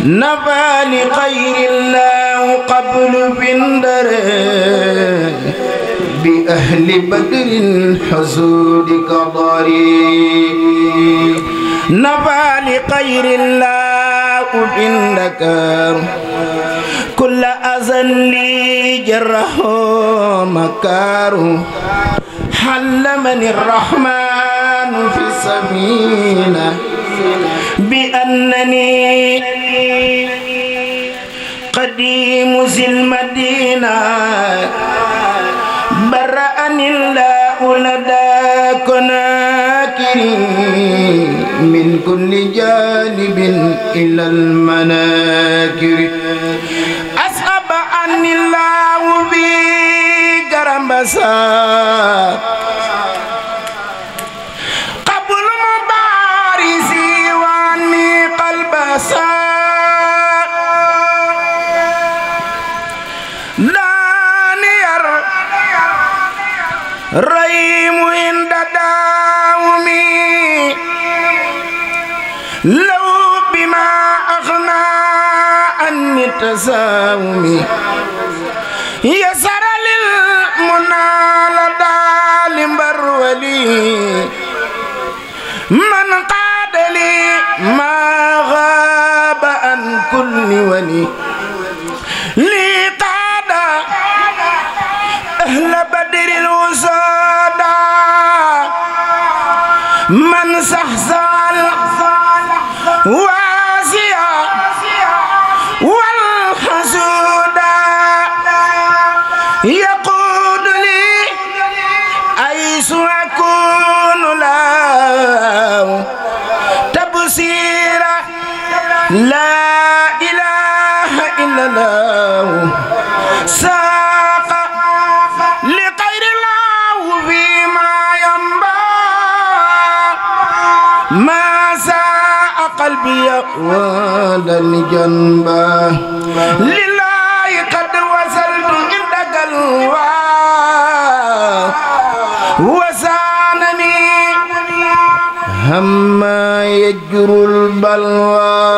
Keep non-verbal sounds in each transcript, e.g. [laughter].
نبى لخير الله قبل بندر بأهل بدر حسود قضري نبى لخير الله بندك كل أذن لي جره مكاره حل من الرحمن أنف سمينة بأنني قديم ذي المدينة برأني الله لدى كناكري من كل جانب إلى المناكر أصحب أن الله بي قرمسات التساوم يسر للمنى لدى لمرولي من قاد لي ما غاب عن كل ولي لي قاد أهل بدر الوسادى من سحزان لا إله إلا الله ساق لغير الله فيما ينبع ما ساء قلبي ولن جنبا لله قد وصلت عندك الوا وساء هما يجر البلوى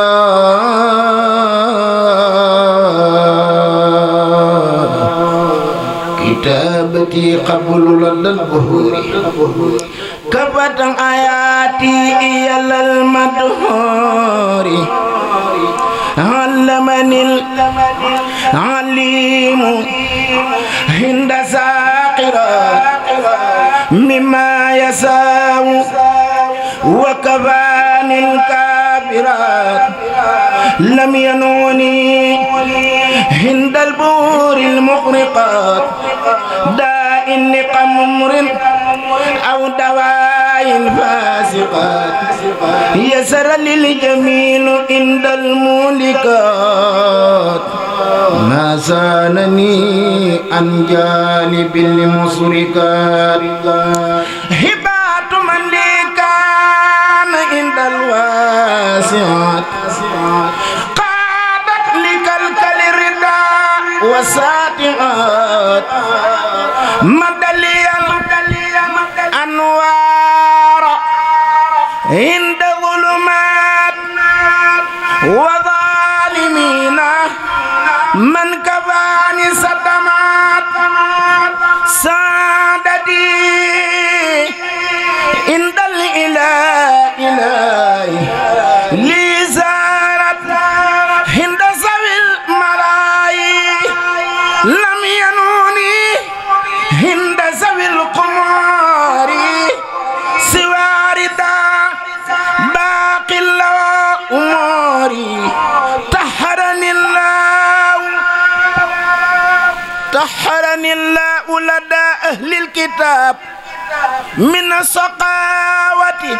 كتابتي قبل لدى البهور كبت آياتي إلى المدهور علمني العليم هند ساقرا مما يساو لم ينوني عند البور المغرقات داء النقم ممر أو دواء فاسقات يسر للجميل عند المولكات ما زانني عن جانب المصركات هبات من لي كان عند الواسعات وساتعات مدليا أنوار عند ظلمات لا لدى أهل الكتاب من السقاوة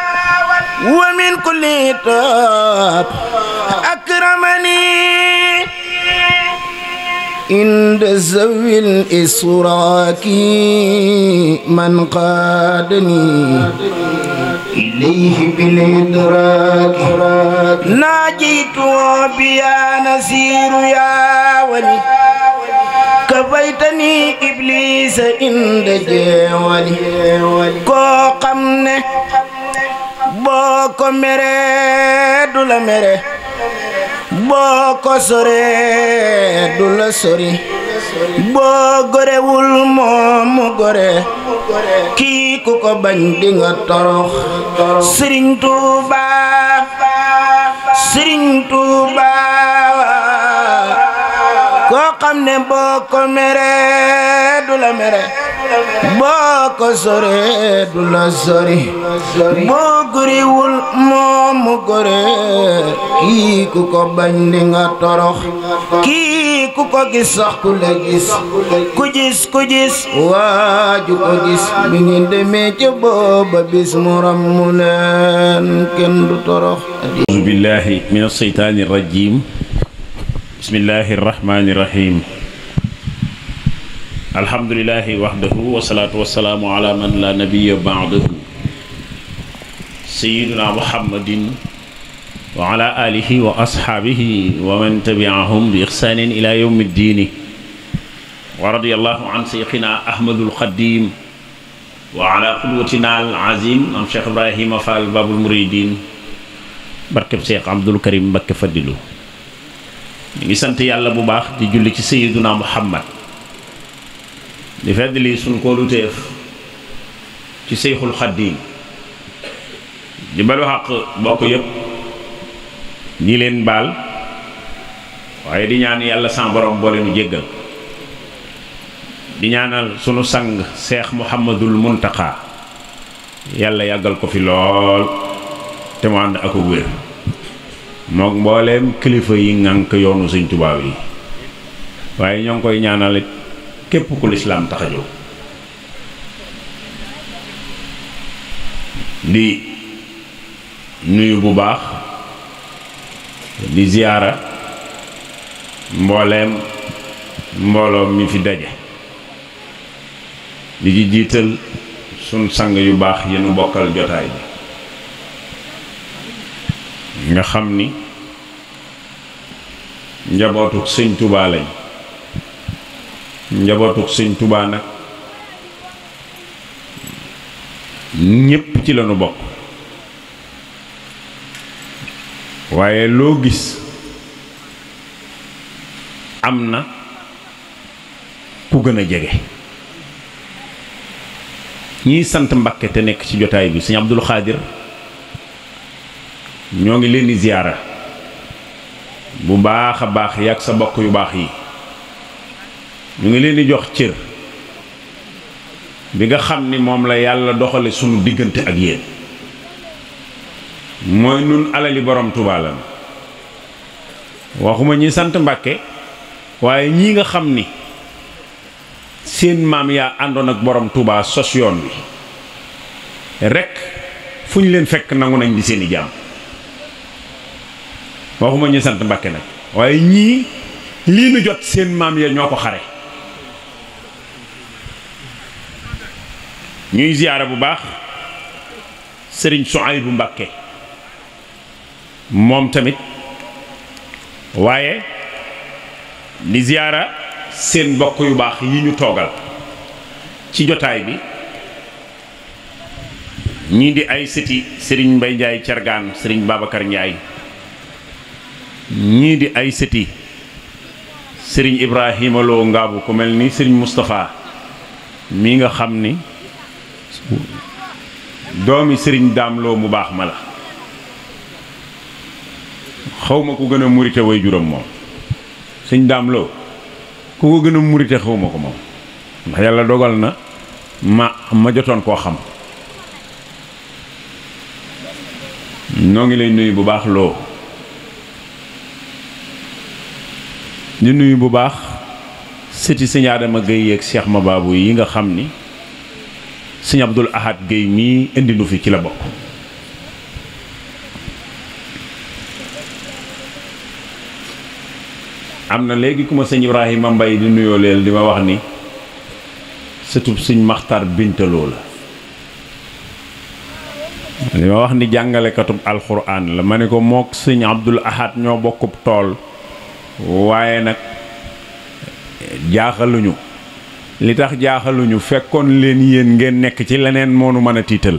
ومن كل تاب أكرمني عند ذوي الإسراك من قادني إليه بالإدراك ناجيت بيا نسير يا ولي laytani ibliis inda jeewali koo xam ne boo meree du la mere boo soree du la sori boo gorewul moomu gore kii ko bañ torox Sëriñ Tuuba koo xam ne guriwul moom mu gore kii ko bañ di nga torox kii ko gis sax ku la gis ku gis ku gis waaju ko gis bi ñu demee ca booba bis mu rammu leen kenn du torox auzu billahi min alsheytaani rajim bismillaahi rahmaani rahiim alhamdulillahi waxdahu wasalaatu wasalaamu ala man la nabiya baadahu sayiduna muhammadin wa ala alihi wa ashaabihi wa man tabiahum bi ixsaanin ila yowmi ddiini wa radiallahu an seyxina ahmadul xadim wa ala xudwatina al azim am cheikh ibrahima fall babul muridin barkeb cheikh abdul karim mbakke fadilu ñu ngi sant yàlla bu baax di julli ci sayyiduna muhammad di fedd lii suñ koolu téef ci seyxul xaddiim di balu xaq bokk yépp ñi leen baal waaye di ñaan yàlla san borom boole nu jéggal di ñaanal sunu sang seex muhammadul muntaqa yàlla yàggal ko fi lool te mu ànd ak wér mook mbooleem kilifa yi ŋànk yoonu sëñ Tuubaa yi waaye ñoo ngi koy ñaanale képp ku lislaam tax a jóg di nuyu bu baax di ziyaara mbooleem mbooloo mi fi daje di ci jiital sun sang yu baax yi bokkal jotaay bi nga xam ni njabootuk sëñ tubaa lañ njabootuk sëñ tubaa nag ñépp ci lanu bokk waaye loo gis am na ku gën a jege ñiy sant Mbàkke te nekk ci jotaay bi sëñ Abdul Xaadir ñoo ngi leen di ziyaara bu baax a baax yàgg sa bokk yu baax yi ñu ngi leen di jox cër bi nga xam ni moom la yàlla doxale suñu diggante ak yéen mooy nun alali borom Tuubaa la waxuma ñi sant Mbàkke waaye ñii nga xam ni seen maam yaa àndoon ak boroom Tuubaa sos yoon wi rekk fu ñu leen fekk nangu nañ di seeni jàmm waxuma ñu sant Mbàkke nag waaye ñii lii nu jot seen maam ya ñoo ko xare ñuy ziyaara bu baax sëriñ bu Mbàkke moom tamit waaye di ziyaara seen mbokk yu baax yi ñu toogal ci jotaay bi ñii di ay sëti sëriñ Mbay Njaay Cargaan sëriñ Babacar Njaay ñii di ay sëti sëriñ Ibrahima Lo Ngaabu ko mel ni sëriñ mustafaa mii nga xam ni doomi sëriñ Daam Lo mu baax ma la xawma ku gën a murite way juróom moom sëñ Daam ku ko gën a murite xawma ko moom ndax yàlla dogal na ma ma jotoon koo xam noo ngi lay nuyu bu baax loo di nuyu bu baax sëti sëñ Adama Guèye yeeg ma Mababou yi nga xam ni sëñ Abdoul Ahad Guèye mii indi nu fi ci la bokk am na léegi ku ma sëñ Ibrahima Mbaye di nuyoo leel li ma wax ni sëtub sëñ Maxtar Bintaloo la li ma wax ni jàngalekatub alxuraan la ma ne ko mook sëñ Abdul Ahad ñoo bokkub tool waaye nag jaaxaluñu li tax jaaxaluñu fekkoon leen yéen ngeen nekk ci leneen moonu mën a tiital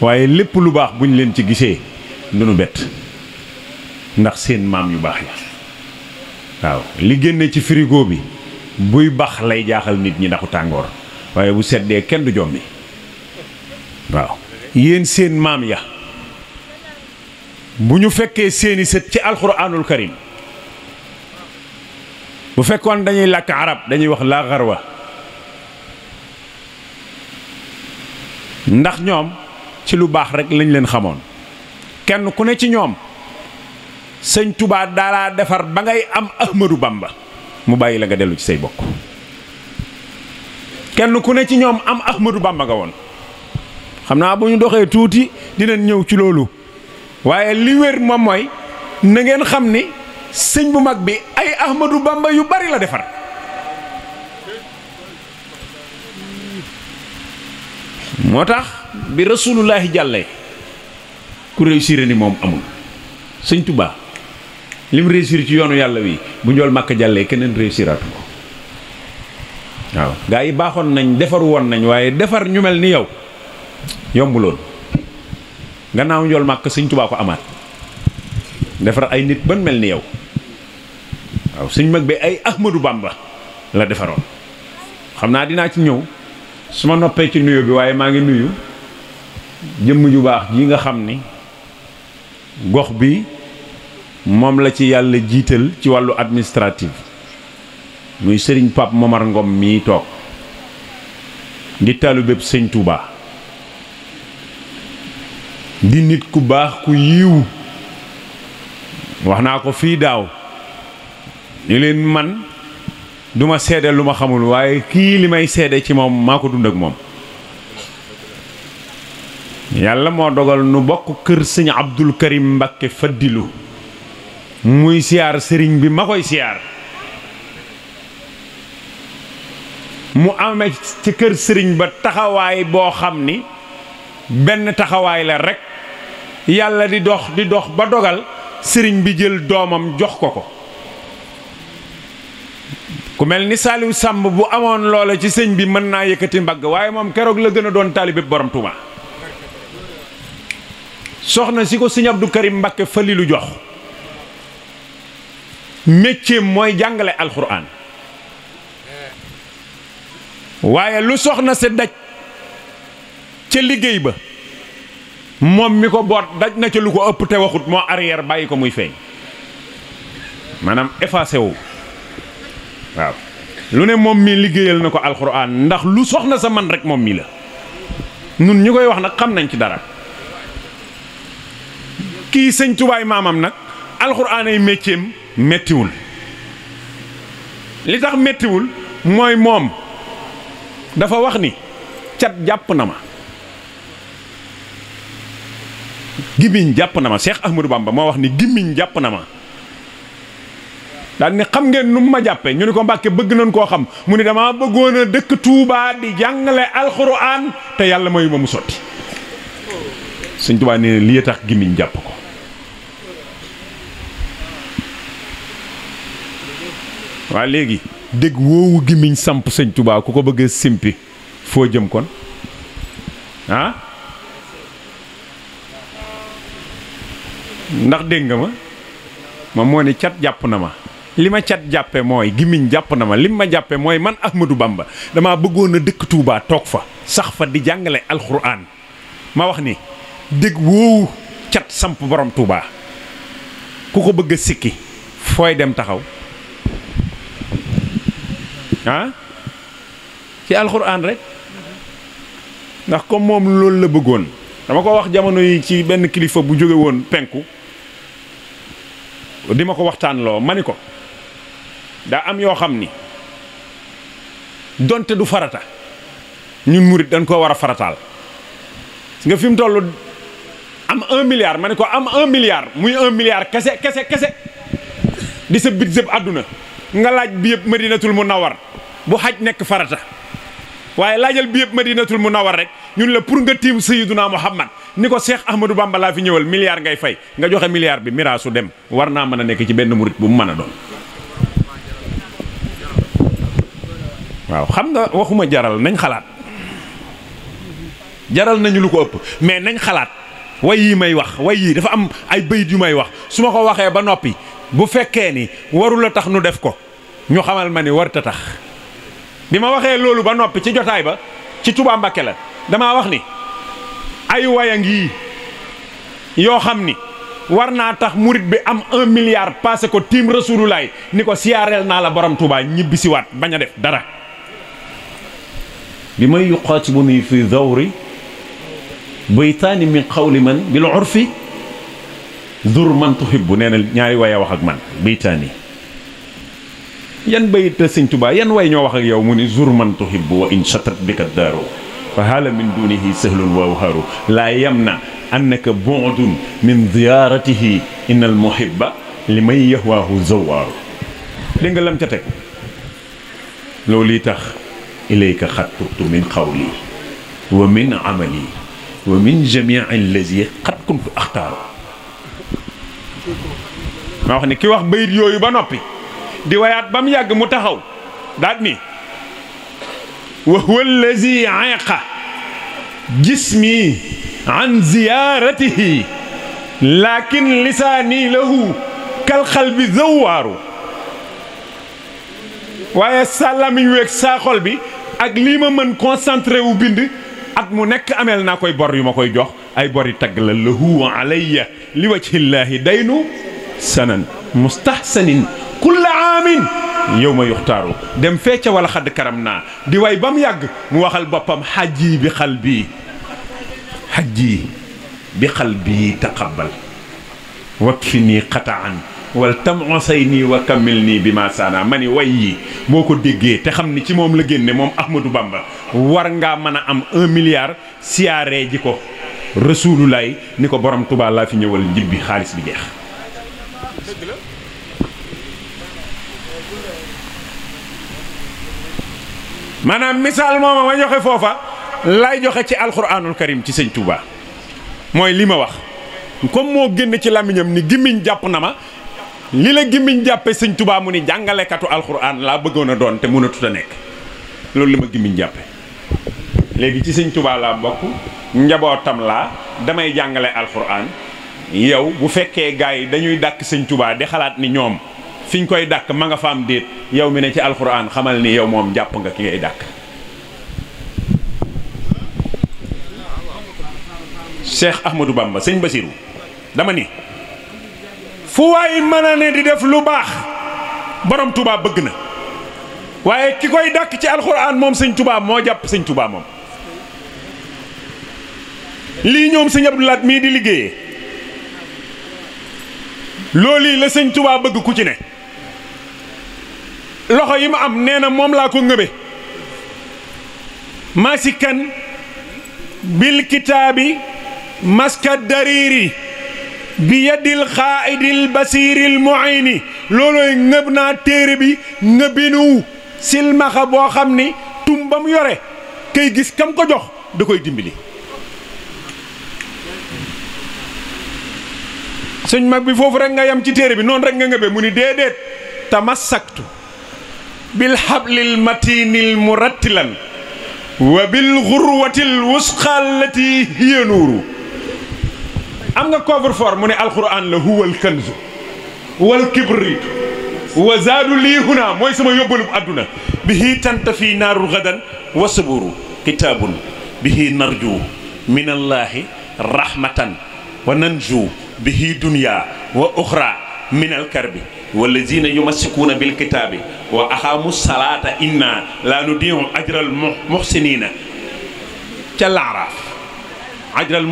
waaye lépp lu baax buñ leen ci gisee du nu bett ndax seen maam yu baax la waaw li génne ci frigo bi buy bax lay jaaxal nit ñi ndaxu tàngoor waaye bu seddee kenn du jommi waaw yéen seen maam ya bu ñu fekkee seeni set ci alxuraanul karim bu fekkoon dañuy làkk arab dañuy wax laa wa ndax ñoom ci lu baax rek lañ leen xamoon kenn ku ne ci ñoom sëñ Tuubaa daalaa defar ba ngay am Ahmadu bàmba mu bàyyi la nga dellu ci say bokk kenn ku ne ci ñoom am Ahmadu Bamba nga woon xam naa bu ñu doxee tuuti dinañ ñëw ci loolu waaye li wér moom mooy na ngeen xam ni sëñ bu mag bi ay Ahmadou Bamba yu bari defar moo tax bi rasulullaahi jàlle ku réussir ni moom amul sëñ Touba lim réussir ci yoonu yàlla wi bu njool màkk jàllee keneen réussiraatu ko waaw gaa yi baaxoon nañ defar woon nañ waaye defar ñu mel ni yow yombuloon gannaaw njool màkk sëñ Touba ko amaat defar ay nit ban mel ni yow waaw sëñ mag bi ay Ahmadou bàmba la defaroon xam naa dinaa ci ñëw su ma noppee ci nuyu bi waaye maa ngi nuyu jëmm ju baax ji nga xam ni gox bi moom la ci yàlla jiital ci wàllu administratif muy sëriñ Pape Momar Ngom mii toog di taalibeb sëñ Touba di nit ku baax ku yiw wax naa ko fii daaw ñu leen man du ma seede lu ma xamul waaye kii li may seede ci moom maa ko dund ak moom yàlla moo dogal nu bokk kër sëñ Abdul Karim Mbàkke Faddilu muy siyaar sëriñ bi ma koy siyaar mu amee ci kër sëriñ ba taxawaay boo xam ni benn taxawaay la rekk yàlla di dox di dox ba dogal sëriñ bi jël doomam jox ko ko ku mel ni Saliou sàmb bu amoon loola ci sëñ bi mën naa yëkkati mbagg waaye moom keroog la gën a doon taalibe borom Touba soxna si ko sëñ du Karim Mbakke fëli lu jox métier mooy jàngale alxuraan waaye lu soxna si daj ca liggéey ba moom mi ko boot daj na ca lu ko ëpp te waxut moo arrière bàyyi ko muy feeñ maanaam effacé wu waaw lu ne moom mii liggéeyal na ko alxuraan ndax lu soxna sa man rek moom mii la nun ñu koy wax nag xam nañ ci dara kii sëñ tubaay maamam nag alxuraan ay métiem méttiwul li tax méttiwul mooy moom dafa wax ni cat jàpp na ma gimmiñ jàpp na ma Cheikh Ahmadou Bamba moo wax ni gimmiñ jàpp na ma daal xam ngeen nu mu ma jàppe ñu ni ko mbàkke bëgg nañ koo xam mu ni damaa bëggoon a dëkk Touba di jàngale alxuraan te yàlla mayu ma mu sotti sëñ Touba nee na lii tax gimiñ jàpp ko waa léegi dégg woowu gimiñ samp sëñ Touba ku ko bëgg simpi foo jëm kon ah ndax dégg nga ma moom moo ne cat jàpp na ma li ma cat jàppe mooy gimiñ jàpp na ma lim ma jàppe mooy man Ahmadou Bamba damaa bëggoon a dëkk Touba toog fa sax fa di jàngale alxuraan ma wax ni dégg woowu cat samp borom Touba ku ko bëgg a sikki fooy dem taxaw ah ci alxuraan rek ndax comme moom loolu la bëggoon dama ko wax jamono yi ci benn kilifa bu jóge woon penku di ma ko waxtaanloo ma ni ko daa am yoo xam ni donte du farata ñun murit dañ koo wara a farataal nga fi mu toll am un ma ne ko am un milliard muy un kese kese kese di sa bit jëpp àdduna nga laaj bi yëpp madinatul munawwar bu xaj nekk farata waaye laajal bi yëpp madinatul munawwar rek ñun la pour nga tiim sayiduna muhammad ni ko seex ahmadou bamba laa fi ñëwal milliard ngay fay nga joxe milliard bi miraasu dem war naa mën a nekk ci benn murit bu mu mën a doon waaw xam nga waxuma jaral nañ xalaat jaral nañu lu ko ëpp mais nañ xalaat way yii may wax way yii dafa am ay bayit yu may wax su ma ko waxee ba noppi bu fekkee ni warula tax nu def ko ñu xamal ma ni warta tax bi ma waxee loolu ba noppi ci jotaay ba ci Touba Mbacké la damaa wax ni ay waya ngi yoo xam ni war naa tax murit bi am un milliard passé ko tiim Rasulullah ni ko siyaareel naa la borom Touba ñibbisiwaat bañ a def dara لمن يقاتلني في ذوري baytaani min xawli man bil urfi zur man tuhibbu nee na ñaari waay a wax ak man baytaani yan bayta sëñ Tuubaa yan way ñoo wax ak yow mu ni zur man tuhibbu wa in shatat bika daaru fa haala min dunihi sahlun wa awharu laa yamna annaka bu'dun min ziyaaratihi innal muhibba liman yahwaahu zawwaaru dégg nga lam ca teg loolu yi tax ilayka xatturtu min xawli wa min amali wa min jamii allazi xat kuntu axtaaru ma wax ni ki wax bayit yooyu ba noppi di wayaat ba mu yàgg mu taxaw daat ni wa huwa allazi ayqa jismi an ziyaaratihi laakin lisaani lahu kal xalbi zawaaru waaye sàllamiñ weeg saaxol bi ak lii ma mën concentré wu bind at mu nekk ameel naa koy bor yu ma koy jox ay bori tagg la lahu alayya li wajhillaahi daynu sanan mustahsanin kulla aamin yow ma yuxtaaru dem feeca wala xadd karam naa di way ba mu yàgg mu waxal boppam xajji bi xal bii xajji bi xal bii taqabbal wakfi nii qataan wal tam onsay nii wa kammil nii bi ma saana ma ni way yi boo ko déggee te xam ni ci moom la génne moom Ahmadou Bamba war ngaa mën a am un milliard siyaaree ji ko rasuululaay ni ko borom Tuubaa laa fi ñëwal njib bi xaalis bi jeex maanaam misaal mooma ma joxe foofa laay joxe ci alxuraanul karim ci sëñ Touba mooy li ma wax comme moo génne ci làmmiñam ni gimmiñ jàpp na ma li la gimmiñ jàppe sëñ tubaa mu ni jàngalekatu alxuraan laa bëggoon a doon te mënatut a nekk loolu li ma gimmiñ jàppe léegi ci sëñ tubaa laa bokk njabootam laa damay jàngale alxuraan yow bu fekkee gars yi dañuy dàkk sëñ tubaa di xalaat ni ñoom fiñ koy dàkk ma nga fa am déet yow mi ne ci alxuraan xamal ni yow moom jàpp nga ki ngay dàkk Cheikh Ahmadou Bamba sëñ Basirou dama ni fu waay mën a ne di def lu baax borom Touba bëgg na waaye ki koy dàkk ci alxuraan moom sëñ Touba moo jàpp sëñ Touba moom. lii ñoom sëñ Abdou Lahad mii di liggéeyee loolu la sëñ Touba bëgg ku ci ne loxo yi ma am nee na moom laa ko ngëbe masikan bil kitaabi maska dariiri bi yadil xaaidil basiiril muini loolooy ngëb naa téere bi ngëbinu silmaxa boo xam ni tum ba mu yore kay gis kam ko jox da koy dimbali sëñ mag bi foofu rek nga yam ci téere bi noonu rek nga ngëbe mu ni déedéet tamassaktu bil hablil matinil murattilan wa bil xurwatil wusqa allati hiya nuuru am nga coffre-fort mu ne alquran la huwal kanzu wal kibritu wa zaadu lii huna mooy sama yóbbalu àdduna bihi tantafi naarul gadan wa saburu kitaabun bihi narju min allahi rahmatan wa nanju bihi dunya wa uxra min alkarbi wallazina yumassikuuna bilkitaabi wa axaamu salaata inna laa nudiiu ajral muxsinina ca laaraaf ajral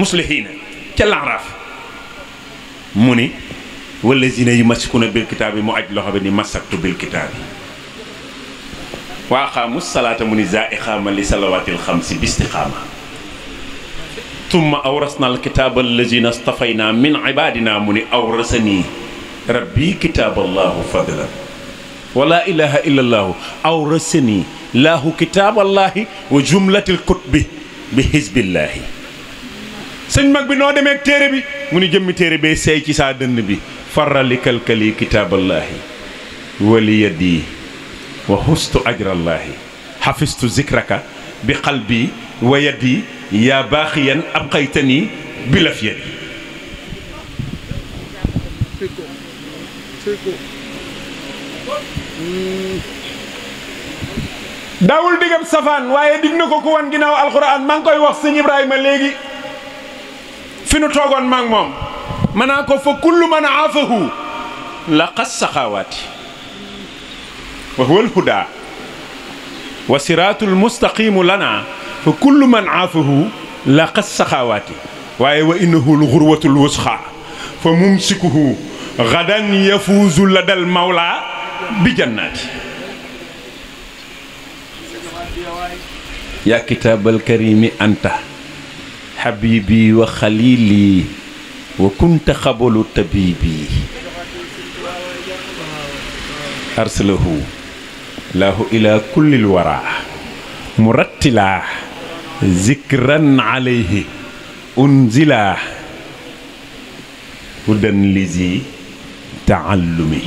muslihina ca laaraaf mu ni wala zine yu masikuna bil kitaab bi mu aj loxo bi ni masaktu bil kitaab bi waa xaamu salaata mu ni zaa i xaama li salawaatil xamsi bisti xaama tumma awrasna al kitaaba allazina stafayna min ibadina mu ni awrasani rabbi kitaaballahu fadlan wala ilaha illa allahu awrasani laahu kitaaballahi wa jumlatil kutbi bi hizbillahi sëñ mag bi noo demee téere bi mu ni jëmmi téere bee seey ci saa dënd bi farali kalkali kitaaballaahi wali yadi wa xustu ajrallaahi xafistu zikraka bi qalbi wa yadi yaa baaxiyan abqaytani bi laf yadi daawul digam safaan waaye dig na ko ku wan ginnaaw alxuraan maa ngi koy wax sëñ Ibrahima léegi fi nu toogoon maak moom ma naa ko fa kullu man aafahu la qas saxaawaati wa huwa alhuda wa siraatu almustaqimu lana fa kullu man aafahu la qas saxaawaati waaye wa innahu alxurwatu alwusxa fa mumsikuhu gadan yafuuzu lada almawla bi jannaati yaa kitaabal karimi anta xabiibi wa xaliili wa kunta xabalu tabiibi arsalahu laahu ilaa kullil waraa murattilaa zikran alayhi unzilaa hudan lizi taallumi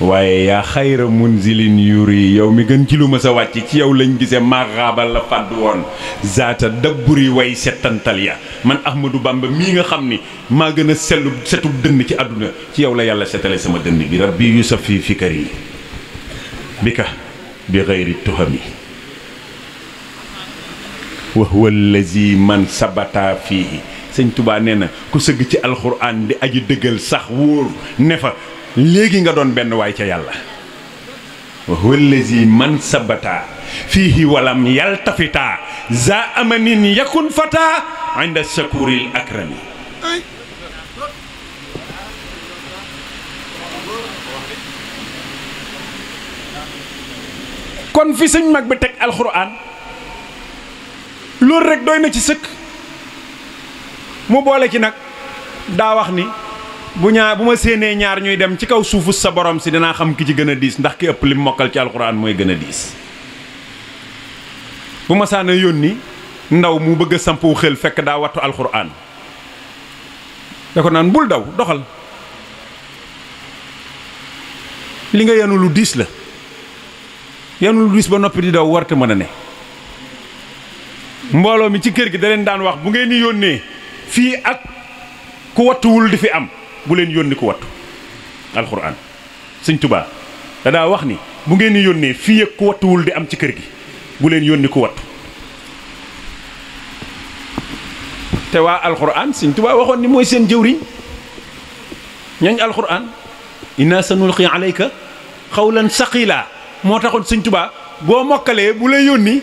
waaye yaa xayra munzilin yi yow mi gën ci lu ma sa wàcc ci yow lañ gisee maxaabal la fàdd woon zaata dabburi way settantal ya man Ahmadou Bamba mii nga xam ni maa gën a sellu setub dënn ci àdduna ci yow la yàlla setale sama dënn bi rabbi sa fi fikar yi bi ka bi xayri tuhami wa huwa allazi man sabata fiihi sëñ tubaa nee na ku sëgg ci alxuraan di aji dëggal sax wóor ne fa léegi nga doon benn waay ca yàlla wa huwa allazi man sabata fiihi walam am za amanin yakun fata inda shakuril akrami kon fi sëñ mag bi teg alxuraan loolu rek doy na ci sëkk mu boole ci nag daa wax ni bu ñaar bu ma séenee ñaar ñuy dem ci kaw suufu sa borom si dinaa xam ki ci gën a diis ndax ki ëpp lim mokkal ci alxuraan mooy gën a diis bu ma saana yónni ndaw mu bëgg a sampu xel fekk daa wattu alxuraan da ko naan bul daw doxal li nga yenu lu diis la yenu lu diis ba noppi di daw warte mën a ne mbooloo mi ci kër gi da leen daan wax bu ngeen di yónnee fii ak ku wattuwul di fi am bu leen yónni ku wattu alxuraan sëñ tubaa danaa wax ni bu ngeen di yónnee fii ak ku wattuwul di am ci kër gi bu leen yónni ku wattu te waa alxuraan sëñ tubaa waxoon ni mooy seen jëwriñ ñooñ alxuraan inna sanulqi alayka xawlan saqila moo taxoon sëñ tubaa boo mokkalee bu lay yónni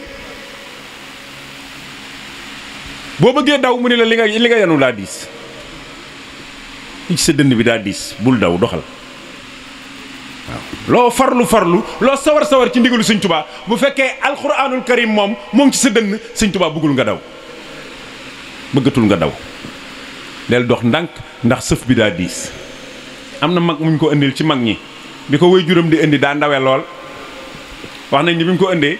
boo bëggee daw mu ne la li nga li yanu laa diis ci sa dënd bi daa diis bul daw doxal loo farlu farlu loo sawar sawar ci ndigalu sëñ tubaa bu fekkee alxuraanul karim moom moom ci sa dënn sëñ tubaa bëggul nga daw bëggatul nga daw del dox ndànk ndax sëf bi daa diis am na mag muñ ko indil ci mag ñi bi ko wéy juróom di indi daa ndawe lool wax nañ ni buñ ko indee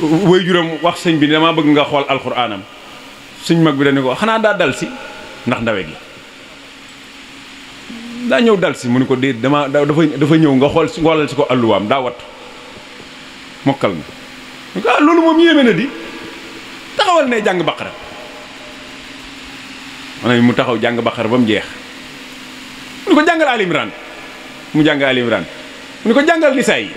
wéy juróom wax sëñ bi damaa bëgg nga xool alxuraanam suñ mag bi dañu ko xanaa daa dal si ndax ndawe gi daa ñëw dal si mu ne ko déet dama dafa dafa ñëw nga xool si xoolal si ko alluwaam daa wattu mokkal na ah, loolu moom yéeme na di taxawal ne jàng baqara maanaam mu taxaw jàng baqara ba mu jeex mu ne ko jàngal alimran mu jàng alimran mu ne ko jàngal nisaa yi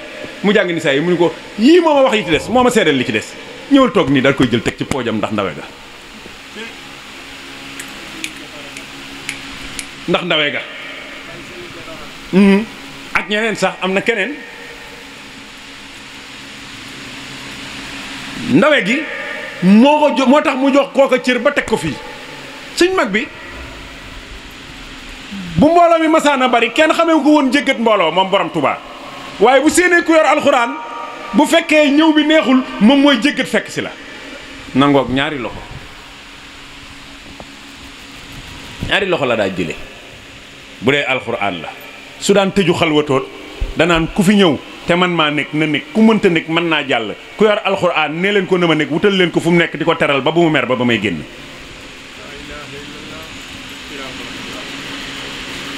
mu jàng nisaa yi mu ne ko yii moo ma wax yi ci des moo ma seedal li ci des ñëwal toog nii daal koy jël teg ci poojam ndax ndawe ga ndax ndawe ga mm-hmm. ak ñeneen sax am na keneen ndawe gi moo ko jo moo tax mu jox kooka cër ba teg ko fii suñ mag bi bu mbooloo mi masaan masaana bari kenn xamee ko woon jéggat mbooloo moom borom tubaa waaye bu séenee ku alxuraan bu fekkee ñëw bi neexul moom mooy jéggat fekk si la nangoog ñaari loxo ñaari loxo la daa jële bu dee alxuraan la su daan tëju xalwatoot danaan ku fi ñëw te man maa nekk na nekk ku mënta nekk mën naa jàll ku yor alxuraan nee leen ko na ma nekk wutal leen ko fu mu nekk di ko teral ba bu mu mer ba ba may génn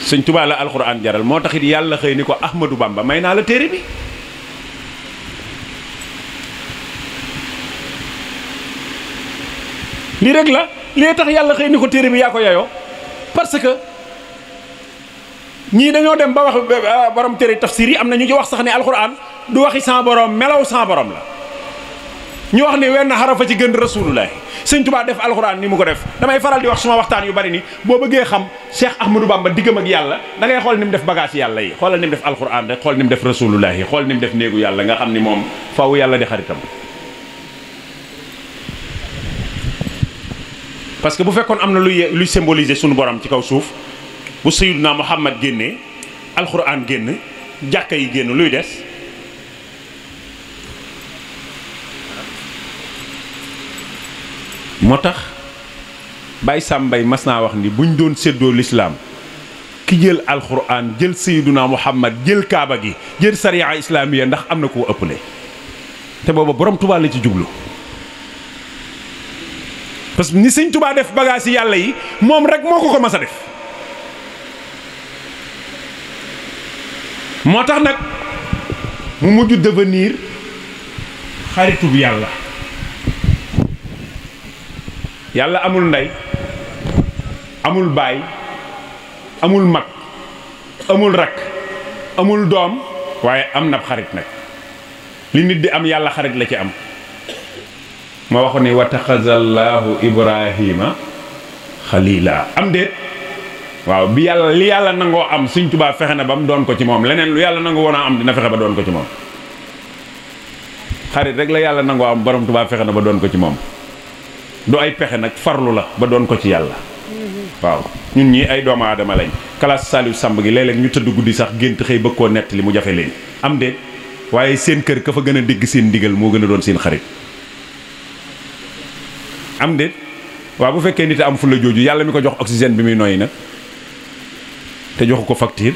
sëñ tubaa alxuraan jaral moo taxit yàlla xëy ni ko Ahmadou Bamba may naa la téere bi lii rek la lii tax yàlla xëy ni ko téere bi yaa ko yayoo ñii dañoo dem ba wax ah, borom téere tafsir yi am na ñu ci wax sax ne alxuraan du waxi sans borom melaw sans borom la ñu wax ne wenn xarafa ci gën rasulullah sëñ Tuubaa def alxuraan ni mu ko def damay faral di wax suma waxtaan yu bari ni boo bëggee xam Cheikh Ahmadou Bamba diggam ak yàlla da xool ni mu def bagage yàlla yi xoolal ni mu def alxuraan rek xool ni mu def rasulullah yi xool ni mu def néegu yàlla nga xam ni moom faw yàlla di xaritam parce que bu fekkoon am na luy luy symboliser suñu borom ci kaw suuf bu Sayyiduna Muhammad génnee alxuraan génn jàkka yi génn luy des moo tax Baye Sàmbay mas naa wax ni buñ doon séddoo lislaam ki jël alxuraan jël Sayyiduna Muhammad jël kaaba gi jël sariya islaamiya ndax am na koo ëppale te booba borom Tuubaa la ci jublu parce que ni sëñ Tuubaa def bagage yi yàlla yi moom rek moo ko ko mas def moo tax nag mu mujj devenir xaritub yàlla yàlla amul ndey amul baay amul mag amul rakk amul doom waaye am na xarit nag li nit di am yàlla xarit la ci am ma waxu ni wataxazallahu ibrahima xalila am déet waaw bi yàlla li yàlla nangoo am suñ Tuubaa fexe na ba mu doon ko ci moom leneen lu yàlla nangu woon a am dina fexe ba doon ko ci moom xarit rek la yàlla nangoo am boroom Tuubaa fexe na ba doon ko ci moom du ay pexe nag farlu la ba doon ko ci yàlla waaw ñun ñii ay doomu aadama lañ kalaas Saliou Samb gi léeg-léeg ñu tëdd guddi sax gént xëy bëgg koo nett li mu jafe leen am de waaye seen kër ka fa gën a dégg seen ndigal moo gën a doon seen xarit am de waaw bu fekkee nit am fu jooju yàlla mi ko jox oxygène bi muy nag te joxu ko facture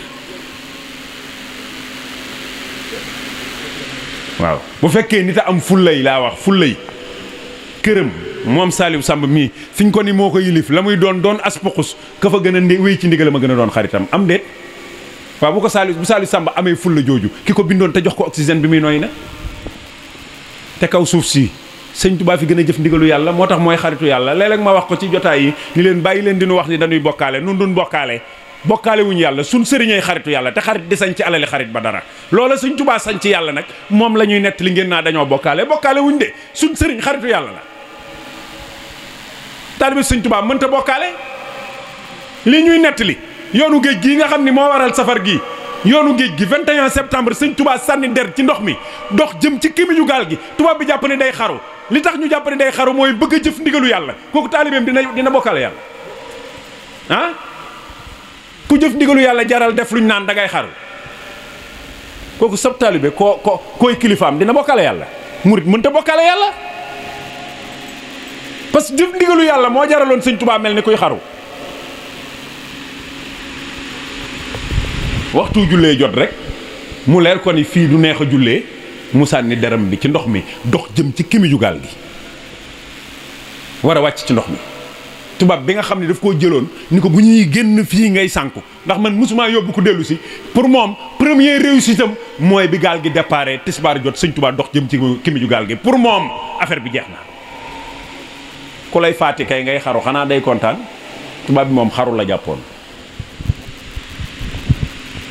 waaw bu fekkee nit a am fullay laa wax fullay këram moom Saliou Samb mii fi ñu ko ni moo ko yilif la muy doon doon aspoxus ka fa gën a wéy ci ndigalam ma gën a doon xaritam am déet waaw bu ko Saliou bu Saliou Samb amee fulla jooju ki ko bindoon te jox ko oxygène bi muy nooy na te kaw suuf si sëñ Tuubaa fi gën a jëf ndigalu yàlla moo tax mooy xaritu yàlla léeg ma wax ko ci jotaay yi ni leen bàyyi leen di wax ni dañuy bokkaale nun duñ bokkaale bokkaale wuñu yàlla suñ sëriñay xaritu yàlla te xarit di sañ ci alali xarit ba dara loola suñ tubaa sañ ci yàlla nag moom la ñuy nett ngeen naa dañoo bokkaale bokkaale wuñ de suñ sëriñ xaritu yàlla la taalibe suñ tubaa mënta bokkaale li ñuy nettali yoonu géej gii nga xam ni moo waral safar gi yoonu géej gi 21 septembre sëñ tubaa sànni der ci ndox mi dox jëm ci kimi ñu gaal gi tubaab bi jàpp ne day xaru li tax ñu jàpp day xaru mooy bëgg a jëf ndigalu yàlla kooku taalibeem dina dina bokkaale yàlla ah ku jëf ndigalu yàlla jaral def luñ naan dangay ngay xaru kooku sab taalibe koo ko koy kilifaam dina bokkale yàlla murit mënta bokkale yàlla parce que jëf ndigalu yàlla moo jaraloon sëñ Tuubaa mel ni kuy xaru waxtu jullee jot rek mu leer ko ni fii du neex a jullee mu sànni deram bi ci ndox mi dox jëm ci kimi jugaal gi war a wàcc ci ndox mi tubaab bi nga xam ne daf koo jëloon ni ko bu ñuy génn fii ngay sànku ndax man musuma yóbbu ko dellu si pour moom premier réussite mooy bi gaal gi déparé tisbaar jot sëñ tubaab dox jëm ci ki mi gi pour moom affaire bi jeex na ku lay faati kay ngay xaru xanaa day kontaan tubaab bi moom xarul la jàppoon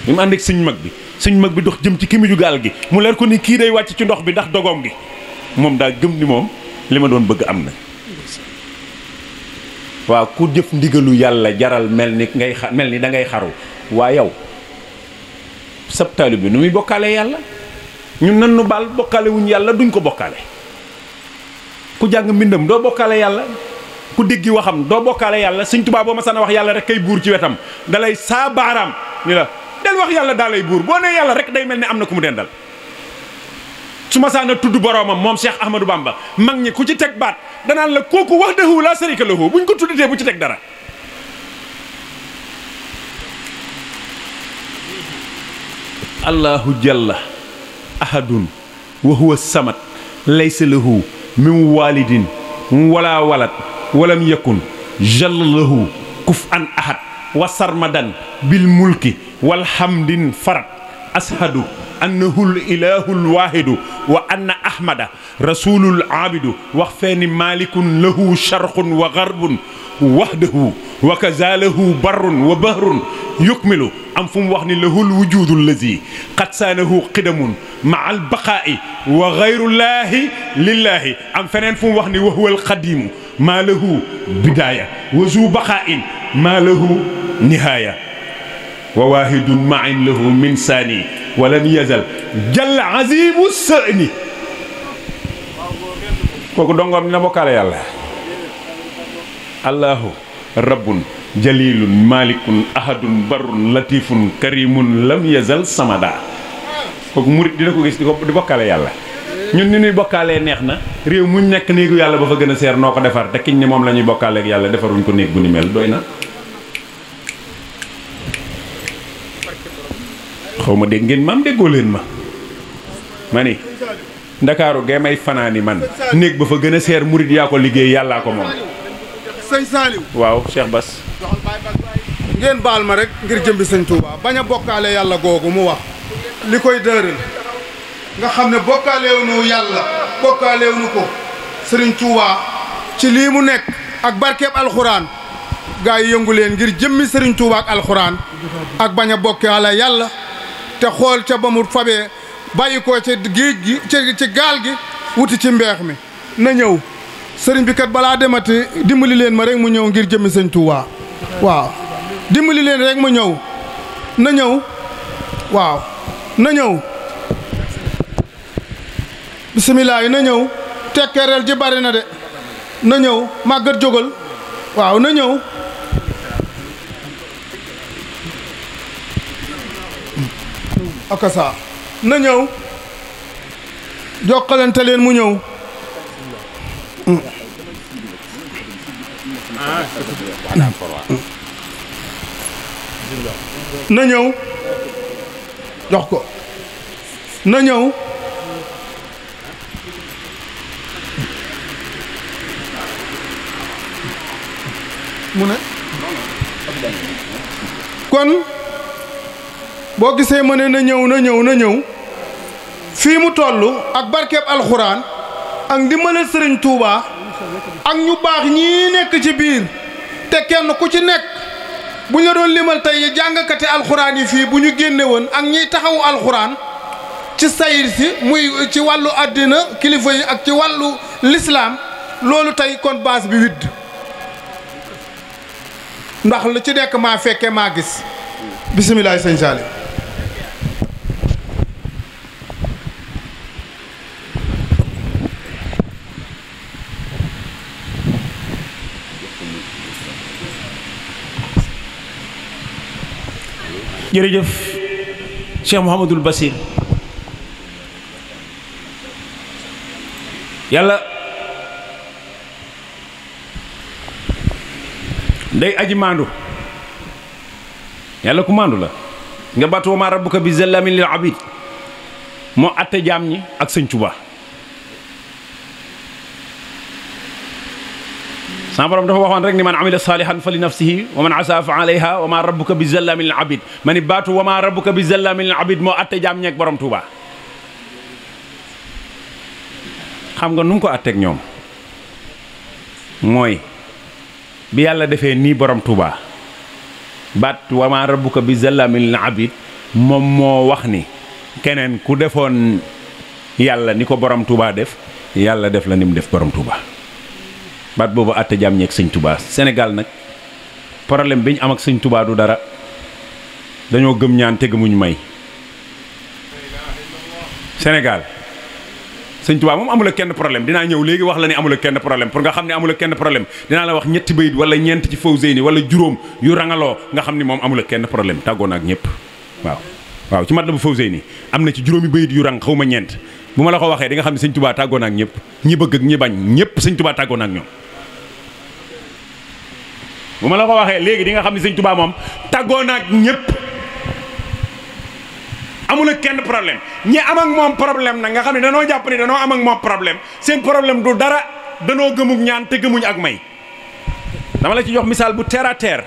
bi mu ànd ak mag bi sëñ mag bi dox jëm ci ki gaal gi mu leer ko ni kii day wàcc ci ndox bi ndax dogoom gi moom daal gëm ni moom li ma doon bëgg am na waaw ku jëf ndigalu yàlla jaral mel ni ngay xa mel ni da ngay xaru waa yow sab taalib bi nu muy bokkaale yàlla ñun nan nu baal bokkaale wuñ yàlla duñ ko bokkaale ku jàng mbindam doo bokkaale yàlla ku déggi waxam doo bokkaale yàlla Sëñ Tuubaa boo ma sana wax yàlla rek kay buur ci wetam dalay saa baaraam ni la del wax yàlla daa lay buur boo yàlla rek day mel ni am na ku mu dendal su ma saan a tudd boroomam moom Cheikh Ahmadou Bamba mag ñi ku ci teg baat danaan la kooku wahdahu laa sharika lahu buñ ko tudditee bu ci teg dara allahu jalla ahadun wa huwa samad laysa lahu min walidin wala walad walam yakun jalla lahu kuf ahad wa sarmadan bil mulki walhamdin farad ashadu annahul ilahul waahidu wa anna ahmada rasulul aabidu wax feeni malikun lahu charqun wa garbun wahdahu wa kazalahu barrun wa bahrun yukmilu am fu mu wax ni lahul wujudu lazi qad saanahu qidamun ma al baqaa'i wa gayrullaahi lillaahi am feneen fu mu wax ni wa huwa alqadimu maa lahu bidaaya wa zu baqaa'in maa lahu nihaaya wa waahidun main lahu min saani walam yazal jal ni sëni kooku dongoom dina bokkaale yàlla allahu rabbun jalilun malikun ahadun barun latifun karimun lam yazal samada kooku murit dina ko gis di ko di bokkaale yàlla ñun ni ñuy bokkaalee neex na réew muñ nekk néegu yàlla ba fa gën a seer noo ko defar te kiñ ne moom la ñuy bokkaaleeg yàlla defaruñ ko néeg bu ni mel doy na xaw ma dégg ngeen maam déggoo leen ma ma ni ndakaaru gee may fanaani man néeg ba fa gën a seer murit yaa ko liggéey yàllaa ko moom sëñ Saliou waaw Cheikh Bass ngeen baal ma rek ngir jëmbi sëñ Touba bañ a bokkaale yàlla googu mu wax li koy dëral nga xam ne bokkaalewunu yàlla bokkaalewunu ko sëriñ Touba ci lii mu nekk ak barkeeb alxuraan gaa yi yëngu leen ngir jëmmi sëriñ tuubaak ak alxuraan ak bañ a bokkaale yàlla te xool ca ba mu fabee bàyyi ko ci géej gi ci gaal gi wuti ci mbeex mi na ñëw sëriñ bi kat balaa demati dimbali leen ma rek mu ñëw ngir jëmmi sëñ Tuubaa waaw dimbali leen rek mu ñëw na ñëw waaw na ñëw bisimilah yi na ñëw tekkeereel ji bari na de na ñëw màggat jógal waaw na ñëw akasa na ñëw jokkalante leen mu ñëw ñëw jox ko na ñëw mu ne kon boo gisee ma ne na ñëw na ñëw na ñëw fii mu toll ak barkeb alxuraan ak ndimbalal sëriñ Touba ak ñu baax ñii nekk ci biir te kenn ku ci nekk bu ñu doon limal tey jàngkati alxuraan yi fii bu ñu génne woon ak ñiy taxawu alxuraan ci sayir si muy ci wàllu àddina kilifa yi ak ci wàllu lislaam loolu tey kon baas bi widd ndax lu ci nekk maa fekke maa gis bisimilah sëñ Saali jërëjëf Cheikh Mouhamadul Basir yàlla day aji maandu yàlla ku maandu la nga baatu wa maa rabbuka bi zallamin lil abid moo atte jaam ñi ak sëñ sama borom dafa waxoon rek ni man amila salihan fa li nafsihi wa man asa fa alayha wa ma rabbuka bi zallamin lil abid ma ni baatu wa ma rabbuka abid moo atte jaam ñeeg borom nga nu ko atteeg ñoom mooy bi yàlla defee nii borom Touba baat wa ma rabbuka moom moo wax ni keneen ku defoon yàlla ni ko borom Touba def yàlla def la ni mu def borom Touba baat boobu àtte jaam ñeeg sëñ tubaa Sénégal nag problème bi ñu am ak sëñ tubaa du dara dañoo gëm ñaan te gëmuñu may Sénégal sëñ tubaa moom amula kenn problème dinaa ñëw léegi wax la ne amula kenn problème pour nga xam ne amula kenn problème dinaa la wax ñetti bayit wala ñeent ci Fawzeyni wala juróom yu rangaloo nga xam ni moom amula kenn problème tàggoo na ñëpp waaw waaw ci Matlabul Fawzeyni am na ci juróomi bayit yu rang xaw ma ñeent bu ma la ko waxee di nga xam ne sëñ tubaa ñëpp ñi bëgg ak ñi bañ ñëpp sëñ tubaa ak ñoom bu ma la ko waxee léegi di nga xam ne sëñ Tuubaa moom tàggoo na ak ñëpp amul kenn problème ñi am ak moom problème na nga xam ne danoo jàpp ne danoo am ak moom problème seen problème du dara danoo gëmug ñaan te gëmuñ ak may dama la ci jox misaal bu terre à terre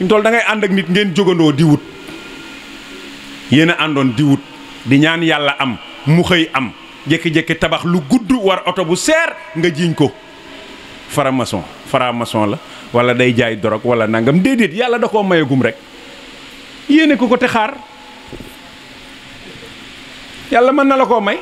mu toll da ngay ànd ak nit ngeen jógandoo di wut yéen àndoon di wut di ñaan yàlla am mu xëy am jékki-jékki tabax lu gudd war oto bu seer nga jiiñ ko faramaçon faramaçon la wala day jaay dorog wala nangam déedéet yàlla da koo mayagum rek yéene ko ko te xaar yàlla mën na la koo may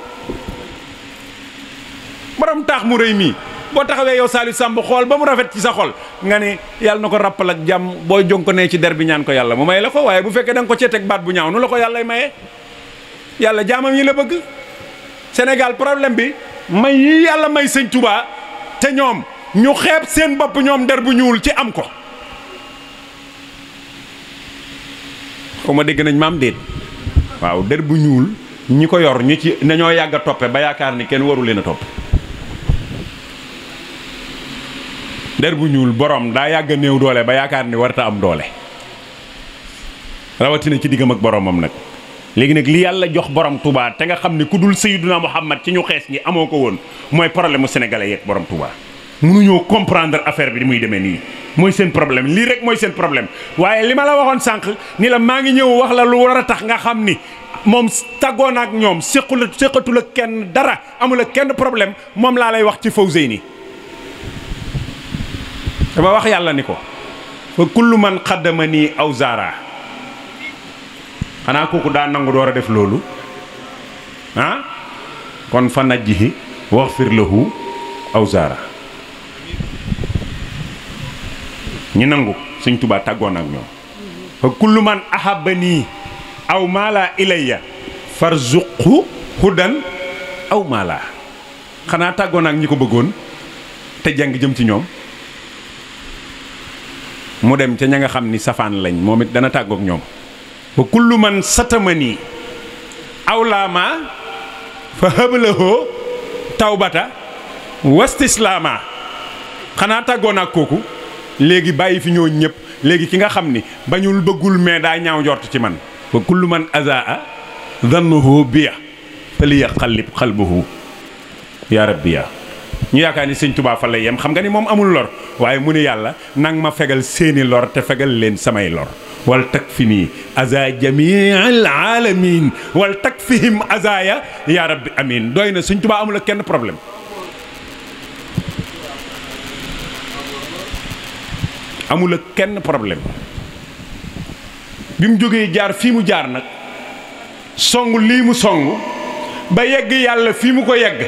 borom taax mu rey mii boo taxawee yow Saliou Samb xool ba mu rafet ci sa xol nga ne yàlla na ko rappal ak jàmm boo jon ne ci der bi ñaan ko yàlla mu may la ko waaye bu fekkee da ko cee teg baat bu ñaaw nu la ko yàllay maye yàlla jaamam yi la bëgg Sénégal problème bi may yi yàlla may sëñ Touba te ñoom ñu xeeb seen bopp ñoom der bu ñuul ci am ko xaw ma dégg nañ maam déet waaw der bu ñuul ñi ko yor ñu ci nañoo yàgg a toppe ba yaakaar ni kenn waru leen a topp der bu ñuul borom daa yàgg a néew doole ba yaakaar ni warta am doole rawatina ci diggam ak boromam nag léegi nag li yàlla jox borom Touba te nga xam ne ku dul Seydouna Muhammad ci ñu xees ñi amoo ko woon mooy problème mu sénégalais yeeg borom Touba. ñëw comprendre affaire bi di muy demee nii mooy seen problème lii rek mooy seen problème waaye li ma la waxoon sànq nii la maa ngi ñëw wax la lu war a tax nga xam ni moom tàggoon ak ñoom séqula séqatul ak kenn dara amul ak kenn problème moom laa lay wax ci Fawzeyni dafa wax yàlla ni ko fa kullu man xaddama nii aw zaara xanaa kooku daa nangu door a def loolu ah kon fa najjihi wax fir lahu aw zaara ñu nangu sëñ tubaa tàggoon ak ñoom fa kullu man ahabanii aw maala ilayya farzuqhu hudan aw maala xanaa tàggoon ak ñi ko bëggoon te jàng jëm ci ñoom mu dem ca ña nga xam ni safaan lañ moom it dana tàggook ñoom fa kullu man satamanii aw laamaa fa habalahoo tawbata wastislaamaa xanaa tàggoon ak kooku léegi bàyyi fi ñooñu ñëpp léegi ci nga xam ni bañul bëggul mais daa ñaaw njort ci man wa kullu man azaa zannuhu biya faliya xallib xalbuhu yaa rabbiya ñu yaakaar ni sëñ tubaa fa lay yem xam nga ni moom amul lor waaye mu ni yàlla nang ma fegal seeni lor te fegal leen samay lor wal tak fi nii aza jamiil alamin wal tak fihim ya yaa rabbi amin doy na suñ tubaa amul kenn problème amul ak kenn problème bi mu jógee jaar fi mu jaar nag song lii mu song ba yegg yàlla fii mu ko yegg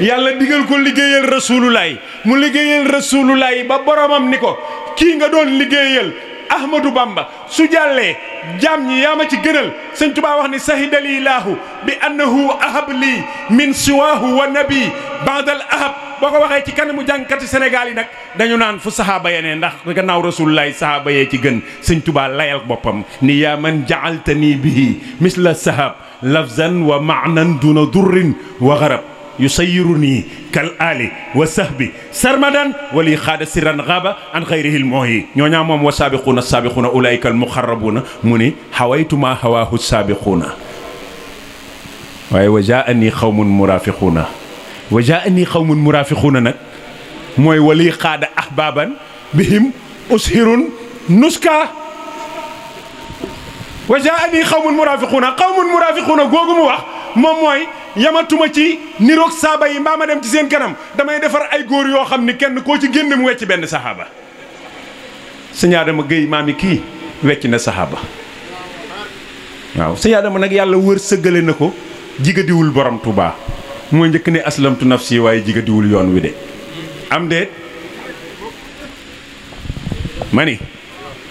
yàlla digal ko liggéeyal rasuululaay mu liggéeyal rasuululaay ba boromam ni ko kii nga doon liggéeyal Ahmadou Bamba su jàllee jaam ñi yaa ci gënal sëñ Tuubaa wax ni sahidal ilaahu bi annahu ahab lii min wa nabi baadal ahab boo ko waxee ci kanamu jàngkati Sénégal yi nag dañu naan fu sahaaba ya ne ndax gannaaw rasulullahi sahaaba yee ci gën sëñ Tuubaa layal boppam ni yaa man jaaltani bihi misla sahab lafzan wa maanan duna durrin wa garab yusayyiruni kal ali wa sahbi sarmadan wali xaada sirran xaaba an xayrihil moohi ñooñaa moom wa saabiquuna saabiquuna ulaayika al muqarrabuuna mu ni xawaytumaa hawaahu saabiquuna waaye wa jaani qawmun muraafiquuna wa jaani xawmun muraafiquuna nag mooy wali xaada ahbaaban bihim ushirun nuska wa jaani xawmun muraafiquuna xawmun muraafiquuna googu mu wax moom mooy yamatuma ci niroog saaba yi mbaa ma dem ci seen kanam damay defar ay góor yoo xam ni kenn koo ci génn mu wecc benn saxaaba sëñ Adama Guèye maami kii wecc na saxaaba waaw sëñ Adama nag yàlla wër sëggale na ko jigadiwul borom Touba. moo njëkk ni aslamtu nafsi waaye jiga diwul yoon wi de am déet ma ni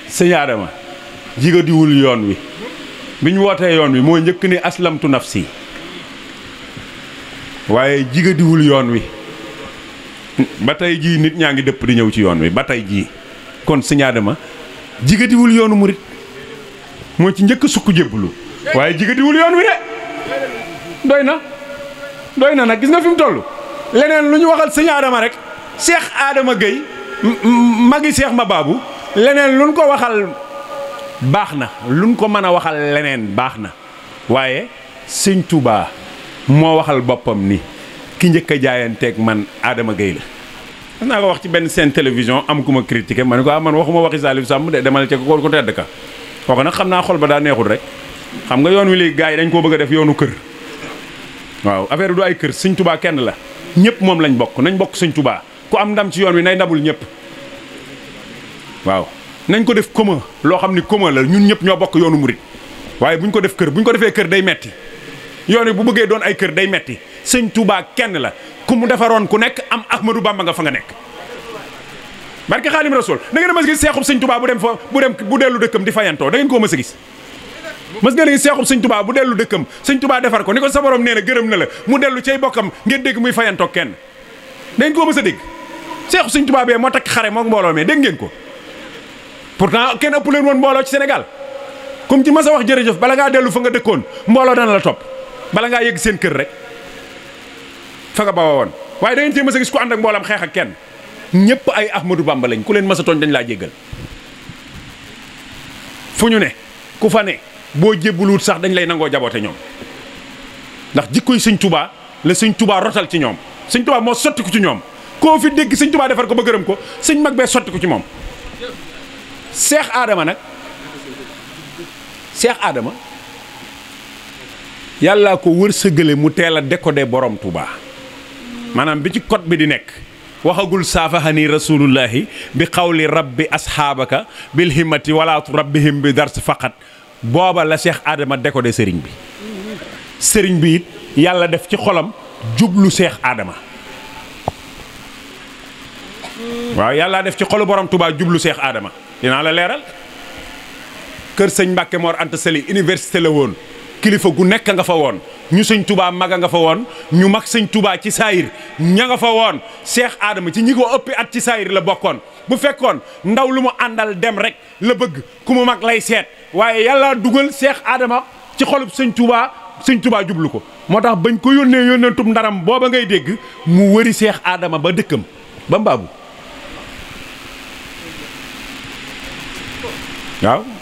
sëñ Adama yoon wi biñ wootee yoon wi mooy njëkk ni aslamtu nafsi waaye jiga yoon wi ba tey jii nit ñaa ngi dëpp di ñëw ci yoon wi ba tey jii kon siñaade ma jigadiwul yoonu murit moo ci njëkk sukk jébbalu waaye jigadiwul yoon wi de na doy na na gis nga fi mu toll leneen lu ñu waxal sëñ Adama rek Cheikh Adama Gueye magi Cheikh baabu leneen luñ ko waxal baax na luñ ko mën a waxal leneen baax na waaye sëñ Touba moo waxal boppam ni ki njëkk a jaayanteeg man Adama Gueye la. mën naa ko wax ci benn seen télévision am ku ma critiqué ma ne ko ah man waxuma waxi Salif Samb de demal ca ko ko tedd ka kooku nag xam naa xol ba daa neexul rek xam nga yoon wi léegi yi dañ koo bëgg def yoonu kër. waaw affaire du ay kër sëñ tubaa kenn la ñëpp moom lañ bokk nañ bokk sëñ tubaa ku am ndam ci yoon wi nay ndamul ñëpp waaw nañ ko def commun loo xam ni commun la ñun ñëpp ñoo bokk yoonu murit waaye buñ ko def kër buñ ko defee kër day metti yoon wi bu bëggee doon ay kër day metti sëñ tubaa kenn la ku mu defaroon ku nekk am Ahmadou Bamba nga fa nga nekk barke xaalim rasul da ngeen a mas seexub sëñ tubaa bu dem fa bu dem bu dellu dëkkam di fayantoo da ngeen koo mas a mas ngeen ngi seexub sëñ tubaa bu dellu dëkkam sëñ tubaa defar ko ni ko sa borom nee na gërëm na la mu dellu cay bokkam ngeen dégg muy fayantoog kenn dañ koo mës a dégg seexub sëñ tubaa bee moo takk xare mook mbooloo mee dégg ngeen ko pourtant kenn ëpp leen woon mbooloo ci senegal comme ci mas a wax jërëjëf bala ngaa dellu fa nga dëkkoon mbooloo dana la topp bala ngaa yegg seen kër rek fa nga bawa woon waaye da ngeen cee gis ku ànd ak mboolam xeex ak kenn ñëpp ay Ahmadou Bamba lañ ku leen mës a tooñ laa jéggal ñu ne ku fa ne boo jébbuluwut sax dañ lay nangoo jaboote ñoom ndax jikkoy sëñ tubaa la sëñ tubaa rotal ci ñoom sëñ tubaa moo sotti ko ci ñoom koo fi dégg sëñ tubaa defar ko ba gërëm ko sëñ mag bee sotti ko ci moom seex aadama nag seex aadama yàllaa ko wërsëgale mu teel a décoder borom tubaa maanaam bi ci code bi di nekk waxagul saafahani rasulullahi bi xawli rabbi asxaabaka bil himmati walaatu rabbihim bi dars faqat booba la Cheikh Adama de sëriñ bi sëriñ bi it yàlla def ci xolam jublu seex aadama waaw yàlla def ci xolu borom tubaa jublu Cheikh aadama dinaa la leeral kër sëñ Mbacke moor Anta Sali université la woon. kilifa gu nekk nga fa woon ñu sëñ tubaa mag a nga fa woon ñu mag sëñ tubaa ci saayir ña nga fa woon Cheikh aadama ci ñi ko ëppi at ci saayir la bokkoon bu fekkoon ndaw lu mu àndal dem rek la bëgg ku mu mag lay seet waaye yàlla dugal seex Adama ci xolub sëñ tubaa sëñ tubaa jublu ko moo tax bañ ko yónnee yónneentum ndaram booba ngay dégg mu wëri Cheikh aadama ba dëkkam ba mbaabu waaw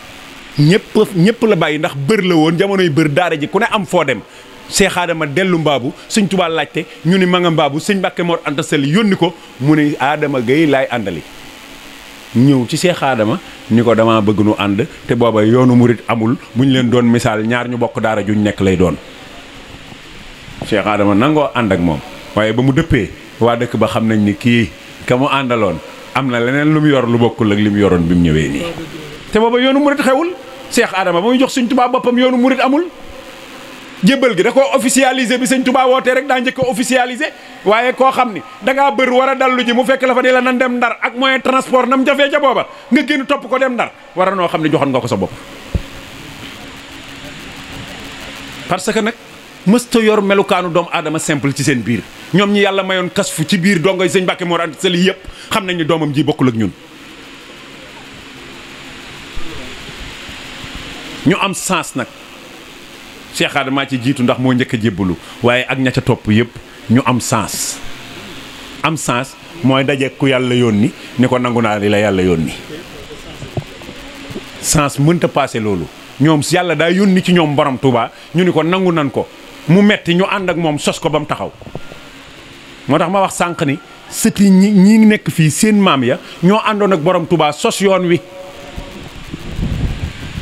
ñëpp ñëpp la bàyyi ndax bër la woon jamonoy bër daara ji ku ne am foo dem Cheikh Adama dellu mbaabu sëñ Tuubaa laajte ñu ni ma nga mbaabu sëñ Mbàkke Mor Anta Sali yónni ko mu ne aadama Gueye laay àndali ñëw ci Cheikh Adama ni ko dama bëgg nu ànd te booba yoonu murit amul bu ñu leen doon misaal ñaar ñu bokk daara juñ nekk lay doon Cheikh Adama nangoo ànd ak moom waaye ba mu dëppee waa dëkk ba xam nañ ni kii ka mu àndaloon am na leneen lu mu yor lu bokkul ak li mu yoroon bi mu ñëwee nii Cheikh aadama ba muy jox sëñ Tuubaa boppam yoonu murit amul jébbal gi da koo officialisé bi sëñ Tuubaa wootee rek daa njëkk officialisé waaye koo xam ni dangaa ngaa bër war a dallu ji mu fekk la fa di la na dem ndar ak moyen transport nam jafee ja booba nga génn topp ko dem ndar war noo xam ne joxoon nga ko sa bopp parce que nag mësta yor melukaanu doom aadama simple ci seen biir ñoom ñi yàlla mayoon kasfu ci biir dongoy sëñ Mbàkke Mor Anta Sali yëpp xam nañ ne doomam ji bokkul ak ñun ñu am sens nag Cheikh maa ci jiitu ndax moo njëkk a jébbalu waaye ak ña ca topp yëpp ñu am sens am sens mooy daje ku yàlla yónni ni ko nangu naa li la yàlla yónni sens mënta paase loolu ñoom yàlla daa yónni ci ñoom borom tubaa ñu ni ko nangu nan ko mu metti ñu ànd ak moom sos ko ba mu taxaw moo tax ma wax sànq ni sëti ñi ñi nekk fii seen maam ya ñoo àndoon ak borom Touba sos yoon wi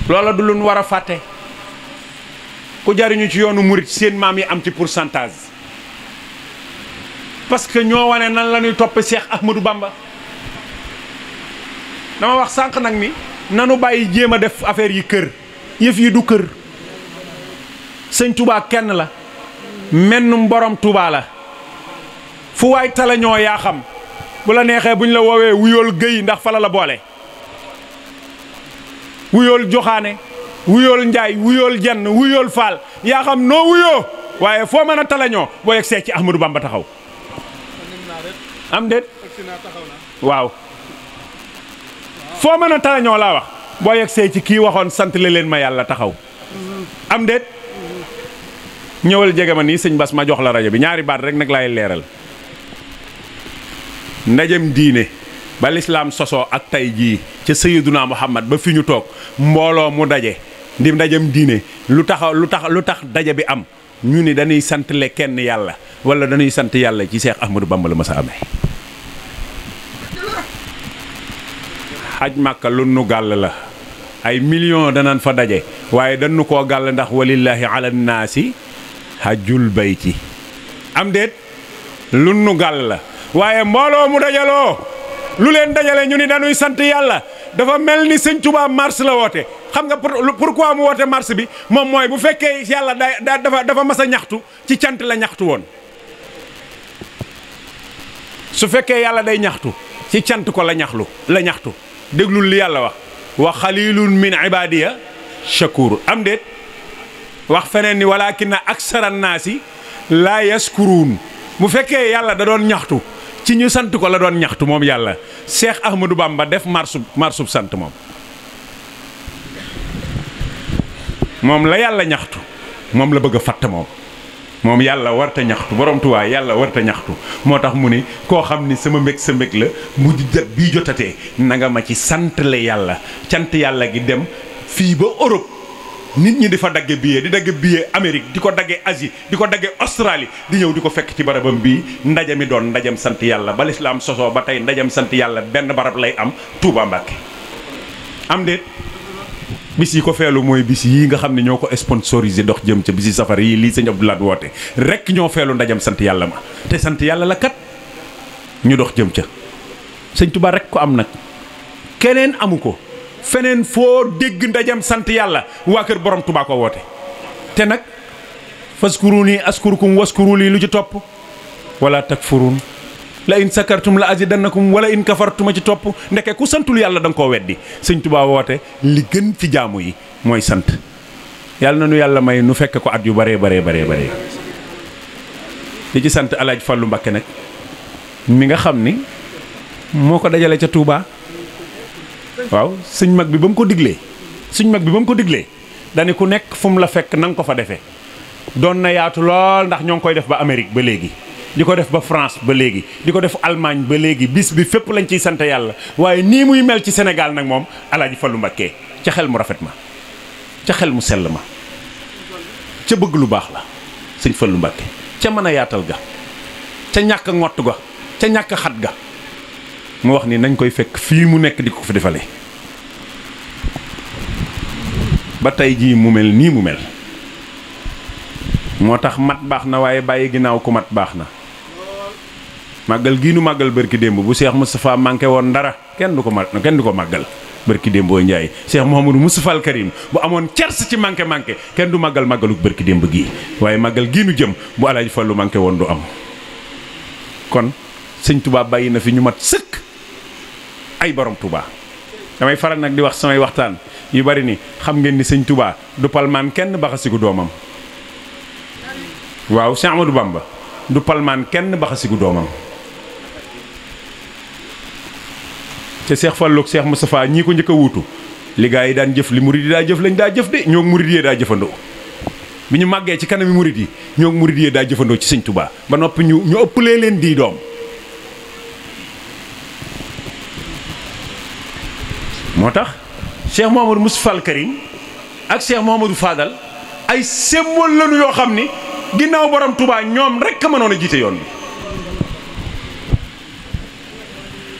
loola du luñ war a fàtte ku jariñu ci yoonu murit seen maam yi am ci pourcentage parce que ñoo wane nan la ñuy topp Cheikh Ahmadou Bamba dama wax sànq nag mi nanu bàyyi jéem a def affaire yi kër yëf yi du kër sëñ Touba kenn la mennum borom tubaa la fu waay tala ñoo yaa xam bu la neexee buñ la woowee wuyool géy ndax fala la boole wuyool joxaane wuyool njaay wuyool jenn wuyool faal yaa xam noo wuyoo waaye foo mën a talañoo boo yegg see ci Ahmadou Bamba taxaw am déet waaw foo mën a talañoo laa wax boo yegg see ci kii waxoon sant la leen ma yàlla taxaw am déet ñëwal jege ma nii sëñ Bas ma jox la rajo bi ñaari baat rek nag laay leeral ndajem diine ba lislaam sosoo ak tey jii ca Sayyiduna Muhammad ba fi ñu toog mbooloo mu daje di ndajam diine lu tax lu tax lu tax daje bi am ñu ni dañuy sant le kenn yàlla wala dañuy sant yàlla ci Seex Ahmadu Bamba la ma sa amee aj màkka lu nu gàll la ay million danan fa daje waaye dañu koo gàll ndax walillaahi ala naasi hajjul bayti am déet lu nu gàll la waaye mbooloo mu dajaloo lu leen dajale ñu ni dañuy sant yàlla dafa mel ni sëñ Tuubaa mars la woote xam nga pour pourquoi mu woote mars bi moom mooy bu fekkee yàlla da dafa dafa mas a ñaxtu ci cant la ñaxtu woon su fekkee yàlla day ñaxtu ci cant ko la ñaxlu la ñaxtu déglul li yàlla wax wa xalilun min ibadiya shakur am déet wax feneen ni walakin aksara naasi laa yaskuruun bu fekkee yàlla da doon ñaxtu ci ñu sant ko la doon ñaxtu moom yàlla Cheikh Ahmadou Bamba def marsu marsub sant moom moom la yàlla ñaxtu moom la bëgg a fatt moom moom yàlla warta ñaxtu borom tuwaay yàlla warta ñaxtu moo tax mu ni koo xam ni sama mbég sa mbég la mu jot bii jotatee nanga ma ci sant la yàlla cant yàlla gi dem fii ba Europe nit ñi di fa dagge billet di dagge billet Amérique di ko dagge Asie di ko dagge Australie di ñëw di ko fekk ci barabam bii ndaje mi doon ndajam sant yàlla ba lislaam sosoo ba tey ndajam sant yàlla benn barab lay am Touba Mbacké am déet bis yi ko feelu mooy bis yii nga xam ne ñoo ko sponsorisé dox jëm ca bisi safar yii lii sëñ Abdou Lahad woote rekk ñoo feelu ndajem sant yàlla ma te sant yàlla la kat ñu dox jëm ca sëñ Touba rek ko am nag keneen amu ko feneen foo dégg ndajam sant yàlla waa kër borom Tuubaa ko woote te nag faskuruni askurukum waskuruli lu ci topp wala takfurun la in sakartum la azidannakum wala in kafartuma ci topp ndeke ku santul yàlla da nga koo weddi sëñ Tuubaa woote li gën fi jaamu yi mooy sant yàlla na nu yàlla may nu fekk ko at yu bare bare bare bare li ci sant alaaj Fallu Mbakke nag mi nga xam ni moo ko dajale ca Tuubaa waaw suñ mag bi ba mu ko diglee suñ mag bi ba mu ko diglee dani ku nekk fu la fekk na nga ko fa defee doon na yaatu lool ndax ñoo ngi koy def ba Amérique ba léegi di ko def ba France ba léegi di ko def Allemagne ba léegi bis bi fépp lañ ciy sant yàlla waaye nii muy mel ci Sénégal nag moom Alaaji Fallu Mbakke ca xel mu rafet ma ca xel mu sell ma ca bëgg lu baax la sëñ lu Mbakke ca mën a yaatal ga ca ñàkk ngott ga ca ñàkk xat ga mu wax nii nañ koy fekk fii mu nekk di ko fi defale ba tey jii mu mel nii mu mel moo tax mat baax na waaye bàyyi ginnaaw ku mat baax na màggal gii nu màggal bërki démb bu seex Moustapha manqué woon dara kenn du ko ma kenn du ko màggal bërki démboo Ndiaye Cheikh Mouhamadou Moustapha al Karim bu amoon cers ci manqué manqué kenn du màggal màggalu bërki démb gii waaye màggal gii nu jëm bu Alaaji Fallu manqué woon du am kon sëñ Tuubaa bàyyi na fi ñu mat sëkk ay borom Touba damay faral nag di wax samay waxtaan yu bari ni xam ngeen ni sëñ Touba du palmaan kenn baxasiku doomam waaw Cheikh Amadou Bamba du kenn baxasiku doomam te Cheikh Fallou ak Cheikh ñii ko njëkk a wuutu li yi daan jëf li murid yi daa jëf lañ daa jëf de ñoo murid jëfandoo bi ñu màggee ci kanami murid yi ñoo murid yee daa jëfandoo ci sëñ tubaa ba noppi ñu ñu ëppalee leen di doom moo tax Cheikh Mouhamadou Moustapha al Karim ak Cheikh Mouhamadou Fadal ay symbole lañu yoo xam ni ginnaaw borom Touba ñoom rekk mënoon a jiite yoon wi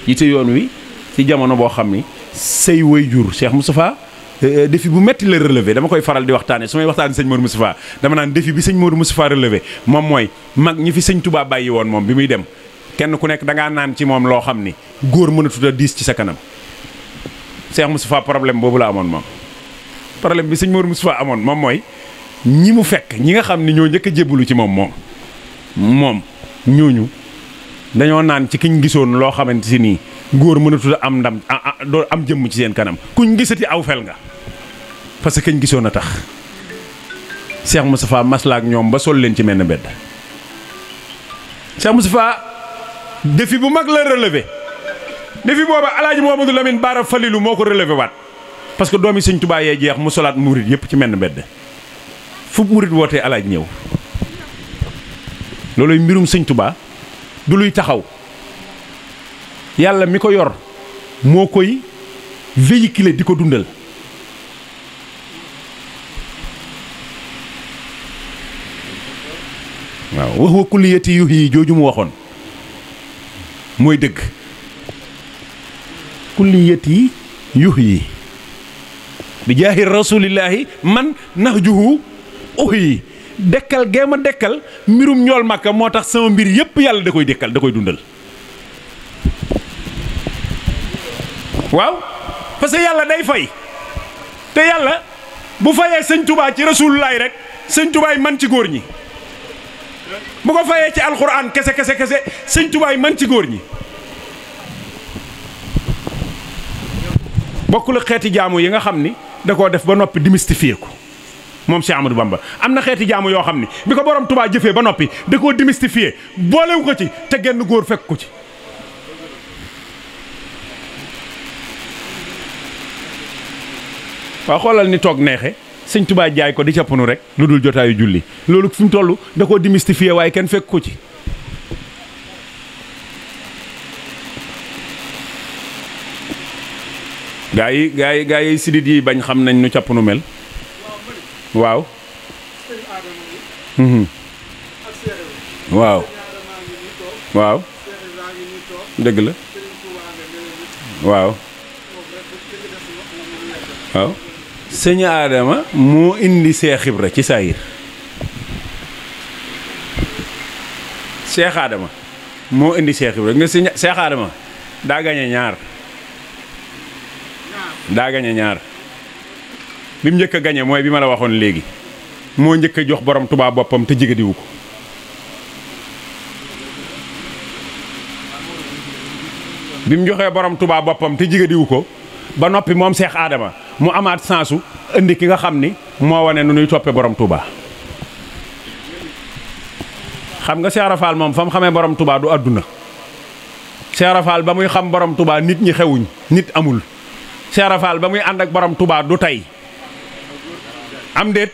jiite yoon wi ci jamono boo xam ni say way jur Cheikh Moustapha euh, euh, défi bu metti la relevé dama koy faral di waxtaane su may waxtaane sëñ Modou Moustapha dama naan défi bi sëñ Modou Moustapha relevé moom mooy mag ñi fi sëñ Touba bàyyi woon moom bi muy dem kenn ku nekk dangaa naan ci moom loo xam ni góor mën a diis ci sa kanam Cheikh Moustapha problème boobu la amoon moom problème bi sëñ Mor Moustapha amoon moom mooy ñi mu fekk ñi nga xam ne ñoo njëkk a jébbalu ci moom moom moom ñooñu dañoo naan ci kiñ gisoon loo xamante si nii góor mënatul am ndam doo am jëmm ci seen kanam kuñ gisati aw fel nga parce que kiñ gisoon a tax Cheikh Moustapha maslaa ak ñoom ba sol leen ci menn bedd Cheikh Moustapha défi bu mag la relevé ne fi booba alaaji Mouhamadou Lamine Baara Falilu moo ko relevé waat parce que doomi Sëñ Tuubaa yee jeex mu solaat murit yëpp ci menn mbedd fu murit wootee alaaj ñëw looluy mbirum Sëñ du luy taxaw yàlla mi ko yor moo koy véhiculer di ko dundal waaw wax wa kulliyati yuhi yi jooju mu waxoon mooy dëgg kulliyati yi bi jaahi rasuulillaahi man nax uhyi dekkal gee ma dekkal mbirum ñool màkka moo tax sama mbir yépp yàlla da koy dékkal da koy dundal waaw parce que yàlla day fay te yàlla bu fayee sëñ tubaa ci rasuulullaahi rek sëñ tubaay man ci góor ñi bu ko fayee ci alxuraan kese kese kese sëñ tubaay man ci góor ñi bokkul ak xeeti jaamu yi nga xam ni da koo def ba noppi démystifier ko moom Cheikh Amadou Bamba am na xeeti jaamu yoo xam ni bi ko borom tubaa jëfee ba noppi da koo démystifier boolewu ko ci te genn góor fekk ko ci. waaw xoolal ni toog neexe sëñ tubaa jaay ko di cappanu rek lu dul jotaayu julli loolu fu mu toll da koo démystifier waaye kenn fekk ko ci. gaa yi gaa yi gaa yi sidit yi bañ xam nañ nu capp nu mel waaw mhm. waaw waaw dëgg la waaw waaw sëñ Aadama moo indi Seex Ibra ci saayir Seex moo indi Seex Ibra nga sëñ Seex Aadama daa gañe ñaar daa gañe ñaar bi mu njëkk a gañe mooy bi ma la waxoon léegi moo njëkk jox borom Touba boppam te jigadiwu ko bi mu joxee borom Touba boppam te jigadiwu ko ba noppi moom Seex Aadama mu amaat sansu indi ki nga xam ni moo wane nu nuy toppe borom Touba xam nga Seex moom fa mu xamee borom tubaa du àdduna Seex Rafaal ba muy xam borom tubaa nit ñi xewuñ nit amul Cheikh ba muy ànd ak borom Touba du tay am déet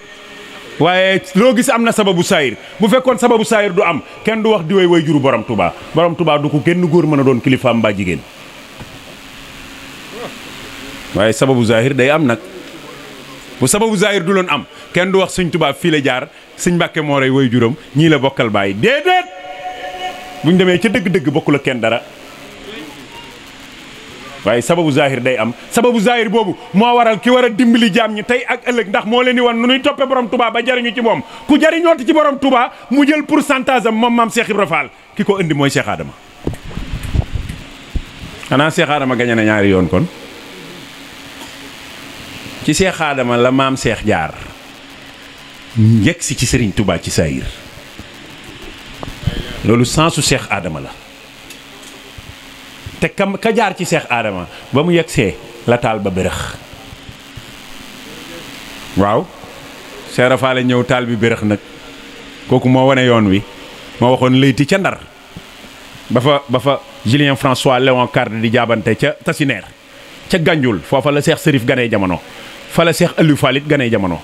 waaye loo gis am na sababu saayir bu fekkoon sababu saayir du am kenn du wax di way way juru borom tubaa borom tubaa du ko genn góor mën a doon kilifaam baa jigéen waaye sababu zahir day am nag bu sababu zahir du loon am kenn du wax suñ tubaa fii la jaar suñ Mbàkke moo rey way juróom ñii la bokkal bàyyi déedéet buñ demee ca dégg dëgg bokkul ak kenn dara waaye sababu zahir day am sababu zahir boobu moo waral ki war a dimbali jaam ñi tey ak ëllëg ndax moo leen di wan nu nuy toppe borom tubaa ba jariñu ci moom ku jariñooti ci borom Touba mu jël pourcentage am moom maam Cheikh Ibra Fall ki ko indi mooy Cheikh Adama xanaa Cheikh Adama gañe na ñaari yoon kon ci Cheikh Adama la maam Cheikh jaar yegg si ci Serigne tubaa ci Sahir loolu sensu Cheikh aadama la te kam ka jaar ci seex aadama ba mu yegsee la taal ba bërëx waaw seera faale ñëw taal bi bërëx nag kooku moo wane yoon wi moo waxoon layti ca ndar ba fa ba fa Julien François Léon Carde di jaabante ca Tassinère ca Gànjul foofa la seex sërif ganee jamono fa la seex Aliou Fall it ganee jamono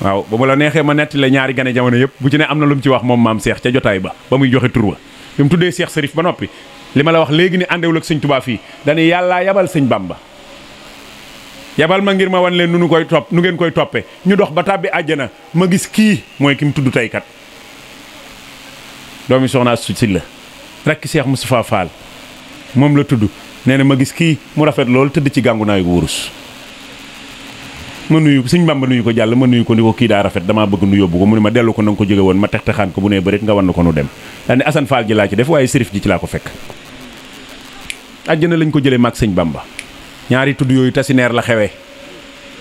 waaw ba mu la neexee ma netti la ñaari gane jamono yëpp bu ci ne am na lu mu ci wax moom maam seex ca jotaay ba ba muy joxe tur wa bi mu tuddee seex sërif ba noppi li ma la wax léegi ni àndewul ak sëñ tubaa fii dañuy yàllaa yabal sëñ bamba yabal ma ngir ma wan leen nu nu koy topp nu ngeen koy toppe ñu dox ba tàbbi àjj na ma gis kii mooy ki mu tudd tey kat doomi soxna su si la rakki seex mu Moustapha Fall moom la tudd nee na ma gis kii mu rafet lool tëdd ci gàngu naayu wurus ma nuyu sëñ bamba nuyu ko jàll ma nuyu ko ni ko kii daa rafet damaa bëgg nu yóbbu ko mu ne ma dellu ko na ko jóge woon ma textaxaan ko ko laa ci def waaye ci laa ko fekk na lañ ko jëlee maag sëñ Bamba ñaari tudd yooyu tasineer la xewe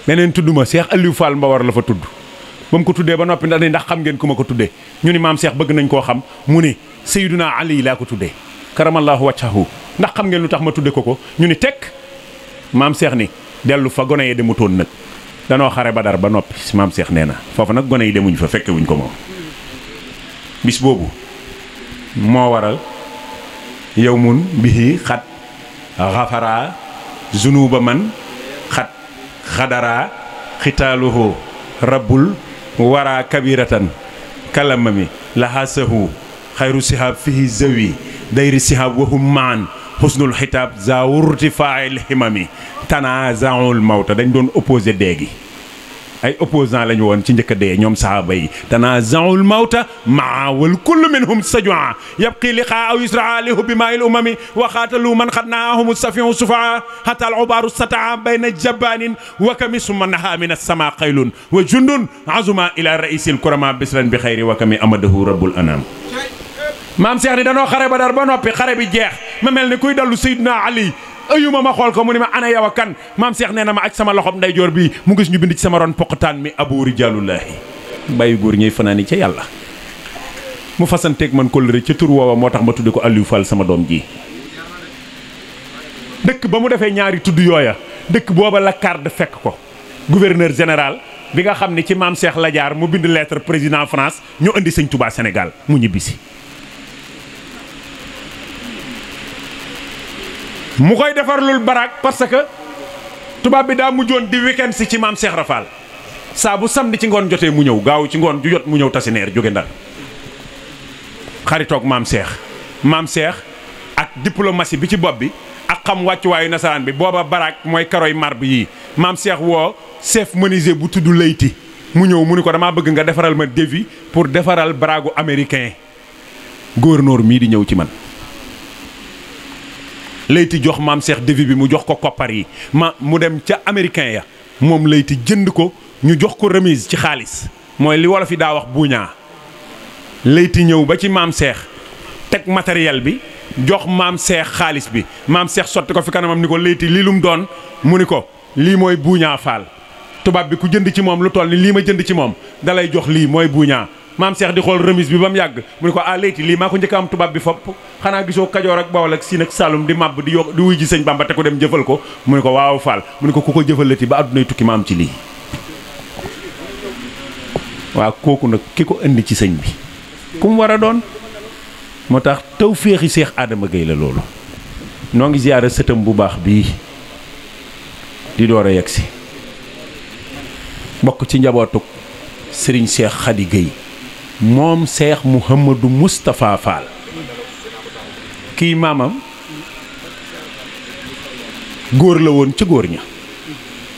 beneen tudd ma Cheikh Aliou Fall Mbawar la fa tudd ba mu ko tuddee ba noppi ndax ndax xam ngeen ku ma ko tuddee ñu ni maam Cheikh bëgg nañ koo xam mu ni naa Seyduna yi laa ko tuddee karamallahu wajhahu ndax xam ngeen lu tax ma tudde ko ko ñu ni tekk maam seex ni dellu fa gone yi demutoon nag danoo xare ba dara ba noppi si maam Cheikh nee na foofu nag gone yi demuñu fa fekke wuñ ko moom bis waral yow xafara zunuba man xat xadara xitaaluhu rabbul wara kabiratan kalamami laxaasahu xayru sihaab fihi zawi dayri sihaab wahum maan xusnul xitaab za wurti faail ximami tanazanul mawta dañ doon opposé déegi ay opposant lañu woon ci njëkk a dee ñoom sahaaba yi tanazaul mawta maa wal kullu minhum sajua yabqi liqaa aw yusraa li hubbi maa il umami wa xaatalu man xad naahum safiu sufaa xata al ubaaru sataa bayna jabbaanin wa kami summa naha min assama qaylun wa jundun azuma ila raisi lkurama bisran bi xayri wa kami amadahu rabbul anam maam Cheikh ni danoo xare Badar ba noppi xare bi jeex ma mel ni kuy dallu Seydina Ali ëyuma ma xool ko mu ne ma ana yow a kan maam seex nee na ma ak sama loxob ndeyjoor bi mu gis ñu bind ci sama ron poqataan mi abu rijalullahi bàyyi góor ñuy fanaani ca yàlla mu fasanteeg man kóllëre ca tur woowa moo tax ma tudde ko Aliou sama doom ji dëkk ba mu defee ñaari tudd yooya dëkk booba la carte fekk ko gouverneur général bi nga xam ne ci maam seex la jaar mu bind lettre président France ñu indi sëñ Touba Sénégal mu ñibbisi mu koy defarlul baraak parce que tubaab bi daa mujjoon di weekend si ci maam seex Rafal saa bu samedi ci ngoon jotee mu ñëw gaaw ci ngoon ju jot mu ñëw tasineer jóge ndar xaritoog maam Cheikh maam Cheikh ak diplomatie bi ci bopp bi ak xam wàccuwaayu nasaraan bi booba baraak mooy karoy marbre yii maam Cheikh woo chef menuisier bu tudd Leyti mu ñëw mu ni ko damaa bëgg nga defaral ma devis pour defaral baraagu américain gouverneur mii di ñëw ci man layti jox maam Cheikh devis bi mu jox ko koppar yi ma mu dem ca américain ya moom layti jënd ko ñu jox ko remise ci xaalis mooy li wolof yi daa wax buuñaa layti ñëw ba ci maam Cheikh teg matériel bi jox maam Cheikh xaalis bi maam seex sotti ko fi kanamam ni ko layti lii lu mu doon mu ni ko lii mooy buuñaa faal tubaab bi ku jënd ci moom lu toll ni lii ma jënd ci moom dalay jox lii mooy buuñaa maam seex di xool remise bi ba mu yàgg mu ne ko ah léegi lii maa ko njëkk am tubaab bi fopp xanaa gisoo kajoor ak bawol ak siin ak saalum di màbb di yokk di wuy ji sëñ Bamba te ko dem jëfal ko mu ne ko waaw Fall mu ne ko ku ko jëfalati ba àddunay tukki ma am ci lii waaw kooku nag ki ko indi ci sëñ bi ku mu war a doon moo tax taw féexi Cheikh Adama Gueye la loolu noo ngi ziyaara sëtam bu baax bii di door a yegsi bokk ci njabootuk sëriñ Cheikh Khady Gueye moom seex Mouhamadou Moustapha Fall kii maamam góor la woon ca góor ña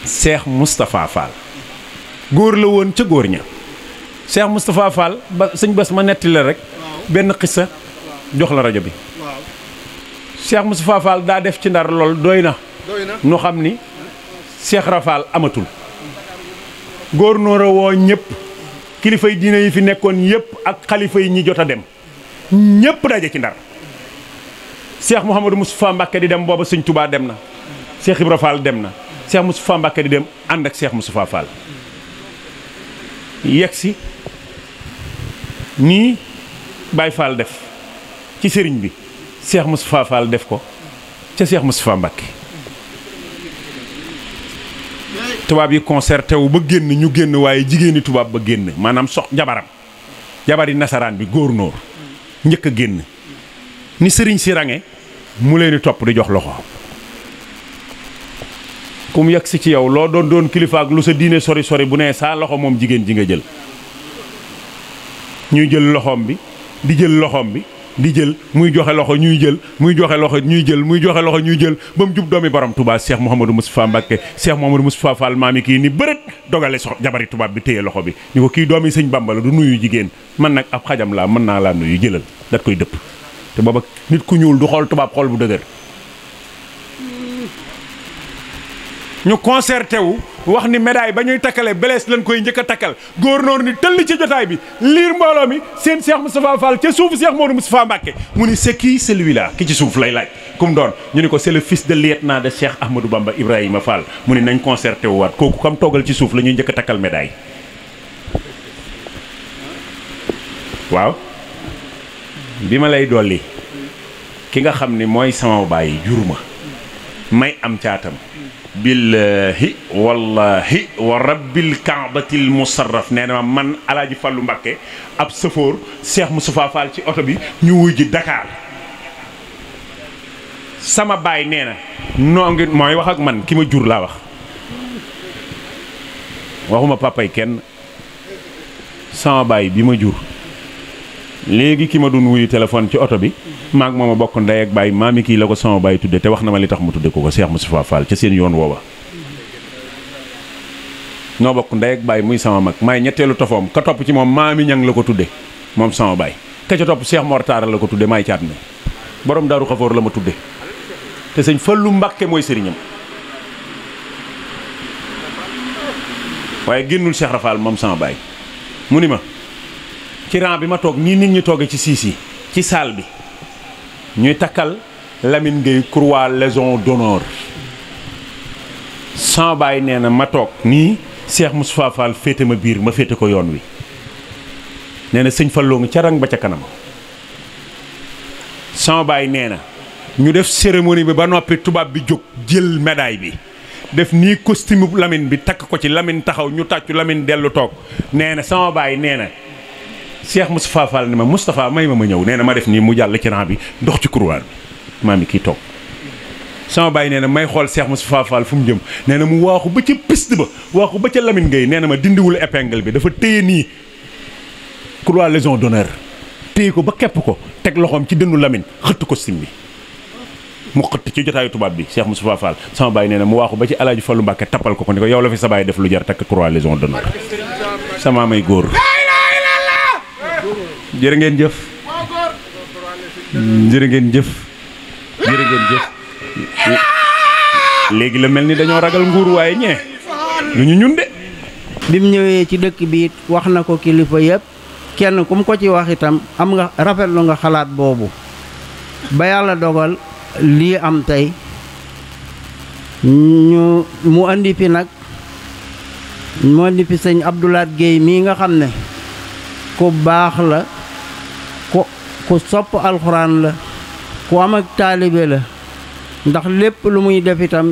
seex Moustapha góor la woon ca góor ña seex Moustapha Fall ba sëñ bés ma netti rekk benn xissa jox la rajo bi seex Moustapha daa def ci ndar lool doy na nu xam ni seex Rafal amatul góor noora woo ñëpp kilifay diine yi fi nekkoon yépp ak xalifa yi ñi jot a dem ñépp daje ci ndar Cheikh Mouhamadou Moustapha Mbacké di dem booba suñ Touba dem na Cheikh Ibra Fall dem na Cheikh Moustapha Mbacké di dem ànd ak Cheikh Moustapha Fall yegg si nii Baye Fall def ci sëriñ bi seex Moustapha Fall def ko ca Cheikh Moustapha Mbacké tubaab yi concerté wu ba génn ñu génn waaye jigéeni tubaab ba génn maanaam sox jabaram jabari nasaraan bi góor nóor njëkk a génn ni sëriñ si range mu leen di topp di jox loxo kum yegg si ci yow loo doon doon kilifa ak lu sa diine sori sori bu nee saa loxo moom jigéen ji nga jël ñuy jël loxoom bi di jël loxoom bi di jël muy joxe loxo ñuy jël muy joxe loxo ñuy jël muy joxe loxo ñuy jël ba mu jub doomi borom seex Touba Cheikh Mouhamadou Moustapha Mbacké Cheikh Mouhamadou Moustapha Fall maami kii ni bërët dogale sox jabari tubaab bi téye loxo bi ni ko kii doomi sëñ Bamba du nuyu jigéen man nag ab xajam laa mën naa laa nuyu jëlal dat koy dëpp te booba nit ku ñuul du xool tubaab xool bu dëgër hmm. ñu concerté wu wax ni médaille ba ñuy takkale belees lañ koy jëkk a góor góornóor ni tëll ci jotaay bi liir mbooloo mi seen Cheikh Moustapha Fall ca suufu Cheikh Modou Moustapha Mbacké mu ni c'est qui celui-là ki ci suuf lay laaj kum doon ñu ni ko c'est le fils de lieutenant de Cheikh Ahmadou Bamba Ibrahima Fall mu ni nañ concerté wu waat kooku kam toogal ci suuf la ñuy njëkk a takkal médaille waaw bi ma lay dolli ki nga xam ni mooy sama baay juruma may am caatam billahi wallahi wa rabbil kaabatil musarraf nee na ma man alaaji fàllu mbàkke ab sëfoor Cheikh Moustapha Fall ci oto bi ñu wuy ji Dakar sama baay nee na noo ngi mooy wax ak man ki ma jur laa wax waxuma papay kenn sama baay bi ma jur léegi ki ma du wuyu téléphone ci oto bi maak moom a bokk ndey ak bàyyi maami kii la ko sama bàyyi tudde te wax na ma li tax mu tudde ko ko Cheikh Moustapha Fall ca seen yoon woowa noo bokk ndey ak bàyyi muy sama mag maay ñetteelu tofoom ka topp ci moom maami ñang la ko tudde moom sama bàyyi ka ca topp seex Mor Taara la ko tudde maay caat mi borom daaru xafoor la ma tudde te sëñ Fallu Mbàkke mooy sëriñam waaye génnul Cheikh Rafal moom sama baay mu ni ma ci rang bi ma toog nii nit ñi toogee ci siis yi ci saal bi ñuy takkal lamin Gueye croix légion donoor sama baay nee na ma toog nii Cheikh Moustapha Fall féete ma biir ma féete ko yoon wi nee na sëñ Fallou ngi ca rang ba ca kanam sama baay nee na ñu def cérémonie bi ba noppi tubaab bi jóg jël médaille bi def nii costume lamin bi takk ko ci Lamine taxaw ñu tàccu lamin dellu toog nee na sama baay nee na ma Moustapha Fall ne ma Moustapha may ma ma ñëw nee na ma def nii mu jàll ci rang bi ndox ci couloir bi maam yi kiy toog sama bàyyi nee na may xool Cheikh Moustapha Fall fu mu jëm nee na mu waaxu ba ca piste ba waaxu ba ca Lamine ngay nee na ma dindiwul épingle bi dafa téye nii couloir légion d'honneur téye ko ba képp ko teg loxoom ci dëndu Lamine xëtt ko sim bi mu xëtt ci jotaayu tubaab bi Cheikh Moustapha Fall sama bàyyi nee na mu waaxu ba ci El Hadj Fallou Mbacke ko ko ni ko yow sa bàyyi def lu jar takk croix légion d'honneur sama may góor jërë jëf jërë jëf léegi la mel ni dañoo ragal nguur waaye ñee lu ñu ñun de bim ñëwee ci dëkk bi wax na ko kilifa yépp kenn kum ko ci wax itam am nga rafetlu nga xalaat boobu ba yàlla dogal lii am tey ñu mu andi fi nag mu andi fi sëñ Abdoulaat Guèye mii nga xam ne ku baax la ku sopp alxuraan la ku am ak taalibe la ndax lépp lu muy def itam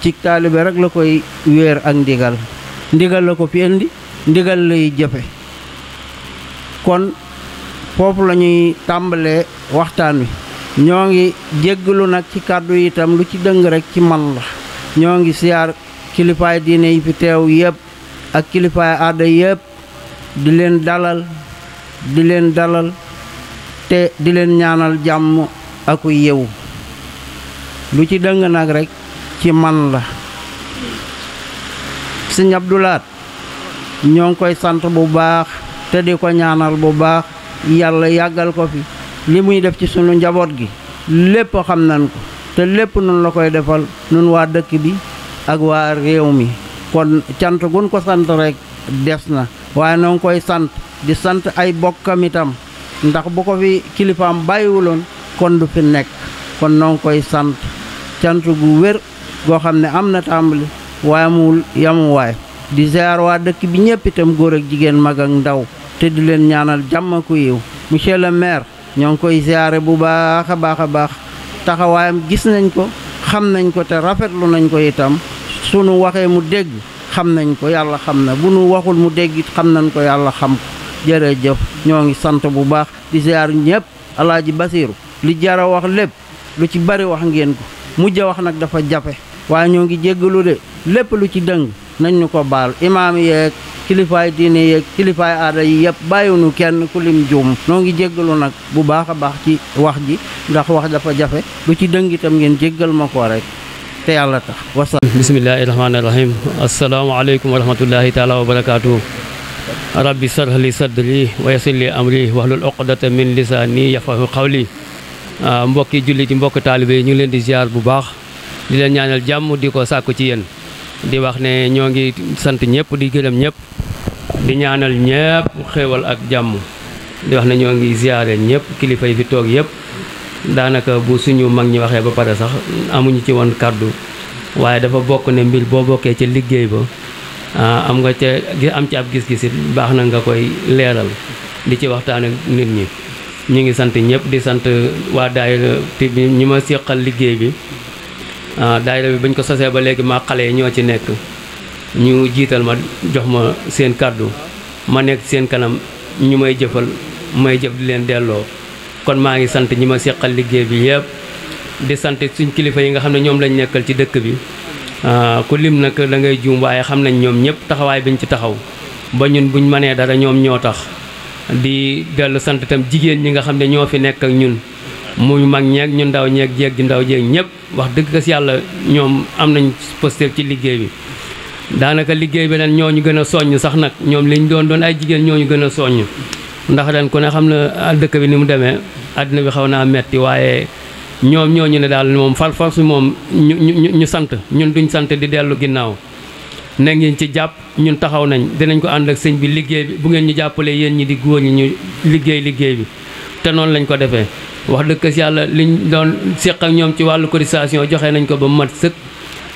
ci taalibe rekk la koy wéer ak ndigal ndigal la ko fi indi ndigal lay jëfe kon foofu lañuy ñuy tàmbalee waxtaan wi ñoo ngi jéggalu nag ci kàddu itam lu ci dëng rekk ci man la ñoo ngi siyaar kilifaay diine yi fi teew yëpp ak kilifaay aada yëpp di leen dalal di leen dalal te di leen ñaanal jàmm aku yew lu ci dëng nag rek ci man la sëñ Abdoulaat ñoo ngi koy sant bu baax te di ko ñaanal bu baax yàlla yàggal ko fi li muy def ci sunu njaboot gi lépp xam nañ ko te lépp nun la koy defal nun waa dëkk bi ak waa réew mi kon cant gun ko sant rek des na waaye noo koy sant di sant ay bokkam itam ndax bu ko fi kilifaam bàyyiwuloon kon du fi nekk kon noo koy sant sant gu wér goo xam ne am na tàmbali waaye amul yamuwaay di ziar waa dëkk bi ñëpp itam góor ak jigéen mag ndaw te di leen ñaanal jàmm ku yiw monsieur le maire ñoo ngi koy ziare bu baax a baax a baax taxawaayam gis nañ ko xam nañ ko te rafetlu nañ ko itam sunu waxee mu dégg xam nañ ko yàlla xam na bu nu waxul mu dégg xam nañ ko yàlla xam jëf ñoo ngi sant bu baax di ziar ñëpp alaaji basiiru li jara wax lépp lu ci bari wax ngeen ko mujj wax nag dafa jafe waaye ñoo ngi jéggalu de lépp lu ci dëng nañ ñu ko baal imaam yeeg kilifaay diine yeeg kilifaay aada yi yëpp bàyyiwuñu kenn ku lim juum noo ngi jéggalu nag bu baax a baax ci wax ji ndax wax dafa jafe lu ci dëng itam ngeen jéggal ma ko rek te yàlla tax wasalaam bismillaahi rahmaani rahim asalaamaaleykum wa rahmatullahi taala wa barakaatu rabbi sarh li sadri wa yassir li amri wahlul uqdata min lisaani yafqahu qawli ah, mbokki jullit yi mbokki taalibe yi ñu ngi leen di ziar bu baax di leen ñaanal jàmm di ko sàkku ci yéen di wax ne ñoo ngi sant ñëpp di gërëm ñëpp di ñaanal ñëpp xéewal ak jàmm di wax ne ñoo ngi ziare ñëpp kilifa yi fi toog yëpp daanaka bu suñu mag ñi waxee ba pare sax amuñu ci woon kàddu waaye dafa bokk ne mbir boo bokkee ci liggéey ba Ah, am nga ca gi am ci ab gis-gisit baax na nga koy leeral di ci waxtaan ak nit ñi ñu ngi sant ñëpp di sant waa daayira te bi ñi ma séqal liggéey bi ah, daayira bi bañ ko sosee ba léegi maa xale yi ñoo ci nekk ñu jiital ma jox ma seen kàddu ma nekk seen kanam ñu may jëfal may jëf di leen delloo kon maa ngi sant ñi ma séqal liggéey bi yëpp di sant suñ kilifa yi nga xam ne ñoom lañu nekkal ci dëkk bi Ah, ku lim na da ngay juum waaye xam nañ ñoom ñëpp taxawaay ñu ci taxaw ba ñun buñ manee dara ñoom ñoo tax di dellu sant itam jigéen ñi nga xam ne ñoo fi nekk ak ñun muy mag ñeek ñu ndaw ñeeg jéeg ji ndaw jéeg ñëpp wax dëgg ka yàlla ñoom am nañ posté ci liggéey bi daanaka liggéey bi nag ñooñu gën a soññ sax nag ñoom liñ doon doon ay jigéen ñooñu gën a soññ ndax ren ku ne xam na dëkk bi ni mu demee àddina bi xaw naa metti waaye ñoom ñoo ñu ne daal moom fal fal su moom ñu ñu ñu sant ñun duñ sant di dellu ginnaaw na ngeen ci jàpp ñun taxaw nañ dinañ ko ànd ak sëñ bi liggéey bi bu ngeen ñu jàppalee yéen ñi di góor ñi ñu liggéey liggéey bi te noonu lañ ko defee wax dëkk si yàlla liñ doon seq ak ñoom ci wàllu cotisation joxe nañ ko ba mu mat sëkk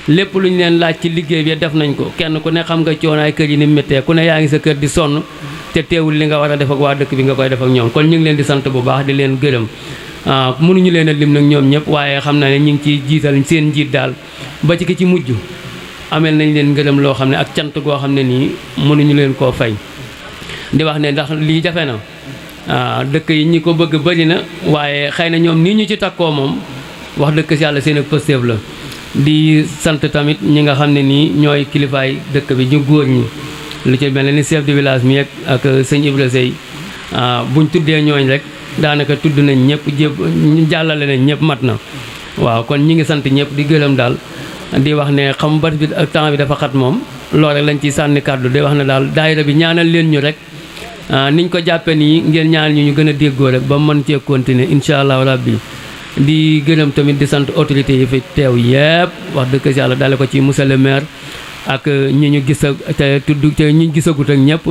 lépp lu ñu leen laaj ci liggéey bi def nañ ko kenn ku ne xam nga coonaay kër yi ni méttee ku ne yaa ngi sa kër di sonn te teewul li nga war a def ak waa dëkk bi nga koy def ak ñoom kon ñu ngi leen di sant bu baax di leen gërëm Ah, mënuñu leen a lim nag ñoom ñëpp waaye xam naa ne ñu ngi ciy jiital seen njiit daal ba ci ki ci mujj amel nañ leen ngërëm loo xam ne ak cant goo xam ne nii mënuñu leen koo fay di wax ne ndax lii jafe na ah, dëkk yi ñu ko bëgg bëri na waaye xëy na ñoom nii ñu ci takkoo moom wax dëkk si yàlla seen ak pëstéef la di sant tamit ñi nga xam ne nii ñooy kilifaay dëkk bi ñu góor ñi lu ci mel ni chef de village mi ak sëñ Ibra Sey ah, buñ tuddee ñooñ rek daanaka tudd nañ ñëpp jéb jàllale nañ ñëpp mat na waaw kon ñi ngi sant ñëpp di gërëm daal di wax ne xam bat bi ak temps bi dafa xat moom loole rek lañ ciy sànni kàddu di wax na daal daayira bi ñaanal leen ñu rek ah, niñ ko jàppe nii ngeen ñaanal ñu ñu gën a déggoo rek ba mën cee continuer incha allahu rabbi di gërëm tamit di sant autorités yi fi teew yëpp wax dëgg yàlla dale ko ci monsieur le maire ak ñi ñu gis te tudd te ñi ñu gisagut ak ñëpp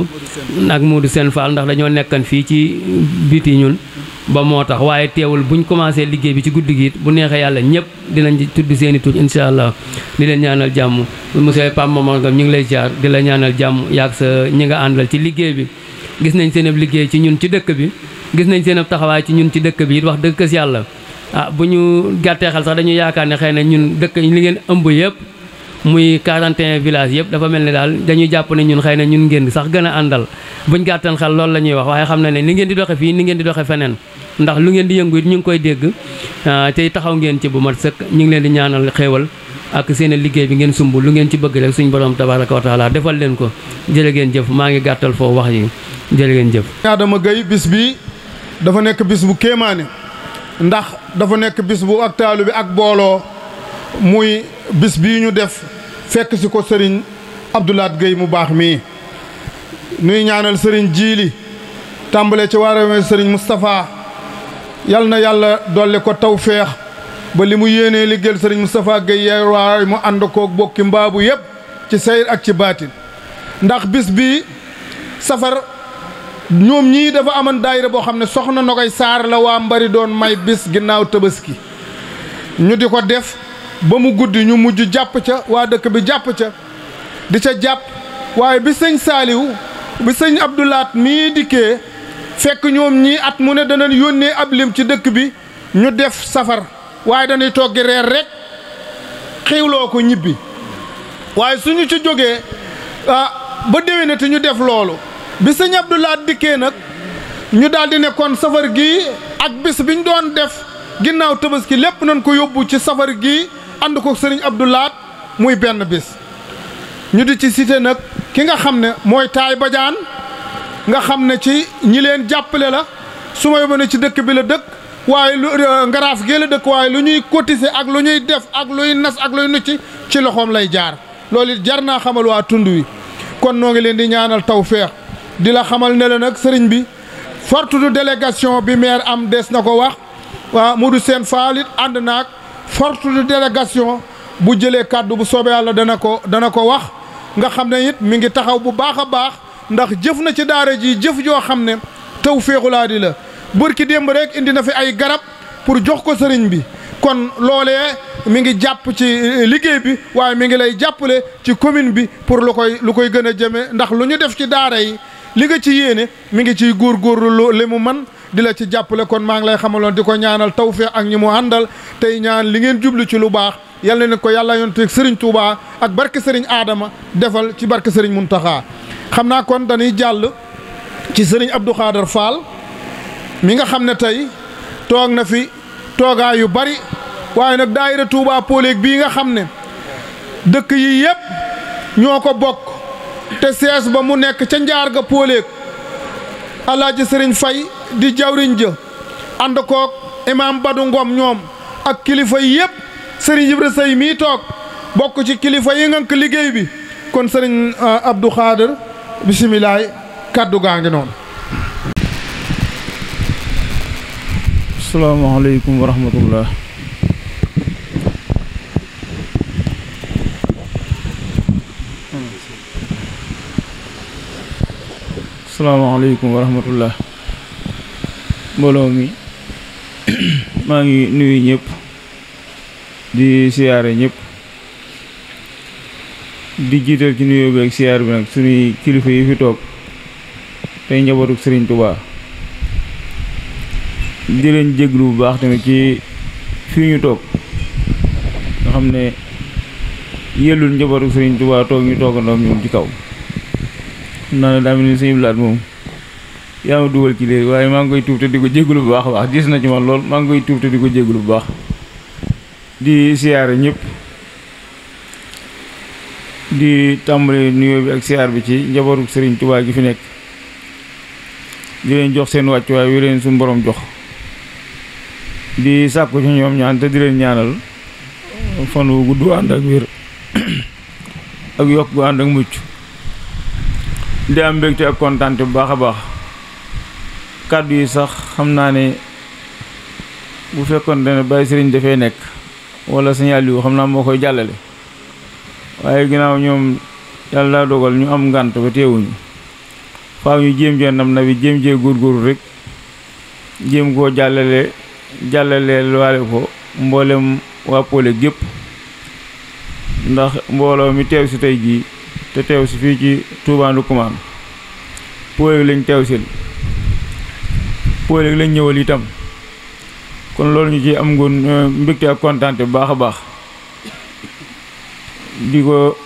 ak du seen Fall ndax dañoo nekkan fii ci biti ñun ba moo tax waaye teewul buñ commencé liggéey bi ci guddi gi bu neexee yàlla ñëpp dinañ tudd seeni tur incha allah di leen ñaanal jàmm monsieur Pape Momar Ngom ñu ngi lay jaar di la ñaanal jàmm yaag sa ñi nga àndal ci liggéey bi gis nañ seen ab liggéey ci ñun ci dëkk bi gis nañ seen ab taxawaay ci ñun ci dëkk bi it wax dëgg si yàlla ah bu ñu gàttee xel sax dañu yaakaar ne xëy na ñun dëkk li ngeen ëmb yëpp muy 41 villages yëpp dafa mel ni daal dañuy jàpp ne ñun xëy na ñun ngeen sax gën a àndal buñ gàttan xel loolu la ñuy wax waaye xam na ne ni ngeen di doxe fii ni ngeen di doxe feneen ndax lu ngeen di yëngu it ñu ngi koy dégg ah, tey taxaw ngeen ci bu mat sëkk ñu ngi leen di ñaanal xéewal ak seen liggéey bi ngeen sumb lu ngeen ci bëgg rek suñ borom tabaraka wa taala defal leen ko jërë ngeen jëf maa ngi gàttal foofu wax yi jërë ngeen jëf Adama Gueye bis bi dafa nekk bis bu kéemaane ndax dafa nekk bis bu ak taalu bi ak booloo muy bis bii ñu def fekk si ko sëriñ Abdoulaat Gueye mu baax mii nuy ñaanal sëriñ jiili tàmbale ci waarawee sëriñ Moustapha yal na yàlla dolli ko tawféex ba li mu yéenee liggéeyal sëriñ Moustapha Gueye yeewaay mu ànd koog bokki mbaabu yépp ci sayr ak ci baatin ndax bis bi safar ñoom ñii dafa aman daayira boo xam ne soxna Nogaye Sarr la waa mbari doon may bis ginnaaw tabaski ñu di ko def ba mu guddi ñu mujj jàpp ca waa dëkk bi jàpp ca di ca jàpp waaye bi sëñ saaliw bi sëñ abdulaat mii dikkee fekk ñoom ñii at mu ne danañ yónnee ab lim ci dëkk bi ñu def safar waaye dañuy toggi reer rek xiwloo ko ñibbi waaye suñu ci jógee ah ba déwénati ñu def loolu bi sëñ laat dikkee nag ñu daldi di nekkoon safar gi ak bis biñ doon def ginnaaw tabaski lépp nañ ko yóbbu ci safar gi ànd ko sëriñ Abdou Lahat muy benn bis ñu di ci cité nag ki nga xam ne mooy taay bajaan nga xam ne ci ñi leen jàppale la su ma yóbbu ne ci dëkk bi la dëkk waaye lu euh, ngaraaf gee la dëkk waaye lu ñuy cotiser ak lu ñuy def ak luy nas ak luy nucc ci loxoom lay jaar loolu it jar naa xamal waa tund wi kon noo ngi leen di ñaanal taw feex di la xamal ne la nag sëriñ bi forte délégation bi maire am des na ko wax waa Modou Sène Fall it ànd naag forte de délégation bu jëlee kàddu bu soobee yàlla dana ko dana ko wax nga xam ne it mi ngi taxaw bu baax a baax ndax jëf na ci daara ji jëf joo xam ne taw féexulaa di la bërki démb rek indi na fi ay garab pour jox ko sëriñ bi kon loole mi ngi jàpp ci eh, liggéey bi waaye mi ngi lay jàppale ci commune bi pour lu koy lu koy gën a jëme ndax lu ñu def ci daara yi li nga ci yéene mi ngi ciy góorgóorlu li mu man di la ci jàppale kon maa ngi lay xamaloon di ko ñaanal tawféex ak ñi mu àndal tey ñaan li ngeen jublu ci lu baax yàlla na ko yàlla yoon teg seriñ Touba ak barke sëriñ aadama defal ci barke sëriñ Muntaxa xam naa kon dañuy jàll ci sëriñ Abdou Khader Fall mi nga xam ne tey toog na fi toogaay yu bari waaye nag daayira Touba Polégue bii nga xam ne dëkk yi yëpp ñoo ko bokk te sees ba mu nekk ca njaar ga Polégue alaaji sëriñ fay di jawriñ jë ànd koog imaam badu ngom ñoom ak kilifa yi yëpp sëriñ Ibra Sëy mii toog bokk ci kilifa yi liggéey bi kon sëriñ uh, Abdou Khader bisimilaay kàddu gaa ngi noonu salaamaaleykum wa rahmatullah mbooloo mi maa ngi nuyu ñépp di siyaare ñépp di jiital ci nuyoo bi siyaar bi nag suñuy kilifa yi fi toog tey njabootu Serigne Touba di leen jéglu bu baax tamit ci fii ñu toog nga xam ne yellul njabootu Serigne Touba toog ñu toogandoo ñun ci kaw noonu daa mel ni sëñ Blaat moom yaa ma dugal ci waaye maa ngi koy tuub te di ko jégalu bu baax a baax gis na ci man lool maa koy tuub te di ko jégalu bu baax di siyaare ñëpp di tàmbali nuyoo bi ak siyaar bi ci njabootu Serigne Touba gi fi nekk di leen jox seen wàccuwaay wi leen su borom jox di sàkku ci ñoom ñaan di leen ñaanal fan wu gudd ànd ak wér [coughs] ak yokk gu ànd ak mucc. di am mbégte ak kontaan bu baax a baax kàddu yi sax xam naa ne bu fekkoon ne bàyyi sëriñ dafay nekk wala signal yu xam naa moo koy jàllale waaye ginnaaw ñoom yàlla dogal ñu am ngànt ba teewuñu faaw ñu jéem jee nam na bi jéem jee góorgóorlu rek jéem koo jàllale jàllale waale ko mboolem waa Poolé gépp ndax mbooloo mi teew si tey jii te teew si fii ci Touba Ndoukoumane pool lañ teew sil pool lañ ñëwal itam kon loolu ñu ci am ngoon euh, mbégte ak kontaante bu baax a baax di ko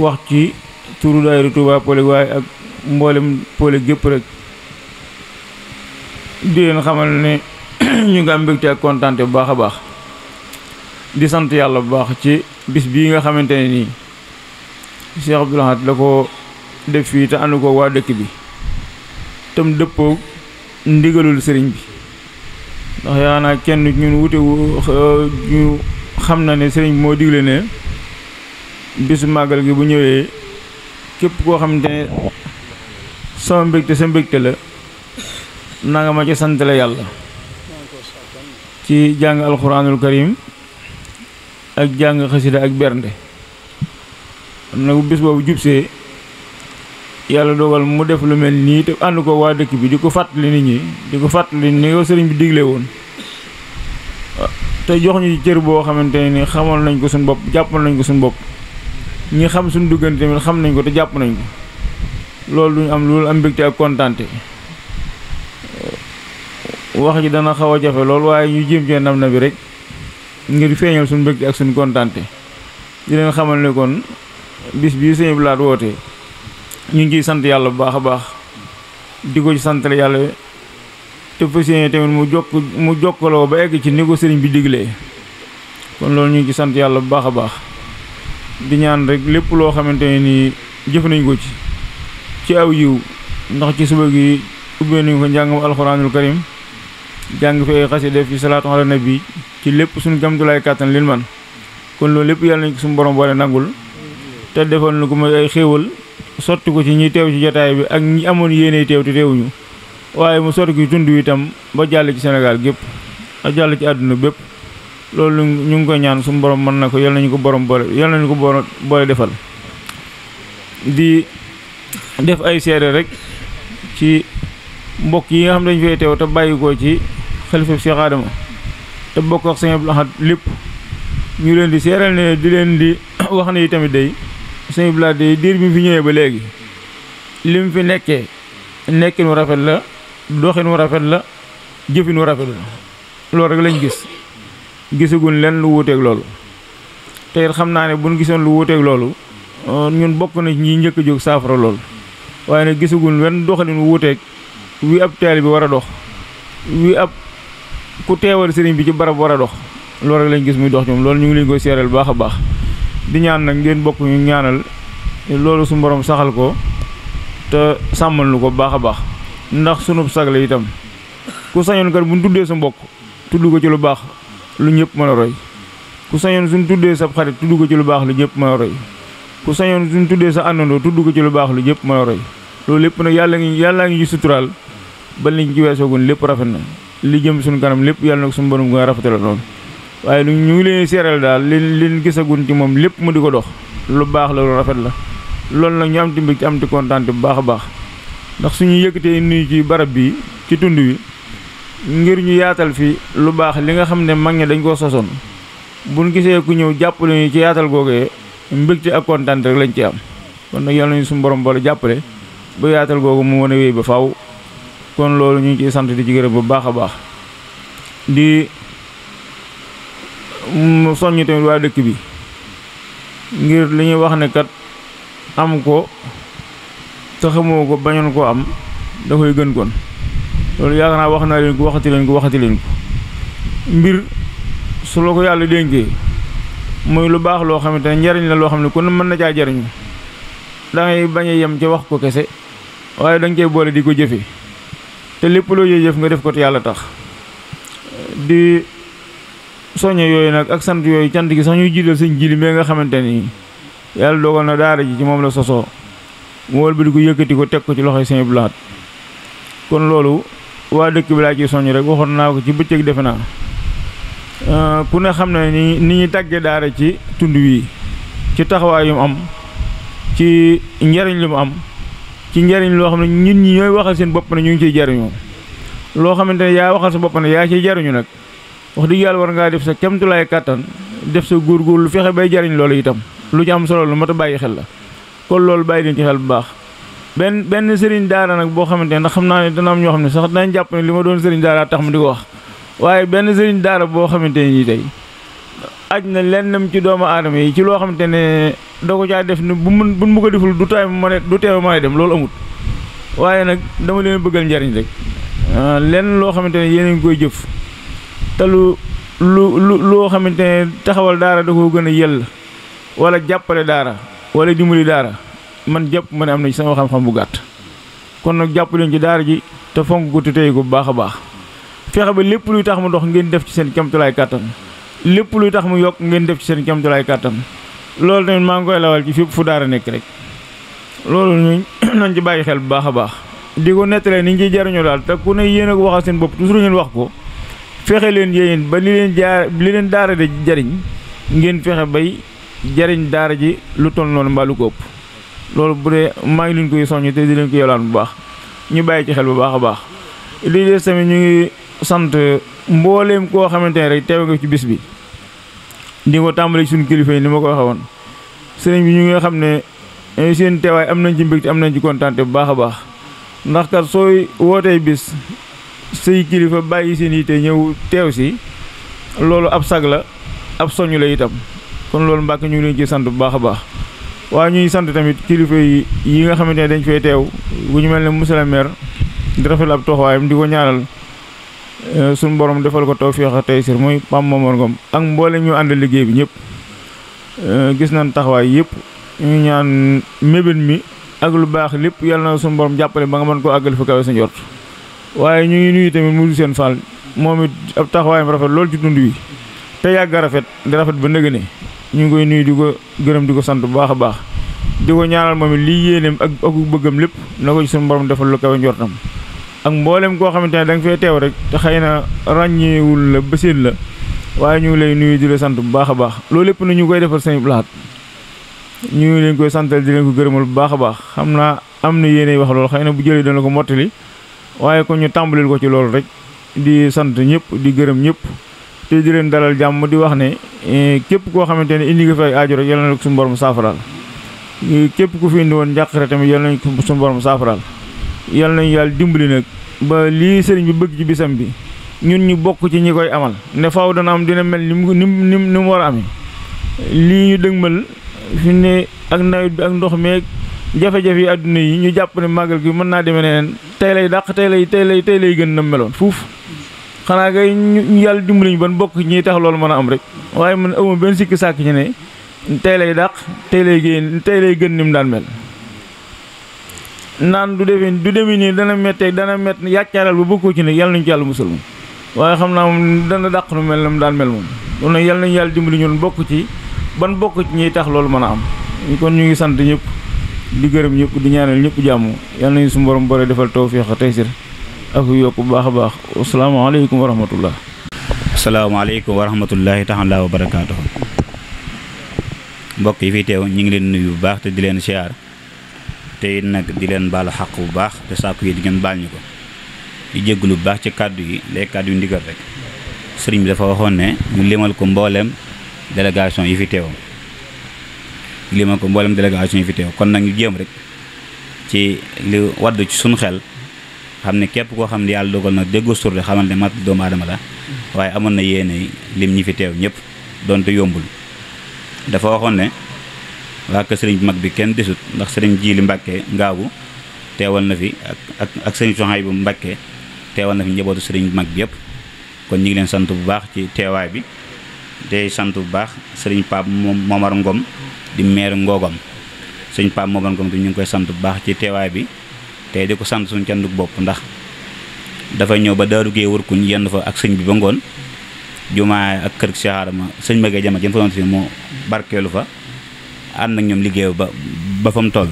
wax ci turu daayira Touba pool waaye ak mboolem pool gépp rek di leen xamal ne [clears throat] ñu ngi am mbégte ak kontaante bu baax a baax di sant yàlla bu baax ci bis bii nga xamante ne nii Cheikh Abdoul Ahad la ko def fii te ànd ko waa dëkk bi tam dëppoo ndigalul sëriñ bi ndax yaa naa kenn ñun wute ñu xam na ne sëriñ bi moo digle ne bisu màggal gi bu ñëwee képp koo xamante ne sama mbégte sa mbégte la nanga ma ci sant yàlla ci jàng alxuraanul karim ak jàng xasida ak bernde kon nag bu bis boobu jubsee yàlla dogal mu def lu mel nii te ànd ko waa dëkk bi di ko fàttali nit ñi di ko fàttali ni ko sëriñ bi digle woon ah, te jox ñu cër boo xamante ne ni xamoon nañ ko suñu bopp jàppoon nañ ko suñu bopp ñi xam suñu duggante tamit xam nañ ko te jàpp nañ ko loolu duñu am loolu am mbégte ak kontaante wax ji dana xaw a jafe lool waaye ñu jéem cee nam na bi rek ngir feeñal suñu mbégte ak suñu kontaante di leen xamal ne bis bii sëñ Abdou Lahad wootee ñu ngi ciy sant yàlla bu baax a baax di ko ci santal yàlla te fas yéene tamit mu jokk mu jokkaloo ba egg ci ni ko sëriñ bi diglee kon loolu ñu ngi ci sant yàlla bu baax a baax di ñaan rek lépp loo xamante ne nii jëf nañ ko ci ci aw yiw ndax ci suba gi ubbee nañ ko njàngam alxuraanul karim jàng fi ay xasida fi salaatu ala nabi ci lépp suñu gamtulaay kàttan lin man kon loolu lépp yàlla nañ ko suñu borom boole nagul te defoon na ko ma ay xéewal sotti ko ci ñi teew ci jotaay bi ak ñi amoon yéene teew te teewuñu waaye mu sotti ko tund wi itam ba jàll ci Sénégal gépp a jàll ci àdduna bépp loolu ñu ngi ko ñaan su borom mën na ko yal nañu ko borom boole yal nañu ko borom boole defal di def ay seere rek ci mbokk yi nga xam dañu fay teew te bàyyi ko ci xelifab Cheikh Adama te bokk ak Sëñ Abdou lépp ñu leen di seeral ne di leen di wax na yi tamit day sëñ Abdou Lahad yi diir bi mu fi ñëwee ba léegi li mu fi nekkee nekkin wu rafet la doxin wu rafet la jëfin wu rafet la loolu rek lañ gis gisaguñ lenn lu wuuteeg loolu te it xam naa ne buñ gisoon lu wuuteeg loolu euh, ñun bokk na ñi njëkk jóg saafara lool waaye nag gisaguñ wenn doxalin wu wuuteeg wi ab taali bi war a dox wi ab ku teewal sëriñ bi ci barab war a dox loolu rek lañ gis muy dox ñoom loolu ñu ngi leen koy seeral baax a baax di ñaan nag ngeen bokk ñu ñaanal loolu su borom saxal ko te sàmmal lu ko baax a baax ndax sunu sagle itam ku sañoon kat bu ñu tuddee sa mbokk tudd ko ci lu baax lu ñëpp mën a roy ku sañoon suñ tuddee sa xarit tudd ko ci lu baax lu ñëpp mën a roy ku sañoon suñ tuddee sa àndandoo tudd ko ci lu baax lu ñëpp mën a roy loolu lépp na yàlla ngi yàllaa ngi ñu suturaal ba liñ ci weesoogun lépp rafet na li jëm suñ kanam lépp yàlla na ko suñu borom nga rafetala waaye lu ñu ngi leen seeral daal li liñ gisagun ci moom lépp mu di ko dox lu baax la lu rafet la loolu nag ñu am ti mbig am ti kontaan bu baax a baax ndax su suñu yëkkatee nuyu ci barab bi ci tund wi ngir ñu yaatal fi lu baax li nga xam ne mag ñi dañ koo sosoon buñ gisee ku ñëw jàppale ñu ci yaatal googee mbégte ak kontaan rek lañ ci am kon nag yàlla nañu suñu borom boole jàppale bu yaatal googu mu mën a wéy ba faw kon loolu ñu ngi ciy sant di ci gërëm bu baax a baax mu soññ tamit waa dëkk bi ngir li ñuy wax ne kat am ko te xamoo ko bañoon koo am da koy gën kon loolu yaakaar naa wax naa leen ko waxati leen ko waxati leen ko mbir su la ko yàlla dénkee mooy lu baax loo xamante ne njariñ la loo xam ne kon mën na caa jariñu da ngay yem ca wax ko kese waaye da nga boole di ko jëfe te lépp loo jëf nga def ko te yàlla tax soññe yooyu nag ak sant yooyu cant gi sax ñuy jiital sëñ jili mee nga xamante ni yàlla dogal na daara ji ci moom la sosoo mu wëlbati ko yëkkati ko teg ko ci loxoy sëñ Abdou Lahad kon loolu waa dëkk bi laa ciy soññ rek waxoon naa ko ci bëccëg defe naa euh, ku ne xam ne ni ni ñuy tàggee daara ci tund wi ci taxawaay yu mu am ci njariñ lu mu am ci njariñ loo xam ne ñun ñi ñooy waxal seen bopp na ñu ngi ciy jariñu loo xamante ne yaa waxal sa bopp na yaa ciy jariñu nag wax dëgg yàlla war ngaa def sa kemtulaay kàttan def sa lu fexe bay jariñ loolu itam lu ci am solo lu mat a bàyyi xel la kon loolu bàyyi leen ci xel bu baax benn benn sëriñ daara nag boo xamante ne ndax xam naa ne dana am ñoo xam ne sax dañ jàpp ne li ma doon sëriñ daara tax ma di ko wax waaye benn sëriñ daara boo xamante ne nii tey aj na lennam ci doomu aadama yi ci loo xamante ne da ko caa def ne bu mun bu mu ko deful du taay ma ne du teew ma dem loolu amut waaye nag dama leen bëggal njariñ rek ah, lenn loo xamante ne yéen a ngi koy jëf te lu lu lu loo xamante ne taxawal daara da koo gën a yell wala jàppale daara wala dimbali daara man jàpp ma ne am na ci sama xam-xam bu gàtt kon nag jàpp leen ci daara ji te fonk ko te téye ko bu baax a baax fexe ba lépp luy tax mu ndox ngeen def ci seen kemtulaay kàttan lépp luy tax mu yokk ngeen def ci seen kemtulaay kàttan loolu tamit maa ngi koy lawal ci fépp fu daara nekk rek loolu ñu [clears throat] nañ ci bàyyi xel bu baax a baax di ko nettalee ni ñu ciy jariñoo daal te ku ne yéen a waxal seen bopp toujours ngeen wax ko fexe leen yéen ba li leen li leen daara di jariñ ngeen fexe bay jariñ daara ji lu toll noonu mbaa lu ko ëpp loolu bu dee maa ngi leen koy soññ te di leen ko yolaan bu baax ñu bàyyi ci xel bu baax a baax lii des tamit ñu ngi sant mbooleem koo xamante ne rek teew nga ci bis bi di ko tàmbali suñ kilifa yi ni ma ko waxee woon sëriñ bi ñu ngi xam ne eh, seen teewaay am nañ ci mbégte am nañ ci kontaante bu baax a baax ndax kat sooy wootee bis say kilifa bàyyi seen te ñëw teew si loolu ab sag la ab soñu la itam kon loolu mbàkk ñu ngi leen ci sant bu baax a baax waaye ñuy sant tamit kilifa yi yi nga xamante ne dañ fay teew bu ñu mel ne monsieur le maire di rafetlu ab toxawaayam di ko ñaanal eh, suñu borom defal ko tawfeex ak taysir mooy Pam Momar Ngom ak mboole ñu ànd liggéey bi ñëpp eh, gis nañ taxawaay yëpp ñu ñaan mébét mi ak lu baax lépp yàlla na suñu borom jàppale ba nga mën koo àggal fi kawe sa waaye ñu ngi nuyu tamit Modou seen Fall moom it ab taxawaayam rafet loolu ci dund wi te yàgg rafet di rafet ba nëgëne ñu ngi koy nuyu di ko gërëm di ko sant bu baax a baax di ko ñaanal moom it lii yéeneem ak ak bëggam lépp na ko ci suñu borom defal lu kawe njortam ak mboolem koo xamante ne da nga fee teew rek te xëy na ràññeewul la bëseen la waaye ñu ngi lay nuyu di la sant bu baax a baax loolu lépp na ñu koy defal seen laat ñu ngi leen koy santal di leen ko gërëmal bu baax a baax xam naa am na yéene wax loolu xëy na bu jëlee dana ko mottali waaye ko ñu tàmbalil ko ci loolu rek di sant ñëpp di gërëm ñëpp te di leen dalal jàmm di wax ne eh, képp koo xamante ne indi nga fay aajo rek yal na ko suñu saafaraal eh, képp ku fi indi woon njàqare tamit yal nañ ko suñu borom saafaraal yal nañu yàlla dimbali nag ba lii sëriñ bi bëgg ci bisam bi ñun ñu bokk ci ñi koy amal ne faaw dana am dina mel ni mu ni mu ni mu war a amee lii ñu dëgmal fi ne ak nawet bi ak ndox meeg jafe-jafe yi àdduna yi ñu jàpp ne màggal gi mën naa demee neneen tey lay dàq tey lay lay tey lay gën na meloon fuuf xanaa kay ñu yàlla dimbali ñu ban bokk ñiy tax loolu mën a am rek waaye man amul benn sikki sàkk ci ne tey lay dàq tey lay gën ni mu daan mel naan du demee du demee nii dana méttee dana mett yàccaaral ba bokkoo ci ne yàlla nañu ci yàlla musal moom waaye xam naa moom dana dàq nu mel na mu daan mel moom kon nag yàlla nañu yàlla dimbali ñun bokk ci ban bokk ñiy tax mën a am kon ñu ngi sant ñëpp di gërëm ñëpp di ñaanal ñëpp jàmm yal nañu suñu borom bore defal tawfiix tey taysir ak yokk bu baax a baax asalaamaaleykum wa rahmatullah asalaamaaleykum wa rahmatullahi taala wa barakaatu mbokk yi fi teew ñu ngi leen nuyu bu baax te di leen siyaar te nag di leen baal xaq bu baax te sàkku yi di ngeen baal ñu ko di jégalu lu baax ci kàddu yi les kàddu yu ndigal rek sëriñ bi dafa waxoon ne ñu limal ko mbooleem délégation yi fi teew limal ko mboolem délégation yi fi teew kon nag ñu jéem rek ci li wadd ci suñu xel xam ne képp koo xam ne yàlla dogal na déggoo surde xamal ne mat doomu aadama la waaye amoon na yéene lim ñi fi teew ñëpp donte yombul dafa waxoon ne waa kër sëriñ bi mag bi kenn desut ndax sëriñ ji li mbàkke ngaabu teewal na fi ak ak ak sëriñ soxaay bu mbàkke teewal na fi njabootu sëriñ bi mag bi yëpp kon ñu ngi leen sant bu baax ci teewaay bi day sant bu baax sëriñ Pape Momar Ngom di maire Ngogom sëñ Pape Momar Ngom di ñu ngi koy sant bu baax ci teewaay bi te di ko sant bopp ndax dafa ñëw ba Daaru Gee wër kuñ yenn fa ak sëñ bi ba ngoon ak kër Cheikh sëñ Mbagay Jama jën fa doon moo barkeelu fa ànd ak ñoom liggéey ba ba fa mu toll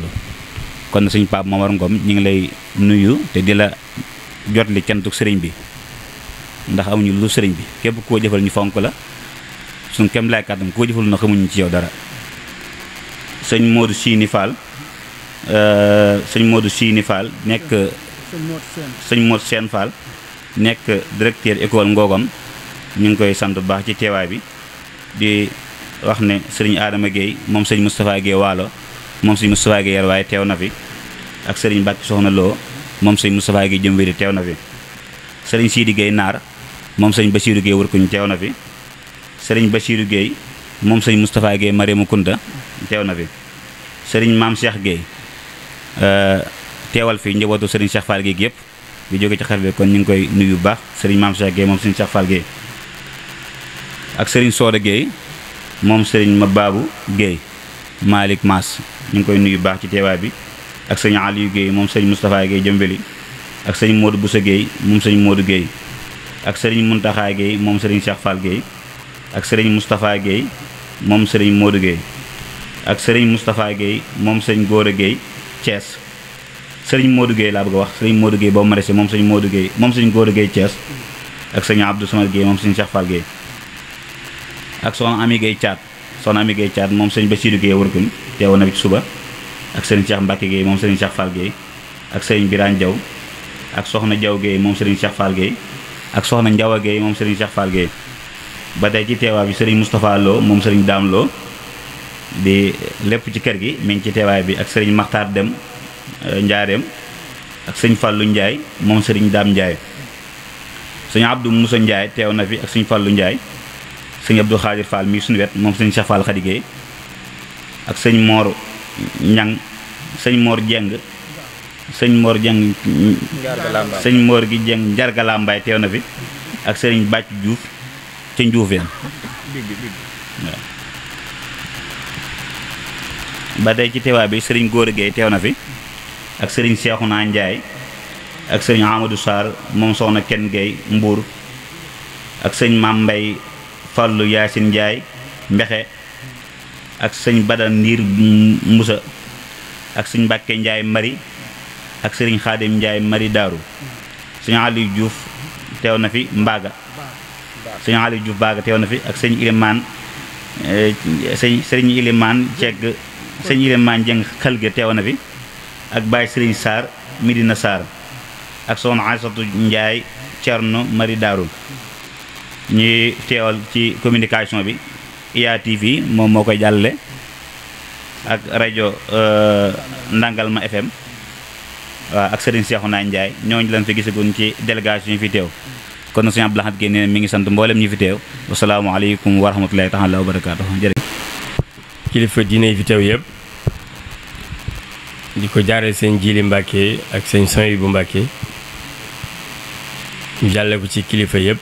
kon sëñ Pape Momar Ngom ñu ngi lay nuyu te di la jotli cantuk sëriñ bi ndax amuñu lu sëriñ bi képp koo jëfal ñu fonk la suñ kem laay kàttan ku ko jëfal na xamuñu ci yow dara sëñ Modou Sini Fall euh, sëñ Modou Sini Fall nekk sëñ Modou Seen Fall nekk directeur école Ngogom ñu ngi koy sant bu baax ci teewaay bi di wax ne sëriñ aadama Guèye moom sëñ Moustapha Guèye Waalo moom sëñ Moustapha Guèye waaye teew na fi ak sëriñ Bàkki Soxna Lo moom sëñ Moustapha Guèye Jëmwéri teew na fi sëriñ Sidi Guèye Naar moom sëñ Bassirou Guèye wër ko ñu teew na fi sëriñ Bachirou Guèye moom sëriñ Moustapha Guèye Mariama Kunta teew na fi sëriñ Maam Cheikh Guèye euh, teewal fii njabootu sëriñ Cheikh Fall Guèye yëpp bi jóge ci xar bi kon ñu ngi koy nuyu bu baax sëriñ Maam Cheikh Guèye moom sëriñ Cheikh Fall Guèye ak moom sëriñ Mabaabu Guèye Malick Maas ñu ngi koy nuyu baax ci teewaay bi ak sëriñ Aliou Guèye moom sëriñ Moustapha Guèye Jëmbeli ak sëriñ Modou Boussa Guèye moom sëriñ Modou géey ak sëriñ Muntaxa Guèye moom sëriñ Cheikh Fall Guèye ak sëriñ Moustapha Guèye moom sëriñ Modou Guèye ak sëriñ Moustapha Guèye moom sëriñ Gora Guèye Thiès sëriñ Modou Guèye laa bëgg a wax sëriñ Modou Guèye boobu maraiché moom sëriñ Modou Guèye moom sëriñ Gora Guèye Thiès ak sëriñ Abdou Samad Guèye moom sëriñ Cheikh Fall Guèye ak soxna Ami Guèye Thiat soxna Ami Guèye Thiat moom sëriñ Bassirou Guèye wërguñ teewoon na bi ci suba ak sëriñ Cheikh Mbacke Guèye moom sëriñ Cheikh Fall Guèye ak sëriñ Birane Diaw ak soxna Diaw Guèye moom sëriñ Cheikh Fall Guèye ak soxna Ndiawa Guèye moom sëriñ Cheikh Fall Guèye ba tey ci teewaay bi sëriñ Moustapha moom sëriñ Daam di lépp ci kër gi mi ngi ci teewaay bi ak sëriñ Maxtaar Dem euh, Njaareem ak sëñ Fàllu Njaay moom sëriñ Daam Njaay sëñ Abdou Moussa Njaay teew na fi ak sëñ Fàllu Njaay sëñ Xaadir Fall mi suñu wet moom sëñ Cheikh Fall Xadigee ak sëñ Mor Ñang sëñ Mor Jeng sëñ Mor Jeng sëñ Mor gi Jeng Njargalambay teew na fi ak sëriñ Bàcc Juuf ca Njuufeen waaw ba tey ci teewaay bi sëriñ Góora Gueye teew na fi ak sëriñ Seexuna Njaay ak sëriñ Amadou Sarr moom soxna Ken Gueye Mbuur ak sëñ Maam Mbay Fallu Yaasin Njaay Mbexe ak sëñ Bada Ndiir Mbusa ak sëñ Mbàkke Njaay Mari ak sëriñ Xaadim Njaay Mari Daaru sëñ Aliou Diouf teew na fi Mbaaga sëñ Aliou Diouf Baaga teew na fi ak sëñ Ilimaan eh, sëñ sëñ Ilimaan Jegg sëñ Ilimaan Jeng xel gi teew na fi ak Baye Sëriñ Sarr Midina Sarr ak soon Aysatu Njaay Cerno Mari daro ñuy teewal ci communication bi IYA TV moom moo koy jàllale ak rajo eh, Ndangal ma FM waaw ak Serigne Seexu naa njaay ñooñu lañ fi gisagun ci délégation yi fi teew kon nag suñu Abdou Lahad Guèye nee mi ngi sant mboolem ñu fi teew wasalaamaaleykum wa rahmatulahi taala wa barakaatu jërë kilifa diine fi teew yëpp di ko jaaree seen Jili Mbàkke ak seen soy bu Mbàkke ñu jàlle ko ci kilifa yëpp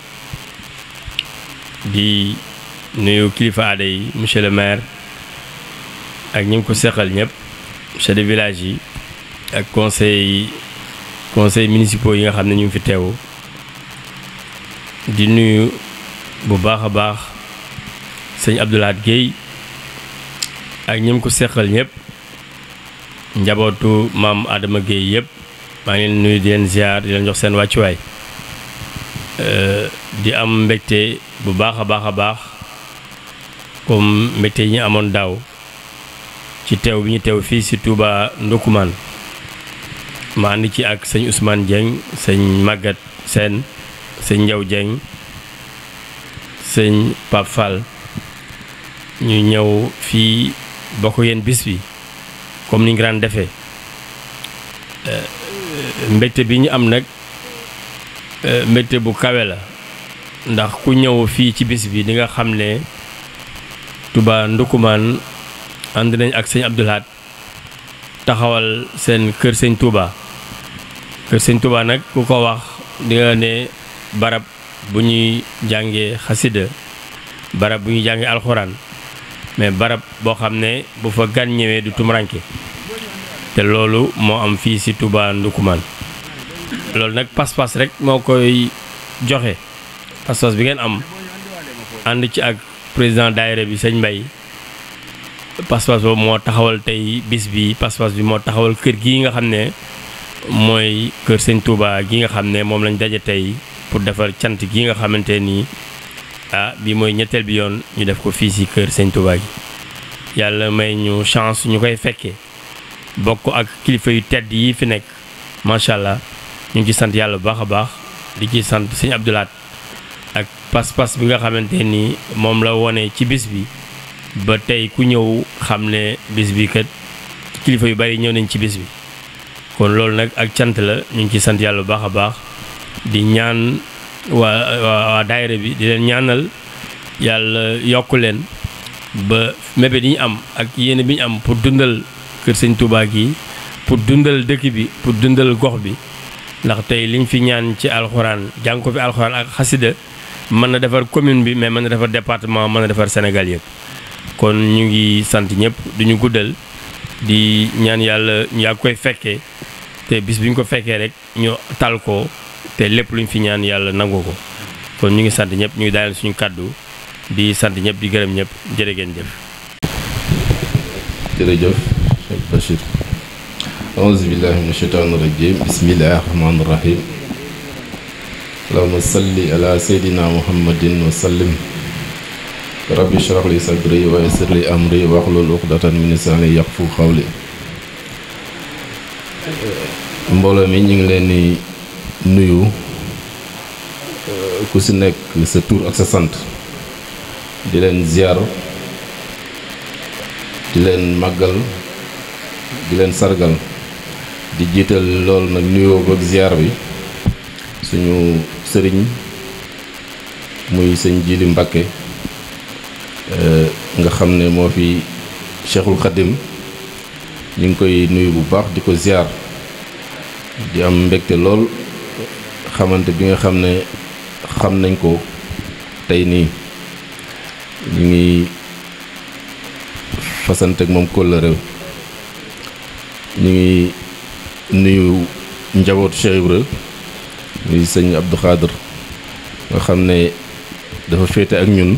di nuyu kilifa aada yi monsieur le maire ak ñi ngi ko seqal ñëpp chef de village yi ak conseil conseil municipaux yi nga xam ne ñu fi teew di nuyu bu baax a baax sëñ Abdoulaat Guèye ak ñim ko seqal ñëpp njabootu maam Adama Guèye yépp maa ngi leen nuyu di leen ziar di leen jox seen wàccuwaay di am mbégte bu baax a baax a baax comme mbégte yi ñu amoon daaw ci teew bi ñu teew fii si Touba Ndoukoumane ma ànd ci ak sëñ usmaan Dieng sëñ Maguette seen sëñ Njaw Jeng sëñ Pap Fall ñu ñaw fii bokk yéen bis bi comme ni ñu daan defee euh, mbégte bi ñu am nag euh, mbégte bu kawe la ndax ku ñëw fii ci bis bi di nga xam ne Touba Ndukumaan ànd nañ ak sëñ Abdou Lahad taxawal seen kër sëñ Touba kër sëñ Touba nag ku ko wax di nga ne barab bu ñuy jàngee xasida barab bu ñuy jàngee alxuraan mais barab boo xam ne bu fa gan ñëwee du tumuranke te loolu moo am fii ci Touba Ndoukoumane loolu nag pas-pas rek moo koy joxe pas-pas bi ngeen am ànd ci ak président daayira bi sëñ Mbay pas-pas boobu moo taxawal tey bis bi pas-pas bi moo taxawal kër gi nga xam ne mooy kër sëñ Touba gi nga xam ne moom lañ daje tey pour defar cant gi nga xamante nii ah bi mooy ñetteel bi yoon ñu def ko fii si kër sëñ Touba gi yàlla may ñu chance ñu koy fekkee bokk ak kilifa yu tedd yi fi nekk macha allah ñu ngi ci sant yàlla bu baax a baax di ci sant sëñ abdulaat ak pas-pas bi nga xamante nii moom la wone ci bis bi ba tey ku ñëw xam ne bis bi kat kilifa yu bari ñëw nañ ci bis bi kon loolu nag ak cant la ñu ngi ci sant yàlla bu baax a baax di ñaan waa waa daayira bi di leen ñaanal yàlla yokk leen ba mébét yi ñu am ak yéene bi ñu am pour dundal kër sëñ Touba yi pour dundal dëkk bi pour dundal gox bi ndax tey liñ fi ñaan ci alxuraan jàng ko fi alxuraan ak xasida mën na defar commune bi mais mën na defar département mën na defar Sénégal yëpp kon ñu ngi sant ñëpp duñu guddal di ñaan yàlla ñu yàgg koy fekkee te bis bi ñu ko fekkee rek ñu tal ko te lépp luñ fi ñaan yàlla nangu ko kon ñu ngi sant ñëpp ñu ngi daaneel suñu kàddu di sant ñëpp di gërëm ñëpp jërë ngeen jëf jërëjëf Cheikh Bachir aouzu billahi min shaytaani rajim bismillahi rahmaani rahim allahumma salli ala sayyidina muhammadin wa rabbi shrah li sadri wa yassir li amri wahlul uqdatan min lisani yaqfu qawli mbooloo mi ñu ngi leen ni nuyu euh, ku si nekk sa tuur ak sa sant di leen ziar di leen màggal di leen sargal di jiital lool nag nuyoo ak ziar bi suñu sëriñ muy sëñ Jili Mbàkke euh, nga xam ne moo fi Cheikhul xaddim ñu ngi koy nuyu bu baax di ko ziar di am mbegte lool xamante bi nga xam ne xam nañ ko tey nii ñu ngi fasante ak moom kóllëre ñu ngi nuyu njabootu Cheikh muy sëñ Abdou Khader nga xam ne dafa féete ak ñun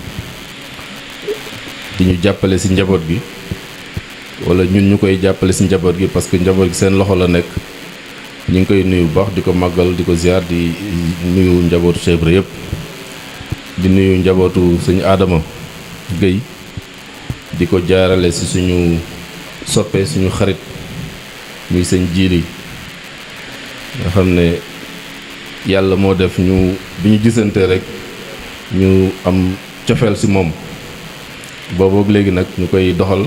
di ñu jàppale ci njaboot gi walla ñun ñu koy jàppale ci njaboot gi parce que njaboot gi seen loxo la nekk ñu ngi koy nuyu bu baax di ko màggal di ko ziar di nuyu njabootu Cheikh Ibra yëpp di nuyu njabootu suñu aadama Guèye di ko jaarale si suñu soppee suñu xarit muy sëñ jiili nga xam ne yàlla moo def ñu bi ñu gisante rek ñu am cofeel si moom booboog léegi nag ñu koy doxal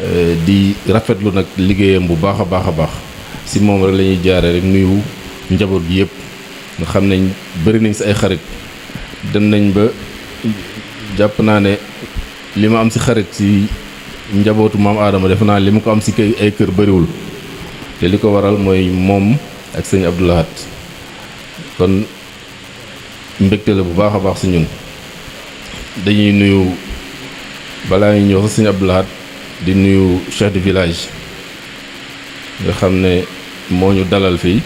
eh, di rafetlu nag liggéeyam bu baax a baax a baax si moom rek la ñuy jaare rek nuyu njaboot gi yëpp nga xam nañ bëri nañ si ay xarit dem nañ ba jàpp naa ne li ma am si xarit si njabootu maam aadama def naa li ma ko am si kay ay kër bëriwul te li ko waral mooy moom ak sëñ Abdou kon mbégte bu baax a baax si ñun dañuy nuyu balaa ngi ñëw sax sëñ Abdou di nuyu chef de village nga xam ne moo ñu dalal fii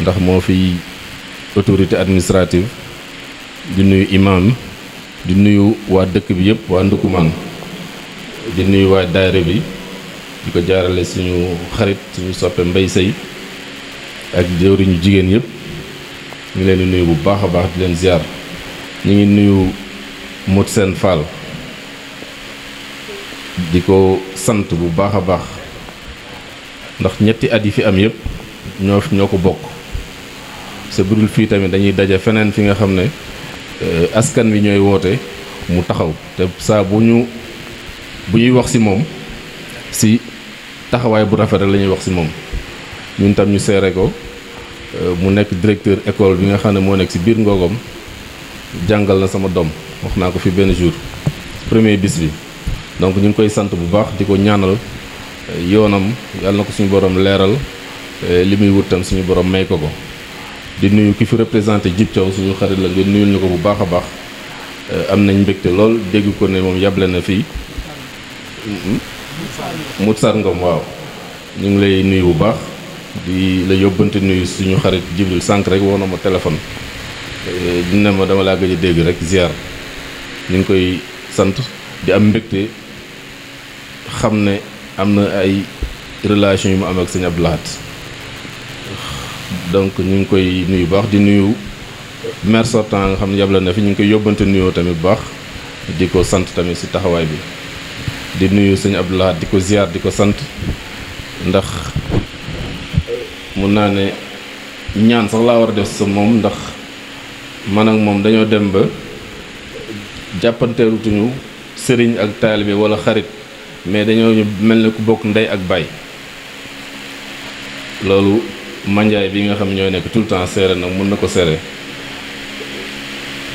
ndax moo fi autorité administrative di nuyu imam di nuyu waa dëkk bi yëpp waa Ndoukoumane di nuyu waa daayira bi di ko jaarale suñu xarit suñu soppe mbay sëy ak jëwriñu jigéen yëpp ñu leen di nuyu bu baax a baax di leen ziar ñu ngi nuyu mut seen Fall di ko sant bu baax a baax ndax ñetti at yi fi am yëpp ñoo ñoo ko bokk sa budul fii tamit dañuy daje feneen fi nga xam ne euh, askan wi ñooy woote mu taxaw te saa bu ñu bu ñuy wax ci moom ci taxawaay bu rafet rek la ñuy wax ci moom ñun tam ñu seere ko euh, mu nekk directeur école bi nga xam ne moo nekk ci biir ngoogom jàngal na sama doom wax naa ko fi benn jour premier bis bi donc ñu ngi koy sant bu baax di ko ñaanal yoonam yàlla na ko suñu borom leeral eh, li muy wut suñu borom may ko ko di nuyu ki fi représenté Djib Thiaw suñu xarit la nga nuyul ñu ko bu baax a baax eh, am nañ mbégte lool dégg ko ne moom yable na fii hmm? Mout Sar Ngom waaw ñu ngi lay nuyu bu baax di la yóbbante nuyu suñu xarit Jibril sànq rek woo na ma téléphone eh, dina ma dama laa gëj a dégg rek ziar ñu ngi koy sant di am mbégte xam ne am na ay relation yu mu am ak sëñ Abdou donc ñu ngi koy nuyu baax di nuyu maire sortant nga xam ne yabla na fi ñu ngi koy yóbbante nuyoo tamit bu baax di ko sant tamit si taxawaay bi di nuyu sëñ Abdou di ko ziar di ko sant ndax mun naa ne ñaan sax laa war a def sa moom ndax man ak moom dañoo dem ba jàppanteerutuñu sëriñ ak taalibe wala xarit mais dañoo mel ne ku bokk ndey ak baay loolu manjaay bii nga xam ñoo nekk tout le temps seere nag mun na ko seere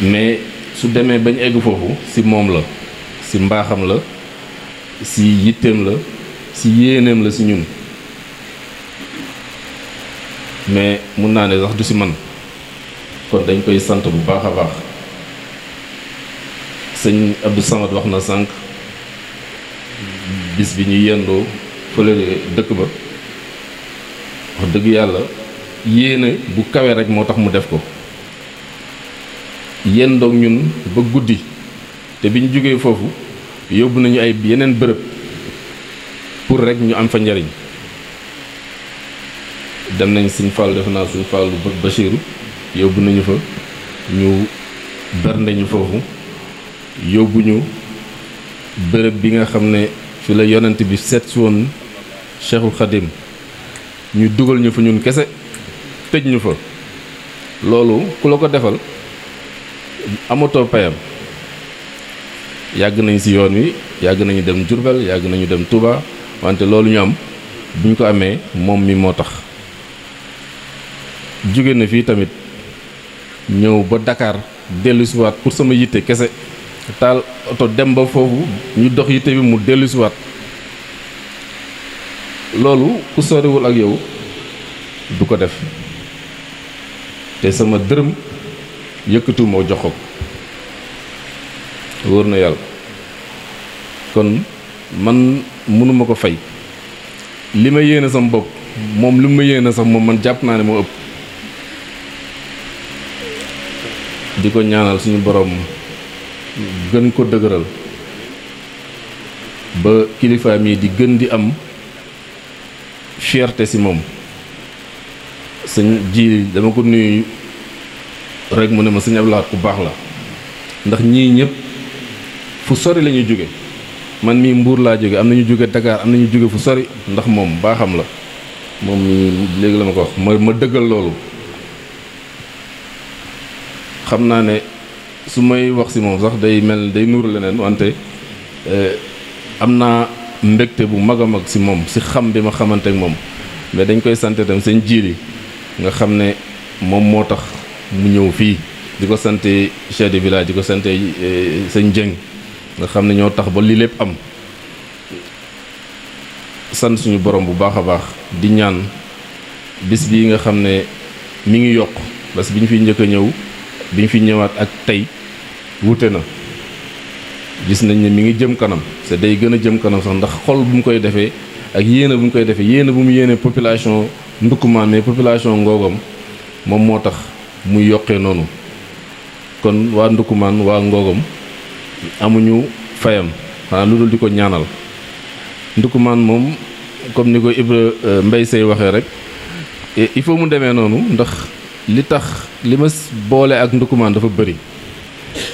mais su demee bañ egg foofu si moom la si mbaaxam la si yitteem la si yéeneem la si ñun mais mun naa ne sax du si man kon dañ koy sant bu baax a baax sëñ Abdou Samad wax na sànq bis bi ñu yendoo fële dëkk ba wax dëgg yàlla yéene bu kawee rek moo tax mu def ko yendoog ñun ba guddi te bi ñu jógee foofu yóbbu nañu ay yeneen bërëb pour rek ñu am fa njariñ dem nañ suñ Fall def naa suñ Fall bu yóbbu nañu fa ñu bernde ñu foofu yóbbu ñu bërëb bi nga xam ne fi la yonent bi seet si woon Cheikhul Khadim ñu dugal ñu fa ñun kese tëj ñu fa loolu ku la ko defal amatoo payam yàgg nañ si yoon wi yàgg nañu dem Diourbel yàgg nañu dem Touba wante loolu ñu am bu ñu ko amee moom mi moo tax jóge na fii tamit ñëw ba Dakar dellusiwaat pour sama yitte kese taal oto dem ba foofu ñu dox yite bi mu dellusiwaat loolu ku sorewul ak yow du ko def te sama dërëm yëkkatu moo jox ko na yàlla kon man mënuma ko fay li ma yéene sama bopp moom li ma yéene sax moom man jàpp naa ne moo ëpp di ko ñaanal suñu borom. gën ko dëgëral ba kilifaam yi di gën di am fierté si moom sëñ ji dama ko nuyu rek mu ne ma sëñ Abdoulaye ku baax la ndax ñii ñëpp fu sori la ñu jóge man mii mbuur laa jóge am na ñu jóge Dakar am na ñu jóge fu sori ndax moom baaxam la moom mii léegi la ma ko wax ma ma dëggal loolu xam naa ne su may wax si moom sax day mel day nuur leneen wante eh, am naa mbégte bu mag a mag si moom si xam bi ma xamante ak moom mais dañ koy sant itam seen jiiri nga xam ne moom moo tax mu ñëw fii di ko sante chef de village di ko sant eh, sëñ Dieng nga xam ne ñoo tax ba lii lépp am sant suñu borom bu baax a baax di ñaan bis bii nga xam ne mu ngi yokk parce que bi ñu fi njëkk a ñëw bi ñu fi ñëwaat ak tey wute na gis nañ ne mi ngi jëm kanam te day gën a jëm kanam sax ndax xol bu mu koy defee ak yéene bu mu koy defee yéene bu mu yéenee population ndukkumaan mais population ngoogam moom moo tax muy yokkee noonu kon waa ndukkumaan waa ngoogam amuñu fayam xanaa lu dul di ko ñaanal ndukkumaan moom comme ni ko Ibra euh, Mbay Sey waxee rek il faut mu demee noonu ndax li tax li ma boole ak ndukkumaan dafa bëri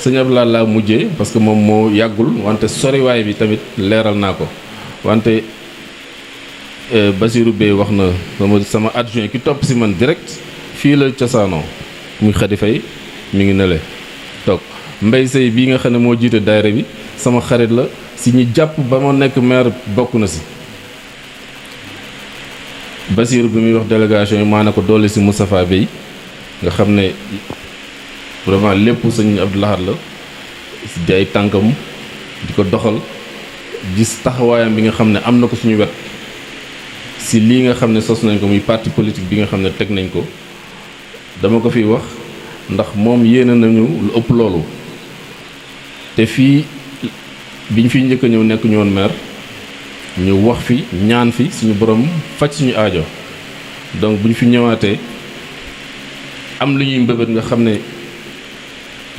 sëñ Abdoulaye laa mujje parce que moom moo yàggul wante soriwaay bi tamit leeral naa ko wante euh, Basirou Bey wax na sama sama adjoint ki topp si man direct fii la cosaanoo muy Xadi Fay mu ngi nele toog mbay sëy bii nga xam ne moo jiite daayira bi sama xarit la si ñu jàpp ba ma nekk maire bokk na si Basirou bi muy wax délégation yi maa ne ko dolli si Moustapha Bey nga xam ne vraiment lépp sëñ ab Lahad la di ay tànkam di ko doxal gis taxawaayam bi nga xam ne am na ko suñu wet si lii nga xam ne sos nañ ko muy parti politique bi nga xam ne teg nañ ko dama ko fi wax ndax moom yéene nañu lu ëpp loolu te fii biñ fiy njëkk a ñëw nekk ñu woon maire ñu wax fi ñaan fi suñu borom faj suñu aajo donc bu ñu fi ñëwaatee am lu ñuy mbëbët nga xam ne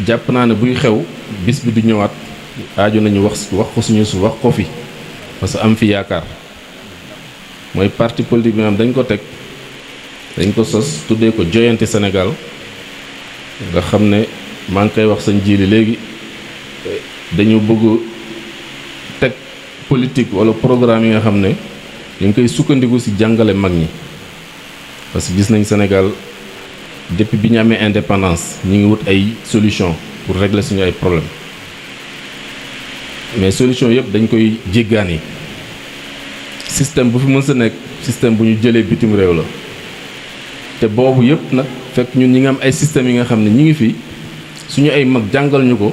jàpp naa ne buy xew bis bi du ñëwaat aaju nañu wax wax ko suñu su wax ko fi parce que am fi yaakaar mooy parti politique bi dañ ko teg dañ ko sos tuddee ko joyante Sénégal nga xam ne maa ngi koy wax sañ jiili léegi dañu bëgg teg politique wala programme yi nga xam ne dañ koy sukkandiku ci jàngale mag ñi parce que gis nañ Sénégal depuis bi ñu amee indépendance ñu ngi wut ay solution pour régler suñu ay problème mais solution yëpp dañ koy jéggaani système bu fi mën sa nekk système bu ñu jëlee bitim réew la te boobu yëpp nag fekk ñun ñi nga am ay systèmes yi nga xam ne ñi ngi fi suñu ay mag jàngal ñu ko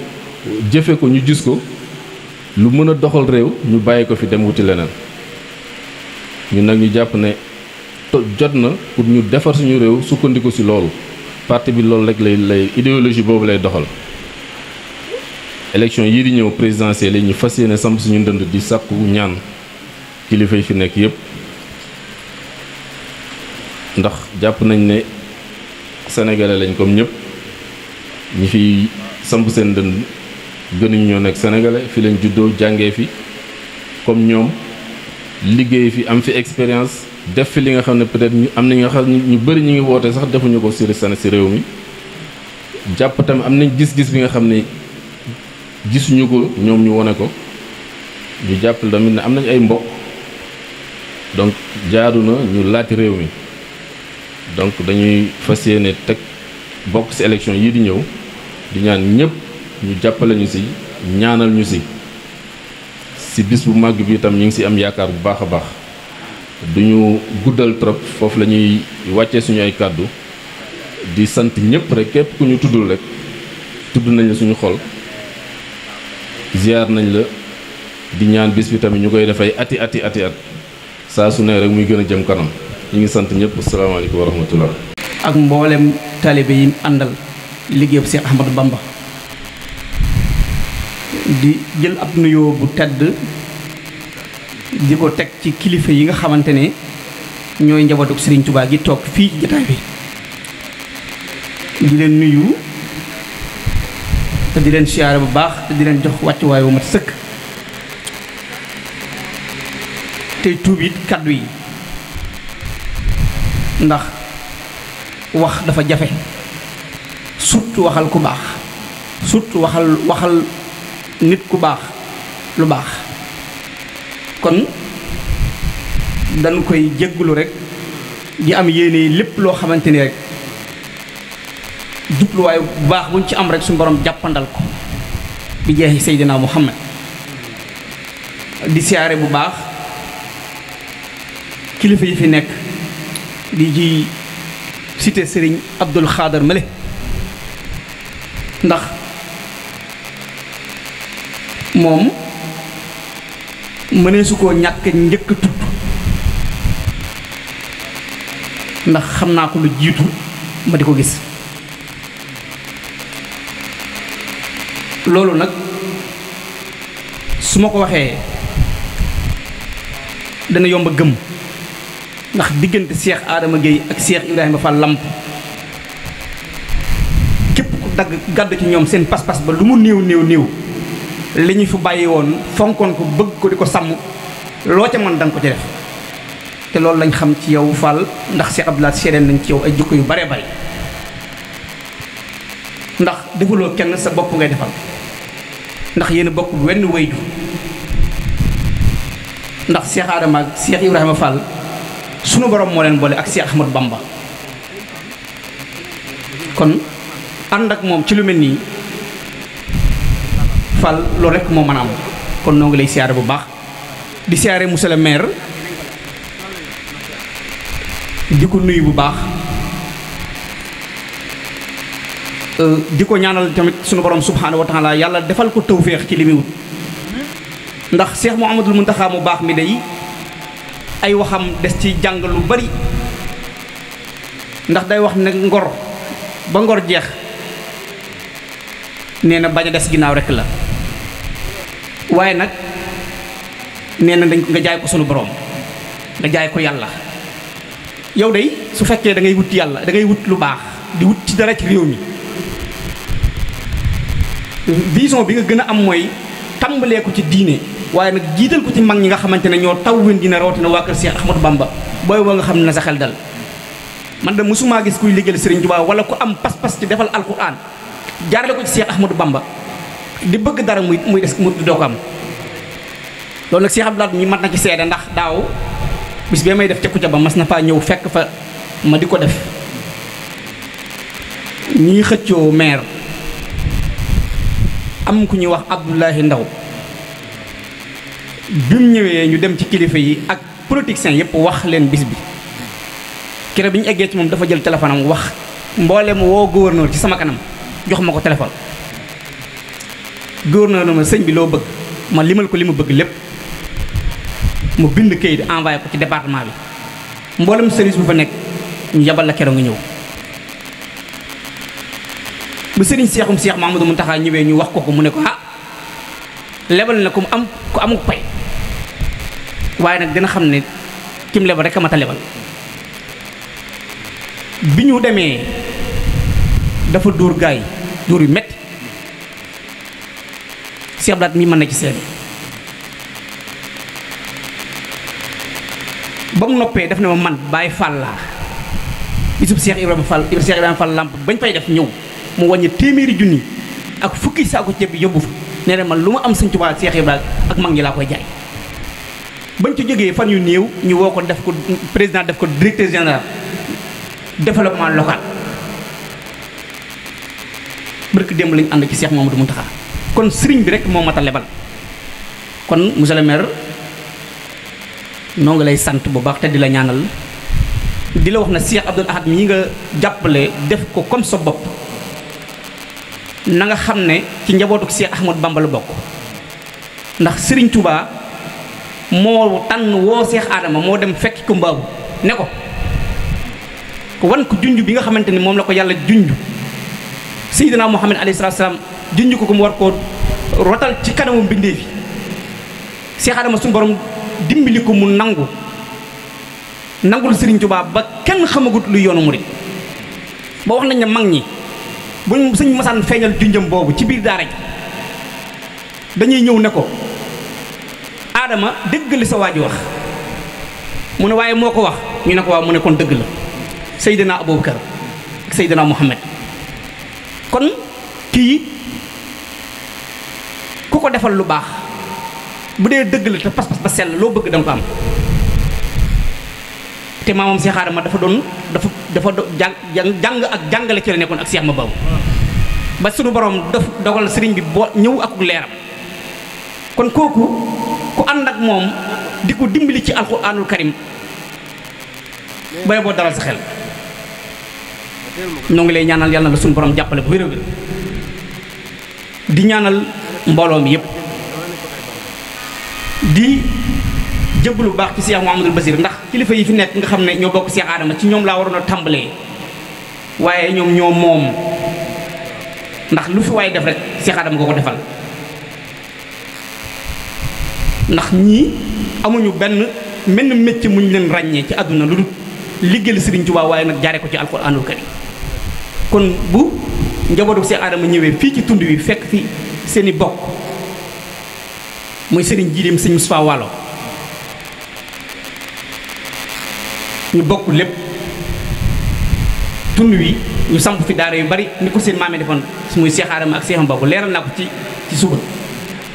jëfe ko ñu gis ko lu mën a doxal réew ñu bàyyi ko fi dem wuti leneen ñu nag ñu jàpp ne jot na pour ñu defar suñu réew sukkandiku si loolu parti bi loolu rek lay lay boobu lay doxal élection yii di ñëw présidentielle yi ñu fas yéene samp suñu ndënd di sàkku ñaan kilifa yi fi nekk yépp ndax jàpp nañ ne sénégalais lañ comme ñëpp ñi fi samp seen dënd gënuñ ñoo nekk sénégalais fi lañ juddoo jàngee fi comme ñoom liggéey fi am fi expérience def fi li nga xam ne peut-être ñu am na ñu nga xam ñu bari ñu ngi woote sax defuñu ko siri sana si réew mi jàpp tamit am nañ gis-gis bi nga xam ne gisuñu ko ñoom ñu wone ko ñu jàppale tamit ne am nañ ay mbokk donc jaaru na ñu laaj réew mi donc dañuy fas yéene teg bokk ci élection yii di ñëw di ñaan ñëpp ñu jàppale ñu ci ñaanal ñu ci ci bis bu màgg bi itam ñu ngi ci am yaakaar bu baax a baax duñu guddal trop foofu la ñuy wàccee suñu ay kàddu di sant ñëpp rek képp ku ñu tuddul rek tudd nañ la suñu xol ziar nañ la di ñaan bis bi tamit ñu koy def ay ati ati ati at saa su ne rek muy gën a jëm kanam ñu ngi sant ñëpp asalaamaaleykum wa rahmatullah ak mboolem taalibe yi àndal liggéeyam Cheikh Ahmadou Bamba di jël ab nuyoo bu tedd di teg ci kilifa yi nga xamante ne ñooy njabootu Serigne Touba gi toog fii jotaay bi di leen nuyu te di leen siyaare bu baax te di leen jox wàccuwaay wu mat sëkk tey tuub it kaddu yi ndax wax dafa jafe surtout waxal ku baax surtout waxal waxal nit ku baax lu baax kon dañ koy jégglu rek di am yéene lépp loo xamante ni rek jubluwaay bu baax buñ ci am rek suñu borom jàppandal ko bi jeexi Seydina Muhammad di siyaare bu baax kilifa yi fi nekk di ji cité sëriñ Abdul Xaadar Male ndax moom mëneesu koo ñàkk njëkk a tudd ndax xam naa ko lu jiitu ma di ko gis loolu nag su ma ko waxee dana yomba a gëm ndax diggante seex aadama Gueye ak Cheikh Ibrahima Fall Lamp képp ku dagg gàdd ci ñoom seen pas-pas ba lu mu néew néew néew li ñu fi bàyyi woon fonkoon ko bëgg ko di ko sàmm loo ca man danga ko ci def te loolu lañ xam ci yow Fall ndax Cheikh Abdoulaye seedeen nañ ci yow ay jukko yu bare bare ndax defuloo kenn sa bopp ngay defal ndax yéen a bokk wenn wayju ndax Cheikh Adama ak Cheikh Ibrahima Fall sunu borom moo leen boole ak Cheikh Ahmadou Bamba kon ànd ak moom ci lu mel nii fal loolu rek moo mën a am kon noo ngi lay siyaare bu baax di siyaare monsieur le maire di ko nuyu bu baax euh, di ko ñaanal tamit sunu borom subhaanahu wa yàlla defal ko tawféex ci li muy wut ndax Cheikh Mouhamadul Mountakha mu baax mi day ay waxam des ci jàng lu bari ndax day wax ne ngor ba ngor jeex nee na bañ a des ginnaaw rekk la waaye nag nee na dañ nga jaay ko sunu boroom nga jaay ko yàlla yow day su fekkee da ngay wut yàlla da ngay wut lu baax di wut ci dara ci réew mi vision bi nga gën a am mooy tàmbalee ko ci diine waaye nag jiital ko ci mag ñi nga xamante ne ñoo taw wen dina rawatina waa kër Cheikh Ahmadou Bamba booy woo nga xam ne na sa xel dal man de mosumaa gis kuy liggéeyal Serigne Touba wala ku am pas-pas ci defal alquran jaarale ko ci Cheikh Ahmadou Bamba di bëgg dara muy muy des mu doo ko am loolu nag Cheikh Abdou Lahad mi mat na ci seede ndax daaw bis bee may def ca ba mas na faa ñëw fekk fa ma di ko def ñuy xëccoo maire am ku ñuy wax Abdoulahi Ndaw bi mu ñëwee ñu dem ci kilifa yi ak politiciens yëpp wax leen bis bi kere bi ñu eggee ci moom dafa jël téléphone am wax mboolem woo gouverneur ci sama kanam jox ma ko téléphone góor na ma sëñ bi loo bëgg ma limal ko li ma bëgg lépp mu bind kayit envoyé ko ci département bi mboolem service bu fa nekk ñu yabal la keroog nga ñëw bu sëriñ seexum seex Mamadou Muntaxa ñëwee ñu wax ko ko mu ne ko ah lebal na ku am ku amul pay waaye nag dina xam ne kim lebal rek a mat a lebal bi ñu demee dafa duur gaay dóor yu metti Cheikh Abdou Lahad mën na ci seede ba mu noppee def na ma man Baye Fall laa bisub seex Ibrahima Fall Cheikh Ibrahima Fall làmp bañ fay def ñëw mu wàññi téeméeri junni ak fukki saako ceeb bi yóbbu fa nee na man lu ma am Sëñ seex Cheikh Ibrahima ak mag ñi laa koy jaay bañ ci jógee fan yu néew ñu woo ko def ko président def ko directeur général développement local barke démb lañ ànd ci seex Cheikh Mamadou Mountakha kon sëriñ bi rek moo mat a lebal kon monsieur le maire noo ngi lay sant bu baax te di la ñaanal di la wax na Cheikh Abdoul Ahad yi nga jàppale def ko comme sa bopp na nga xam ne ci njabootu Cheikh Ahmad Bamba bokk ndax sëriñ Touba moo tànn woo Cheikh Adama moo dem fekk ko mbaaw ne ko wan ko junj bi nga xamante ni moom la ko yàlla junj Seydina Muhammad alayhi salaam junj ko ko mu war koo rotal ci kanamu mbindee fi Cheikh Adama borom dimbali ko mu nangu nangul Serigne Touba ba kenn xamagut lu yoonu murit ba wax nañ ne mag ñi bu suñ masaan feeñal junjam boobu ci biir daara ji dañuy ñëw ne ko aadama dëgg li sa waa wax mu ne waaye moo ko wax ñu ne ko waaw mu ne kon dëgg la Seydina Aboubacar ak Seydina kon kii ku ko defal lu baax bu dee dëgg la te pas-pas ba sell loo bëgg danga ko am te maamam Cheikh ma dafa doon dafa dafa jàng jàng ak jàngale ci la nekkoon ak Cheikh ma baw ba sunu borom daf dogal sëriñ bi boo ñëw ak leeram kon kooku ku ànd ak moom di ko dimbali ci alxuraanul karim bay boo dalal sa xel ñoo ngi lay ñaanal yàlla na la sunu borom jàppale bu wér a di ñaanal mbooloo mi yépp di lu baax ci Cheikh Mouhamadul Basir ndax kilifa yi fi nekk nga xam ne ñoo bokk Cheikh Adama ci ñoom laa waroon a tàmbalee waaye ñoom ñoo moom ndax lu fi waaye def rek Cheikh Adama ko ko defal ndax ñii amuñu benn menn mécc muñ leen ràññee ci àdduna lu dul liggéeyal Sëriñ Tuubaa waaye nag jaare ko ci alxuraanul karim kon bu njabootu Cheikh Adama ñëwee fii ci tund wi fekk fi seeni bokk muy sëriñ jiidim sëñ Moustapha Walo ñu bokk lépp tund wi ñu samp fi daara yu bari ni ko seen maame defoon muy Cheikh Adama ak Cheikh Mbacke leeral naa ko ci ci suba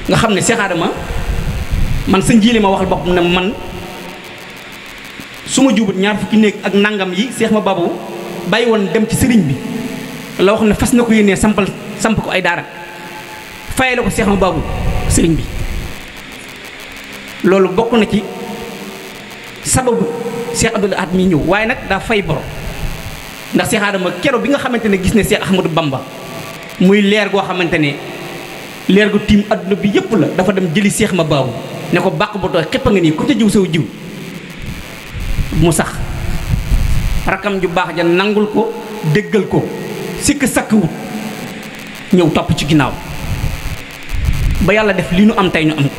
nga xam ne Cheikh man sa jiili ma waxal boppam ne man su ma jubut ñaar fukki néeg ak nangam yi Cheikh ma babu bàyyi woon dem ci sëriñ bi la wax ne fas na ko yéenee sampal samp ko ay daara fayale ko Cheikh Mababou sëriñ bi loolu bokk na ci sababu Cheikh Abdoul Ahad mi ñëw waaye nag daa fay boro ndax Cheikh Adama kero bi nga xamante ne gis ne Cheikh Ahmadou Bamba muy leer goo xamante ne leer gu tiim àdduna bi yëpp la dafa dem jëli Cheikh Mababou ne ko bàq ba tooy xëpp nga nii ku ca jiw saw jiw mu sax rakam ju baax ja nangul ko déggal ko sikk sakkwut ñëw topp ci ginnaaw ba yàlla def li nu am tey ñu am ko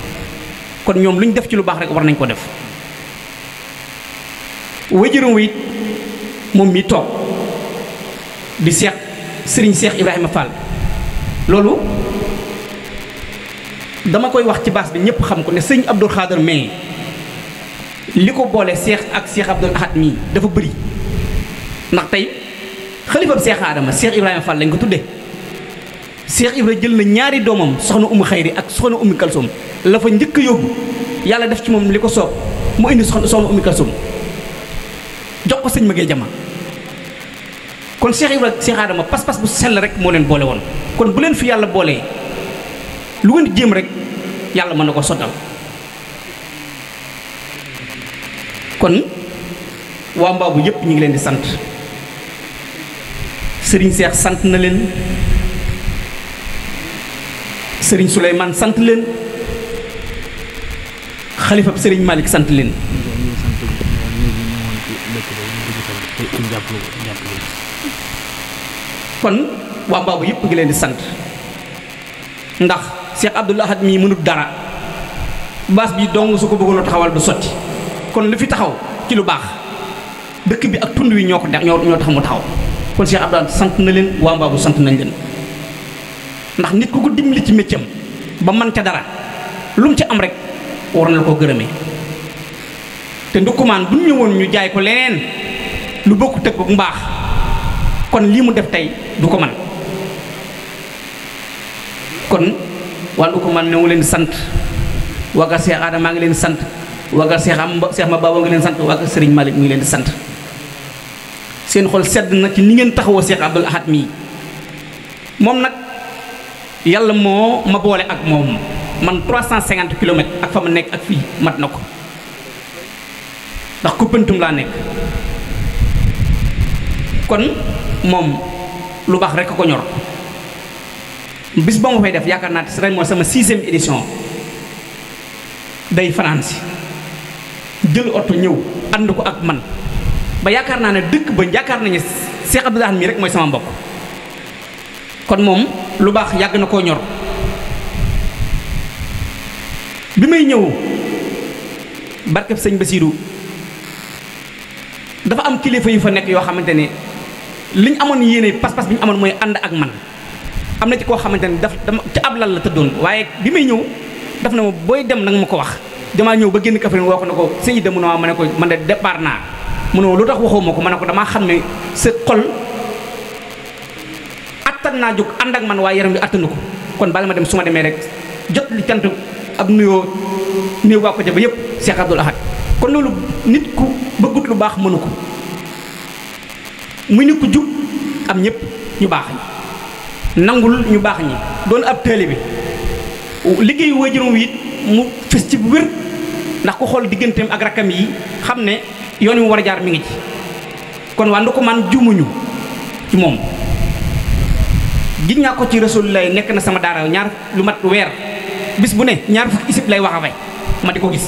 kon ñoom lu ñu def ci lu baax rek war nañ ko def wajurum wi moom mi toog di seex sëriñ seex Ibrahima Fall loolu dama koy wax ci baas bi ñëpp xam ko ne sëñ Abdul Xaadar mais li ko boole seex ak seex Abdul Ahad mii dafa bëri ndax tey xalifab seex Aadama seex Ibrahima Fall lañ ko tuddee. Cheikh Ibra jël na ñaari doomam soxna Umu Xayri ak soxna Umu Kalsoom la fa njëkk yóbbu yàlla def ci moom li ko soob mu indi soxna soxna Umu Kalsoom jox ko sëñ Maguette Jama kon Cheikh Ibra Cheikh Adama pas-pas bu sell rek moo leen boole woon kon bu leen fi yàlla boolee lu ngeen di jéem rek yàlla mën na ko sottal kon waa mbaabu yépp ñu ngi leen di sant Serigne Cheikh sant na leen sëriñ Souleymane sant leen xalifa sëriñ malik sant leen. kon waa Mbaabu yëpp ngi leen di sant ndax Cheikh Abdoul Ahad mii mënut dara baas bi dong su ko bëggoon taxawal du sotti kon lu fi taxaw ci lu baax dëkk bi ak tund wi ñoo ko ñoo tax mu taxaw kon Cheikh Abdoul sant na leen waa Mbaabu sant nañ leen. ndax nit ku ko dimbali ci méccam ba man ca dara lu ci am rek war na la ko gërëmee te ndukkumaan bu ñu ñëwoon ñu jaay ko leneen lu bokk tëgg bu mbaax kon lii mu def tey du ko man kon waa ndukkumaan ñoo ngi leen sant waa kër Seex Aadama maa ngi leen sant waa Seex am Seex ma baaboo ngi leen sant waa kër Sëriñ Malick mi ngi leen di sant seen xol sedd na ci ni ngeen taxawoo Seex Abdul Ahad mii moom nag yàlla moo ma boole ak moom man 350 kilomètres ak fa ma nekk ak fii mat na ko ndax kuppantum laa nekk kon moom lu baax rek a ko ñor bis ba ma fay def yaakaar naa te ren mooy sama sixième édition day France jël oto ñëw ànd ko ak man ba yaakaar naa ne dëkk ba yaakaar nañu Cheikh Abdou Lahad mii rek mooy sama mbokk kon moom lu baax yàgg na koo ñor bi may ñëw barkeb sëñ ba Basiiru dafa am kilifa yu fa nekk yoo xamante ni li ñu amoon yéene pas-pas bi ñu amoon mooy ànd ak man am na ci koo xamante ni daf dama ci ab lal la tëddoon waaye bi may ñëw daf na ma booy dem nag ma ko wax damaa ñëw ba génn Kaffrine woo ko ne ko sëñ Ida mu ne ma ne ko man de départ naa mu lu tax waxoo ko ma ne ko damaa xam ne sa xol attan naa jóg ànd ak man waaye yaram bi àttanu ko kon bala ma dem su ma demee rek jot li cant ab nuyoo néew waa ko ja ba yëpp Cheikh Abdoul Ahad kon loolu nit ku bëggut lu baax mënu ko mu nit ku jub am ñëpp ñu baax ñi nangul ñu baax ñi doon ab tële bi liggéeyu waajuram it mu fes ci wér ndax ku xool digganteem ak rakkam yi xam ne yoon wi war a jaar mi ngi ci kon waa ndu ko man jumuñu ci moom giñ naa ko ci rasulullah nekk na sama daara ñaar lu mat weer bis bu ne ñaar fukki isib lay wax a fay ma di ko gis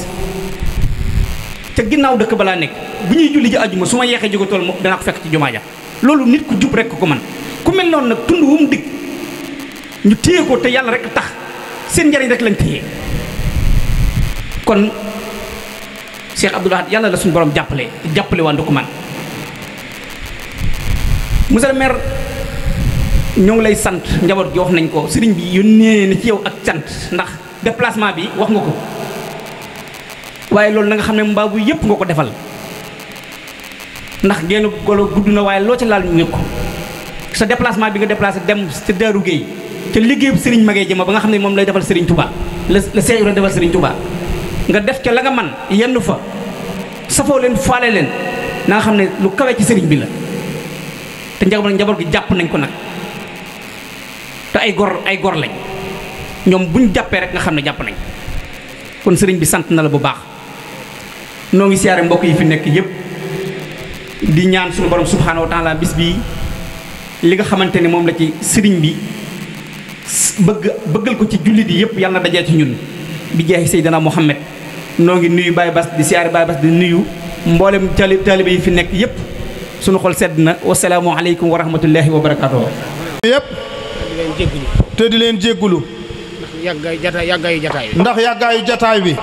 te ginnaaw dëkk balaa nekk bu ñuy julli ji ajuma su ma yeexee jóge tool moom danaa ko fekk ci jumaa ja loolu nit ku jub rek ko man ku mel noonu nag tund wu mu dig ñu téye ko te yàlla rek tax seen njariñ rek lañ téye kon Cheikh Abdoul yàlla la suñ borom jàppale jàppale waa Ndoukoumane monsieur le maire ñoo lay sant njaboot gi wax nañ ko sëriñ bi yónnee na ci yow ak sant ndax déplacement bi wax nga ko waaye loolu na xam ne mbaa bu yëpp nga ko defal ndax génn golo gudd na waaye loo ci laal ñu wér ko sa déplacement bi nga déplacé dem ca Daaru Géey ca liggéeyu sëriñ magee jëma ba nga xam ne moom lay defal sëriñ Touba la la Seex Ibra defal sëriñ Touba nga def ca la nga man yenn fa safoo leen faale leen na nga xam ne lu kawe ci sëriñ bi la te njaboot njaboot gi jàpp nañ ko nag te ay gor ay gor lañ ñoom buñ jàppee rek nga xam ne jàpp nañ kon sëriñ bi sant na la bu baax noo ngi siyaare mbokk yi fi nekk yépp di ñaan suñu borom subhaanahu wa taala bis bii li nga xamante ne moom la ci sëriñ bi bëgg bëggal ko ci jullit yi yépp yàlla na dajee ci ñun bi jeexi Seydina Muhammad noo ngi nuyu Baye Bass di siyaare Baye Bass di nuyu mboolem taali taalibe yi fi nekk yépp suñu xol sedd na wasalaamu aleykum wa rahmatullahi wa barakaatu yépp leen jéggulu te di leen jéggulu ndax yàggaayu jataay yàggaayu jataay bi ndax yàggaayu jataay bi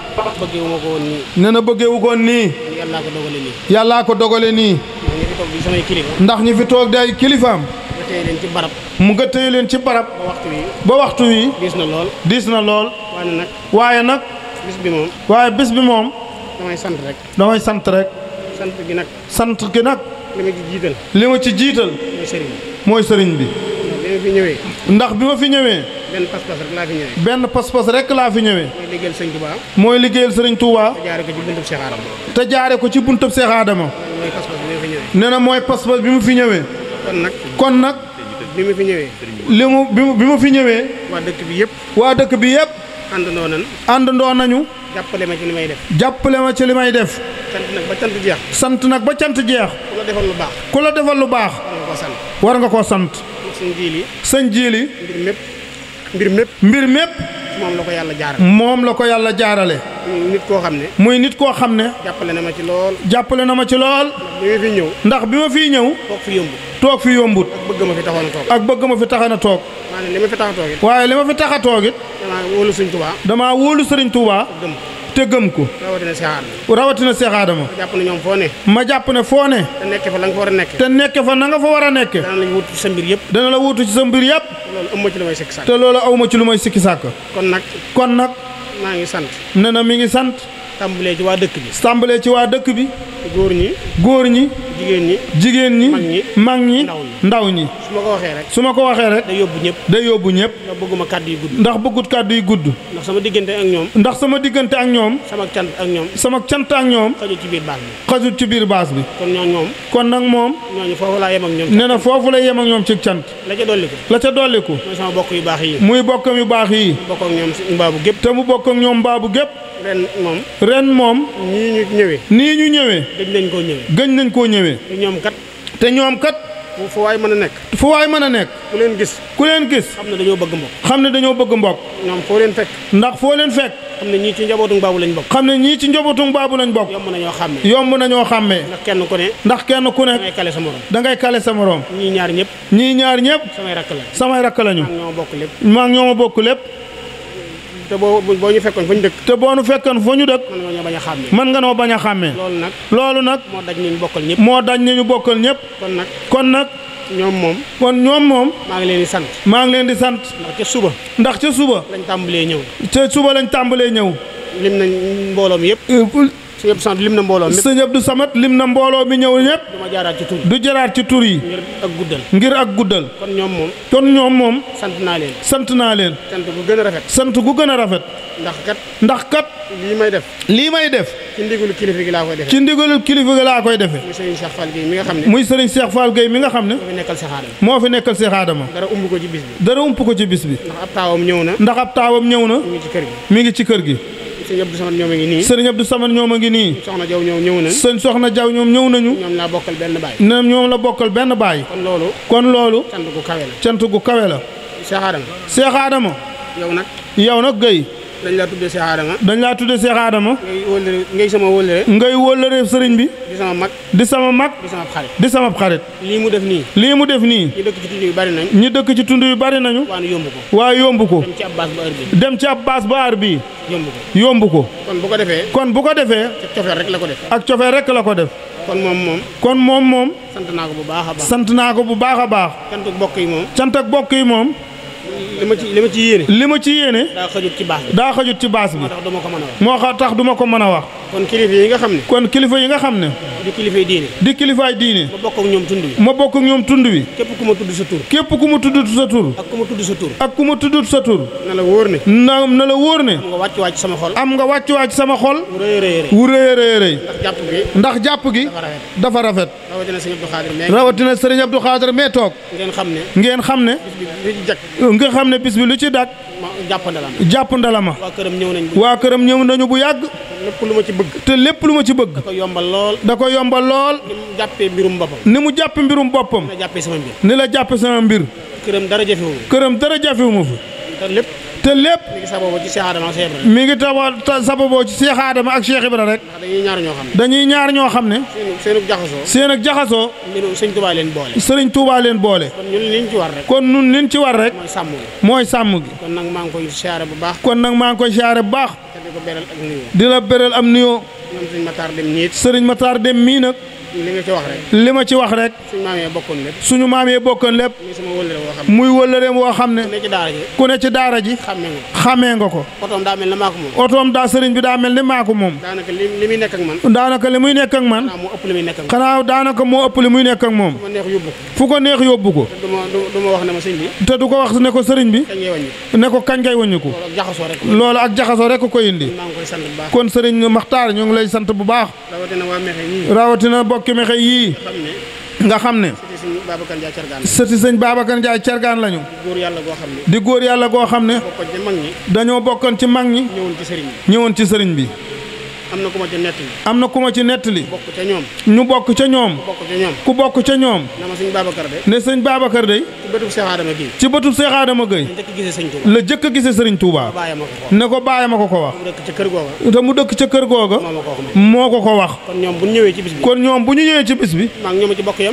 bëggewu ma ko woon nii nee na bëggewu ko woon nii yàllaa ko dogale nii yàllaa ko ndax ñu fi toog di ay kilifaam ci barab mu nga téye leen ci barab ba waxtu wi wi diis na lool diis na lool waaye nag waaye nag bis bi moom waaye bis bi moom damay sant rek damay sant rek sant gi nag sant gi nag li ma ci jiital li ma ci jiital mooy mooy sëriñ bi bi ma fi ñëwee. ndax bi ma fi ñëwee. benn pas-pas rek laa fi ñëwee. benn pas-pas rek laa fi mooy liggéeyal sëriñ Touba. mooy liggéeyal sëriñ Touba. te jaare ko ci buntub Cheikh Adama. te jaare ko nee na mooy pas-pas bi ma fi ñëwee. kon nag kon nag. fi ñëwee. li mu bi mu bi ma fi ñëwee. waa dëkk bi yëpp. waa dëkk bi yëpp. àndandoo nañu. àndandoo nañu. jàppale ma ci li may def. jàppale ci li may def. sant nag ba cant jeex. sant nag ba cant jeex. ku la defal lu baax. ku la defal lu baax. war nga koo sant. sëñ Jili. sëñ Jili. mbir mépp. mbir mépp. mépp. moom la ko yàlla jaarale. moom la ko yàlla jaarale. muy nit koo xam ne. muy nit koo xam ne. jàppale na ma ci lool. jàppale na ma ci lool. ñëw. ndax bi ma fiy ñëw. toog fi yombut. toog ak bëgg ma fi taxoon a toog. waaye li ma fi tax a toog it. ma fi tax a toog it. damaa wóolu sëriñ Touba. damaa wóolu sëriñ Touba. te gëm ko. rawatina Cheikh Adama. rawatina Cheikh Adama. ma jàpp ne foo ne. te nekk fa la fa war a nekk. te nekk fa na nga fa war a nekk. dana la wuutu ci sa mbir yëpp. dana la wuutu ci sa mbir yëpp. te loolu aw ma ci lu may sikki sàkk. kon nag. kon nag. maa mi ngi sant. tàmbalee ci waa dëkk bi. sàmbalee ci waa dëkk bi. góor ñi. góor ñi. jigéen ñi. jigéen ñi. mag ñi. mag ndaw ñi. su ma ko waxee rek. su ma ko waxee rek. day yóbbu ñëpp. day yóbbu ñëpp. ndax bëgguma kàddu yu gudd. bëggut kàddu yu gudd. ndax sama diggante ak ñoom. ndax sama diggante ak ñoom. sama cant ak ñoom. sama cant ñoom. xajut ci biir baas bi. ci biir baas bi. kon ñooñu moom. kon nag moom. ñooñu foofu laa yem ak ñoom. nee na foofu la yem ak ñoom ci cant. la ca dolliku. la ca dolliku. muy sama yu baax yi. muy bokkam yu baax yi. mu bokk ak ñoom mbaabu gépp. te mu bokk ak ñoom mbaabu gépp ren moom. ren moom. nii ñu ñëwee. nii ñu ñëwee. gëj nañ koo ñëwee. gëj nañ koo ñëwee. te ñoom kat. te ñoom kat. fu waay mën a nekk. fu waay mën a nekk. ku leen gis. ku leen gis. xam ne dañoo bëgg mbokk. xam ne dañoo bëgg mbokk. ñoom foo leen fekk. ndax foo leen fekk. xam ne ñii ci njabootu baabu lañ bokk. xam ne ñii ci njabootu baabu lañ bokk. yomb nañoo xàmmee. yomb nañoo xàmmee. ndax kenn ku ne. ndax kenn ku ne. da ngay kale sa morom. da ngay kale sa moroom ñii ñaar ñëpp. ñii ñaar ñëpp. samay rakk la. samay rakk lañu. maa ngi ñoo bokk lépp. te boo boo ñu fekkoon fa ñu dëkk. te boo nu fekkoon fa ñu dëkk. mën nga ñoo bañ mën nga ñoo a xàmmee. loolu nag loolu nag. moo daj ñu bokkal ñëpp. moo daj ñu bokkal ñëpp. kon nag kon nag. ñoom moom. kon ñoom moom. maa ngi leen di sant. maa ngi leen di sant. ndax ca suba. ndax ca suba. lañ tàmbalee ñëw. te suba lañ tàmbalee ñëw. lim nañ mbooloom yëpp. Euh, sëñ Abdou Samad lim na mbooloo mi. sëñ Abdou Samad lim na mbooloo mi ñëw ñëpp. du ma jaaraat ci tur yi. du jaaraat ci tur ngir ak guddal. ngir ak guddal. kon ñoom moom. kon ñoom moom. sant naa leen. sant naa leen. sant gu gën rafet. sant ku gën a rafet. ndax kat. ndax kat. lii may def. lii may def. ci ndigalu kilifa gi laa koy defee. ci ndigalu kilifa gi laa koy defee. muy sëriñ Cheikh Fall Gueye mi nga xam ne. muy sëriñ Cheikh Fall nga xam ne. moo fi nekkal Cheikh Adama. moo fi nekkal Cheikh Adama. dara ump ko ci bis bi. dara ump ko ci bis bi. ndax ab taawam ñëw na. ndax ab taawam ñëw na. mi ci kër gi. mi ngi ci kër gi. sëñ Abdou Samad ñoom a ñoom a ngi nii soxna jaw ñoom ñëw nañ sëñ soxna jaw ñoom ñëw nañu ñoom la bokkal benn baay ñoom bokkal benn baay kon loolu kon loolu cant gu kawe la cant gu kawe la Cheikh Adama Cheikh Adama yow nag yow nag Guèye dañ laa tuddee Cheikh Adama. dañ laa tuddee Cheikh Adama. ngay wóllëre ngay sama wóllëre. ngay wóllëre sëriñ bi. di sama mag. di sama mag. di sama xarit. di sama xarit. lii mu def nii. lii mu def nii. ñi dëkk ci tund yu bari nañ. ñi dëkk ci tund yu bari nañu. waaw yomb ko. waaw yomb ko. dem ci ab baas ba heure bii. dem ci ab baas ba heure bii. yomb ko. yomb ko. kon bu ko defee. kon bu ko defee. ak cofeel rek la ko def. ak cofeel rek la ko def. kon moom moom. kon moom moom. sant naa ko bu baax a baax. sant naa ko bu baax a baax. cant ak bokk yi moom. cant ak bokk yi moom li ma ci li ma ci yéene. li ma ci yéene. daa xajut ci baas bi daa xajut ci baas bi. moo tax du ma ko mën a tax duma ko mën a wax. kon kilifa yi nga xam ne. kon kilifa yi nga xam ne. di di kilifaay diine. ma bokk ak ñoom tund wi. ma bokk ak ñoom tund wi. képp ku ma tudd sa tur. képp ku ma tudd sa tur. ak ku ma tudd sa tur. ak ku ma tudd sa tur. na la wóor ne. na na la wóor ne. am nga wàccuwaay ci sama xol. am nga wàccuwaay ci sama xol. wu rëy rëy rëy. wu rëy rëy rëy. ndax jàpp gi. dafa rafet. rawatina sëriñ Abdou Khadir mee toog. ngeen xam ne. ngeen xam ne. nga xam ne bis bi lu ci dàq. jàpp ndalama jàpp ndalama. waa këram ñëw nañu bu waa këram ñëw nañu bu yàgg. lépp lu ma ci bëgg. te lépp lu ma ci bëgg. da ko yombal lool. da ko yombal lool. ni mu jàppee mbirum boppam. ni mu jàppee mbirum boppam. ni la jàppee sama mbir. ni la jàppee sama mbir. këram dara jafewuma. këram dara jafewuma fa. te lépp te lépp mi ngi sababoo ci Cheikh Adama ak Cheikh Ibrahima mi ngi tawa sababoo ci Cheikh Adama ak rek dañuy ñaar ñoo xam ne dañuy ñaar ñoo xam ne seen ak jaxasoo seen ak jaxasoo mbirum sëñ Touba leen boole sëriñ Touba leen boole kon ñun liñ ci war rek kon ñun liñ ci war rek mooy sàmm gi mooy sàmm gi kon nag maa ngi koy siyaare bu baax kon nag maa ngi koy siyaare bu baax di la beral am nuyoo sëriñ Matar Dem mii li nga ci wax rek. li ma ci wax rek. suñu maam yee bokkoon lépp. suñu maam yee bokkoon lépp. muy wëllëreem woo xam ne. ku ne ci daara ji. ku ne ci daara ji. xamee nga ko xamee nga ko. otoom daa mel ne maako moom. otoom daa sëriñ bi daa mel ne maako moom. daanaka li li muy nekk ak man. daanaka li muy nekk ak man. xanaa moo ëpp li muy nekk ak moom. xanaa daanaka moo ëpp li muy nekk moom. fu ko neex yóbbu ko. te du ma ma sëriñ bi. te du ko wax ne ko sëriñ bi. ne ko kañ ngay wàññiku. loolu ak jaxasoo rek ko kon sëriñ Maxtaar ñu ngi lay sant bu baax. bokki mexe yii nga xam ne sëti sëñ Babacar Ndiaye Cergaan lañu di góor yàlla goo xam ne dañoo bokkoon ci mag ñi ñëwoon ci sëriñ bi am na ku ma ci nettali. ku ma ci nettali. bokk ca ñoom. ñu bokk ca ñoom. ku bokk ca ñoom. ne ma sëñ Babacar de. ne sëñ Babacar de. ci bëtub Seex Adama la njëkk a gisee sëriñ Touba. ne ko bàyyi ma ko ko wax. te mu dëkk ca kër googa. moo ko ko wax. kon ñoom bu ñu ñëwee ci bis bi. kon ñoom bu ñu ñëwee ci bis bi.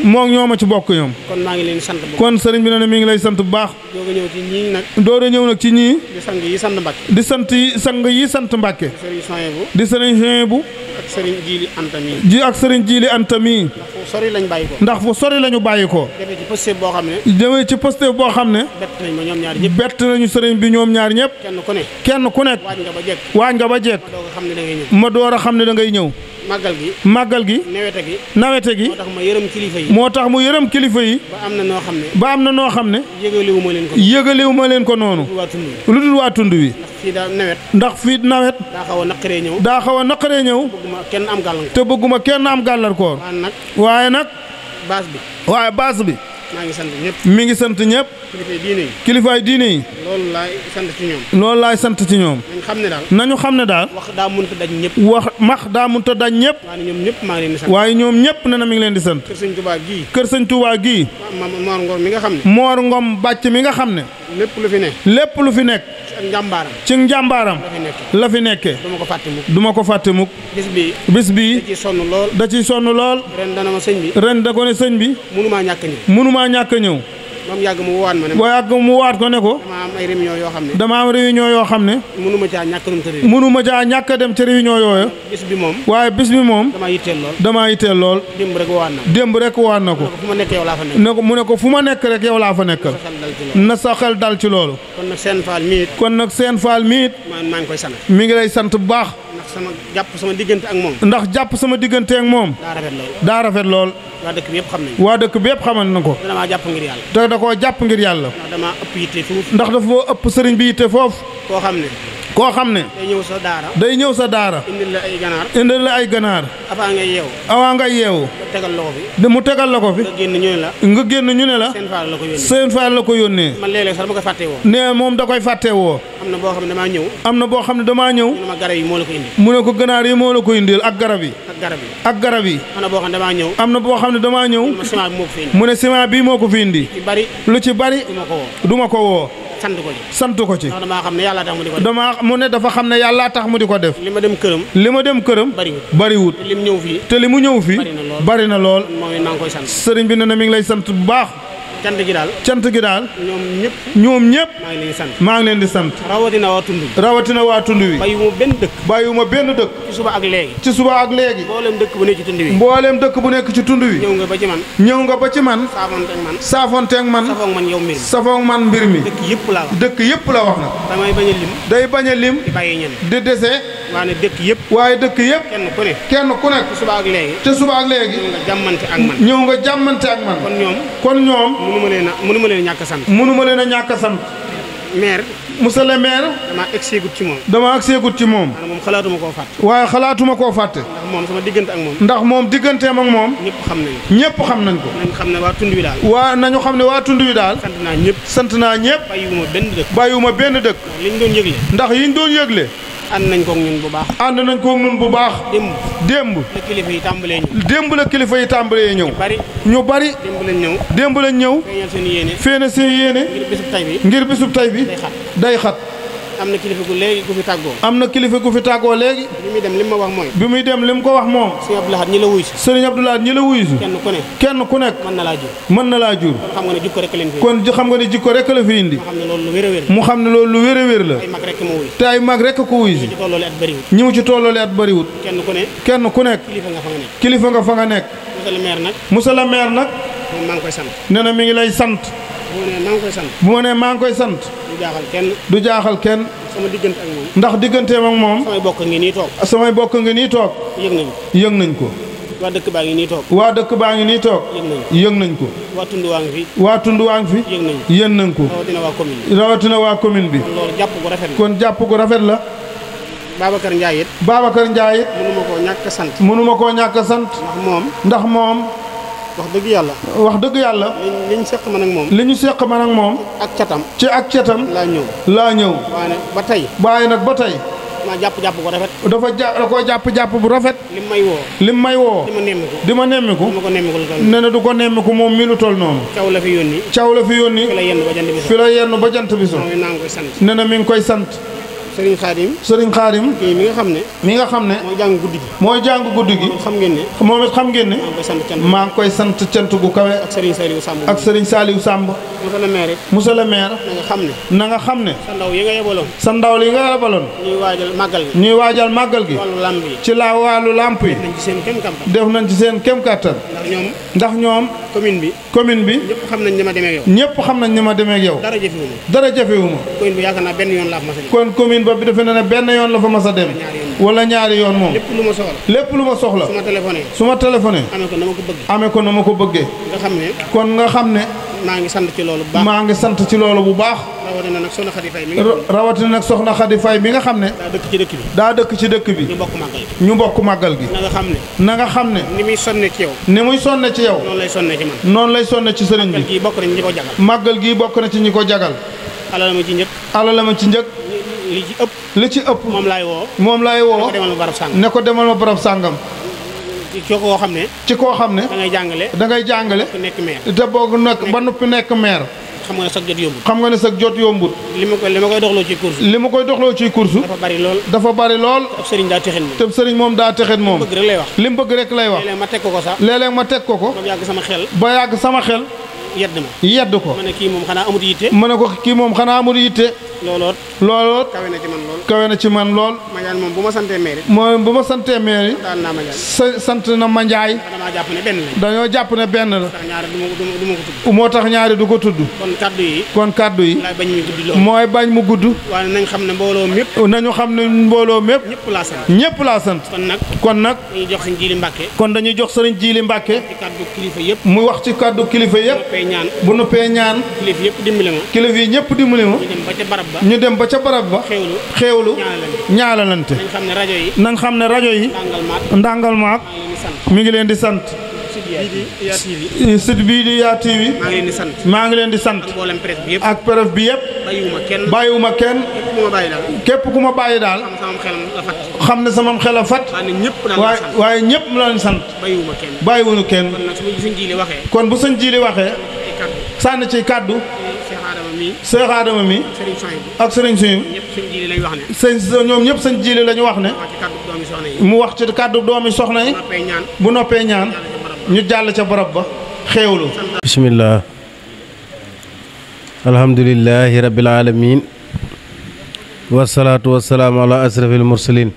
moo ñoo ma ci bokk yam. kon maa ngi leen sant bu baax. kon sëriñ bi ne mi ngi lay sant bu baax. doora ñëw nag ci ñii. di sant yi sant Mbàkke. di sant yi bu. ak sëriñ Jili Anta mii. ji ak sëriñ Jili Anta ndax fu sori lañ bàyyi ko. ndax fu sori lañu bàyyi ko. demee ci poste boo xam ne. demee ci poste boo xam ne. bett nañ ma ñoom ñaar ñëpp. bett nañu sëriñ bi ñoom ñaar ñëpp. kenn ku ne. kenn ku ne. waañ nga ba jekk. waañ nga ba jekk. ma door a xam ne da ngay ñëw. màggal gi màggal gi nawete gi nawete gi moo tax mu yërëm kilifa yi moo tax mu yërëm kilifa yi ba am na noo xam ne ba am na noo xam ne yëgalewu ma leen ko leen ko noonu lu dul waa tund wi fii daa nawet ndax fii nawet daa xaw a naqaree ñëw daa xaw a naqaree ñëw kenn am gàllankoor te bëgguma kenn am gàllankoor waaye nag baas bi waaye baas bi maa ngi sant ñëpp. mi ngi sant ñëpp. kilifaay diine yi. kilifaay loolu laay sant ci ñoom. loolu laay sant ci ñoom. nañu xam ne daal. nañu xam ne daal. wax daa mënut daj ñëpp. wax max daa mënut a daj ñëpp. waaye ñoom ñëpp maa ngi leen waaye ñoom ñëpp nee na mi ngi leen di sant. kër sëñ Touba gii. kër sëñ Touba gii. Mor Ngom mi nga xam ne. Mor Ngom bàcc mi nga xam ne. lépp lu fi ne. lépp lu fi nekk. ak njàmbaaram ci njàmbaaram la fi nekke du ko fàtte mukk ko fàtte mukk bis bi bis bi da ciy sonn lool da ciy sonn lool ren dana ma sëñ bi ren da ko ne sëñ bi mënumaa ñàkk ñëw mënumaa ñàkk ñëw ba yàgg mu waat ma ne. ba yàgg mu waat ko ne ko. dama am ay yoo xam ne. dama am yoo xam ne. mënu ma ñàkk dem ca réunion. mënu ma caa ñàkk dem bi moom. waaye bis bi moom. damaa yitteel lool. damaa yitteel lool. démb rek waat na ko. démb rek waat na ko. ma nekk yow laa fa ne ko mu ne ko fu ma nekk rek yow laa fa nekkal. na sa xel dal ci loolu. kon nag seen faal mi it. kon nag seen faal mi it. ngi koy sant. mi ngi lay sant bu baax. sama jàpp sama ak moom. ndax jàpp sama diggante moom. daa rafet lool daa rafet lool. waa dëkk bi yëpp xam nañ waa dëkk bi yëpp xamal na ko. te damaa jàpp ngir yàlla. da koo jàpp ngir yàlla. ndax da ëpp yitte foofu. ndax dafa ëpp sëriñ bi yitte foofu. koo xam ne. day ñëw sa daara. day ñëw sa daara. indil la ay ganaar. indil la ay ganaar. avant ngay yeewu. avant ngay yeewu. mu tegal la ko fi. mu tegal la ko fi. nga génn ñu ne la. nga génn ñu ne la. seen faal la ko yónnee. seen la ko yónnee. man léeg-léeg sax dama koy fàttewoo. nee moom da koy fàttewoo. am na boo xam ne damaa ñëw. am na boo xam ne damaa ñëw. mu ne ma yi moo la ko indil. mu ne ko ganaar yi ko indil ak garab yi. ak garab yi ak garab yi. am na boo xam ne damaa ñëw. am na boo xam ne damaa ñëw. mu moo ko fi mu ne ciment bii moo ko fi indi. lu ci bari. du ma ko woo sant ko ci. sant ko ci. ndax damaa xam yàlla tax mu di ko ne dafa xam ne yàlla tax mu di ko def. li ma dem këram. li ma dem këram. bariwut bariwut. te li mu ñëw fii. te li mu ñëw fii. bari na lool bari na lool. moom it maa sëriñ bi ne na mi ngi lay sant bu baax. cant gi daal cant gi daal. ñoom ñëpp. ñoom ñëpp. maa ngi leen di sant maa ngi leen di sant. rawatina waa tund wi. rawatina waa tund wi. bàyyiwuma benn dëkk. bàyyiwuma benn dëkk. ci suba ak léegi. ci suba ak léegi. mbooleem dëkk bu nekk ci tund wi. nekk tund wi. ñëw nga ba ci man. ñëw nga ba ci man. saafonteeg man. saafonteeg man. safoog man yow mbir mi. man mbir mi. dëkk yëpp la wax. dëkk la wax na. damay a lim. day bañ a lim. di bàyyi ñenn. di dese. waa dëkk yëpp. waaye dëkk yëpp. kenn ku ne. kenn ku nekk. ci suba ak léegi. ci suba ak léegi. ñëw nga jàmmante ak man. ak man. kon ñoom. kon ñoom. mënuma leen a mënuma leen a ñàkk a sant. mënuma leen a ñàkk a sant. maire. monsieur le maire. damaa egseegut ci moom. damaa egseegut ci moom. maanaam moom xalaatuma koo fàtte. waaye xalaatuma koo fàtte. ndax moom sama diggante ak moom. ndax moom digganteem ak moom. ñëpp xam nañ ko. ñëpp xam nañ ko. xam ne waa tund wi daal. waa nañu xam ne waa tund wi daal. sant naa ñëpp. sant naa ñëpp. bàyyiwuma benn dëkk. bàyyiwuma benn dëkk. liñ doon yëgle. ndax yiñ doon yëgle. ànd nañ koog ñun bu baax. ànd nañ koog ñun bu baax. démb. démb. la kilifa yi tàmbalee ñëw. démb la kilifa yi ñëw. ñu bari. ñu bari. démb lañ ñëw. démb lañ ñëw. feeñal seen yéene. yéene. ngir bisub ngir bisub tay bi. day xat. am na kilifa gu léegi gu fi tàggoo am na kilifa gu fi tàggoo léegi bi muy dem li mooy bi muy dem li mu ko wax moom sëriñ Abdoulahat ñi la wuyu si la wuyu si kenn ku nekk kenn mën na laa jur na laa xam nga ne jikko rek leen kon xam nga ne jikko rek la fi indi mu xam ne loolu lu wér a wér la te ay mag rek ko wuyu si ñi mu ci tolloole at bariwut kenn ku nekk kenn ku nekk kilifa nga fa nga nekk monsieur le maire nag monsieur le maire nag na mi ngi lay sant bu ma nee maa koy sant. bu ma ngi koy sant. du jaaxal kenn. du jaaxal kenn. diggante ndax digganteem ak moom. samay bokk ngi nii toog. samay bokk ngi nii toog. yëg nañ ko yëg nañ ko. waa dëkk baa ngi nii toog. waa dëkk baa ngi nii toog. yëg nañ ko waa tund waa ngi fi. waa tund waa ngi yëg nañ ko yëg nañ ko. rawatina waa commune bi. waa commune bi. kon jàpp gu rafet la. kon jàpp gu rafet la. Babacar Ndiaye it. Babacar Ndiaye it. mënu ma koo ñàkk sant. mënu koo ñàkk sant. moom. ndax moom. wax dëgg yàlla. wax dëgg yàlla. li ñu seq ma ak moom. li ñu seq ma ak moom. ak catam. ci ak catam. laa ñëw laa ñëw. waaye nag ba tey. waaye nag ba tey. ma jàpp jàpp bu rafet. dafa ja da koo jàpp jàpp bu rafet. li may woo. lim may woo. di ma nemmiku. di ma nemmiku. du ma ko nemmiku lu toll. nee na du moom mi lu toll noonu. caw la fi yónni. caw la fi la yenn ba jant bi so. fi la yenn ba koy sant. Serigne Khadim. Serigne Khadim. mi nga xam ne. mi nga xam ne. mooy jàng guddi gi. mooy jàng guddi gi. moom xam ngeen ne. moom it xam ngeen maa ngi koy sant cant gu kawe. ak Serigne Saliou Samb. ak Serigne Saliou Samb. monsieur le le maire. na nga xam ne. na nga xam ne. sa ndaw yi nga yebaloon. sa ndaw li nga yebaloon. ñuy waajal màggal gi. ñuy waajal màggal gi. wàllu làmp ci la wàllu làmp yi. def nañ ci seen kem kàttan. ndax ñoom. commune bi commune bi. ñëpp xam nañ ni ma demee ak ñëpp xam nañ ni ma demee ak yow. dara jafewuma. dara jafewuma. benn yoon laa kon commune seen bopp bi defe na ne benn yoon la fa mas a dem wala ñaari yoon moom lépp lu ma soxla lépp lu ma soxla su ma téléphoné su ma ko na ma ko bëggee ko na ko bëggee nga xam ne kon nga xam ne maa ngi sant ci loolu bu baax maa ngi sant ci loolu bu baax rawatina nag soxna Khady Faye mi nga rawatina nag soxna Khady Faye mi nga xam ne daa dëkk ci dëkk bi daa dëkk ci dëkk bi ñu bokk màggal gi ñu bokk màggal gi na nga xam ne na nga xam ne ni muy sonne ci yow ni muy sonne ci yow noonu lay sonne ci man noonu lay sonne ci sëriñ bi màggal gi bokk na ci ñi ko jagal màggal gi bokk na ci ñi ko jagal alal ci njëkk ma ci njëkk li ci ëpp. li ci moom laay woo. ne ko demal ma barab sàngam. ci koo xam ne. ci koo xam ne. da ngay jàngale. da ngay jàngale. nekk maire. ba noppi nekk maire. xam nga ne sag jot yombut. xam nga ne sag jot yombut. li ma koy li ma koy doxloo ci course. li ma koy doxloo ci course. dafa bari lool. dafa bari lool. te sëriñ daa texet moom. te sëriñ moom daa texet moom. li mu bëgg rek lay wax. li mu bëgg rek lay wax. léeg ma teg ko ko sax. ba yàgg sama xel. ba yàgg sama xel. yedd ma. ko. ma ne ko kii moom xanaa amut yitte. looloot looloot kawe na ci man lool kawe na ci man lool manjaan moom bu ma santee mairie moom bu ma santee mairie daan sa sant na manjaay damaa jàpp ne benn la dañoo jàpp ne benn la ñaari du ma ko tudd moo tax ñaari du ko tudd kon kaddu yi kon kaddu yi bañ mooy bañ mu gudd waaye nañ xam ne mbooloo mépp nañu xam ne mbooloo mépp ñëpp laa sant ñëpp laa sant kon nag kon nag dañuy jox sëriñ jiili mbàkke kon dañuy jox sëriñ jiili mbàkke ci kaddu kilifa yëpp mu wax ci kaddu kilifa yëpp bu noppee ñaan kilifa yëpp dimbali ma yi ñëpp dimbali ma ñu dem ba ca barab ba xéewlu ñaalalante nañ xam ne rajo yi ndàngal maak mu ngi leen di sant sit bii di Yaa maa ngi leen di sant maa ngi ak presse bi yëpp bàyyiwuma kenn képp ku ma bàyyi daal xam ne sama xel a fat waaye waaye ñëpp mu leen sant bàyyiwunu kenn kon bu sëñ jiili waxee sànni ci kàddu mi. Cheikh Adama mi. ak Serigne Souhaïbou. sëñ ñoom ñëpp sëñ jiili la ñu wax ne. mu wax ci kàddu doomi soxna yi. bu noppee ñaan. ñu jàll ca barab ba xéewlu. bisimilah. alhamdulilahi rabbil aalamiin. wasalaatu wasalaam ala asrafil mursalin.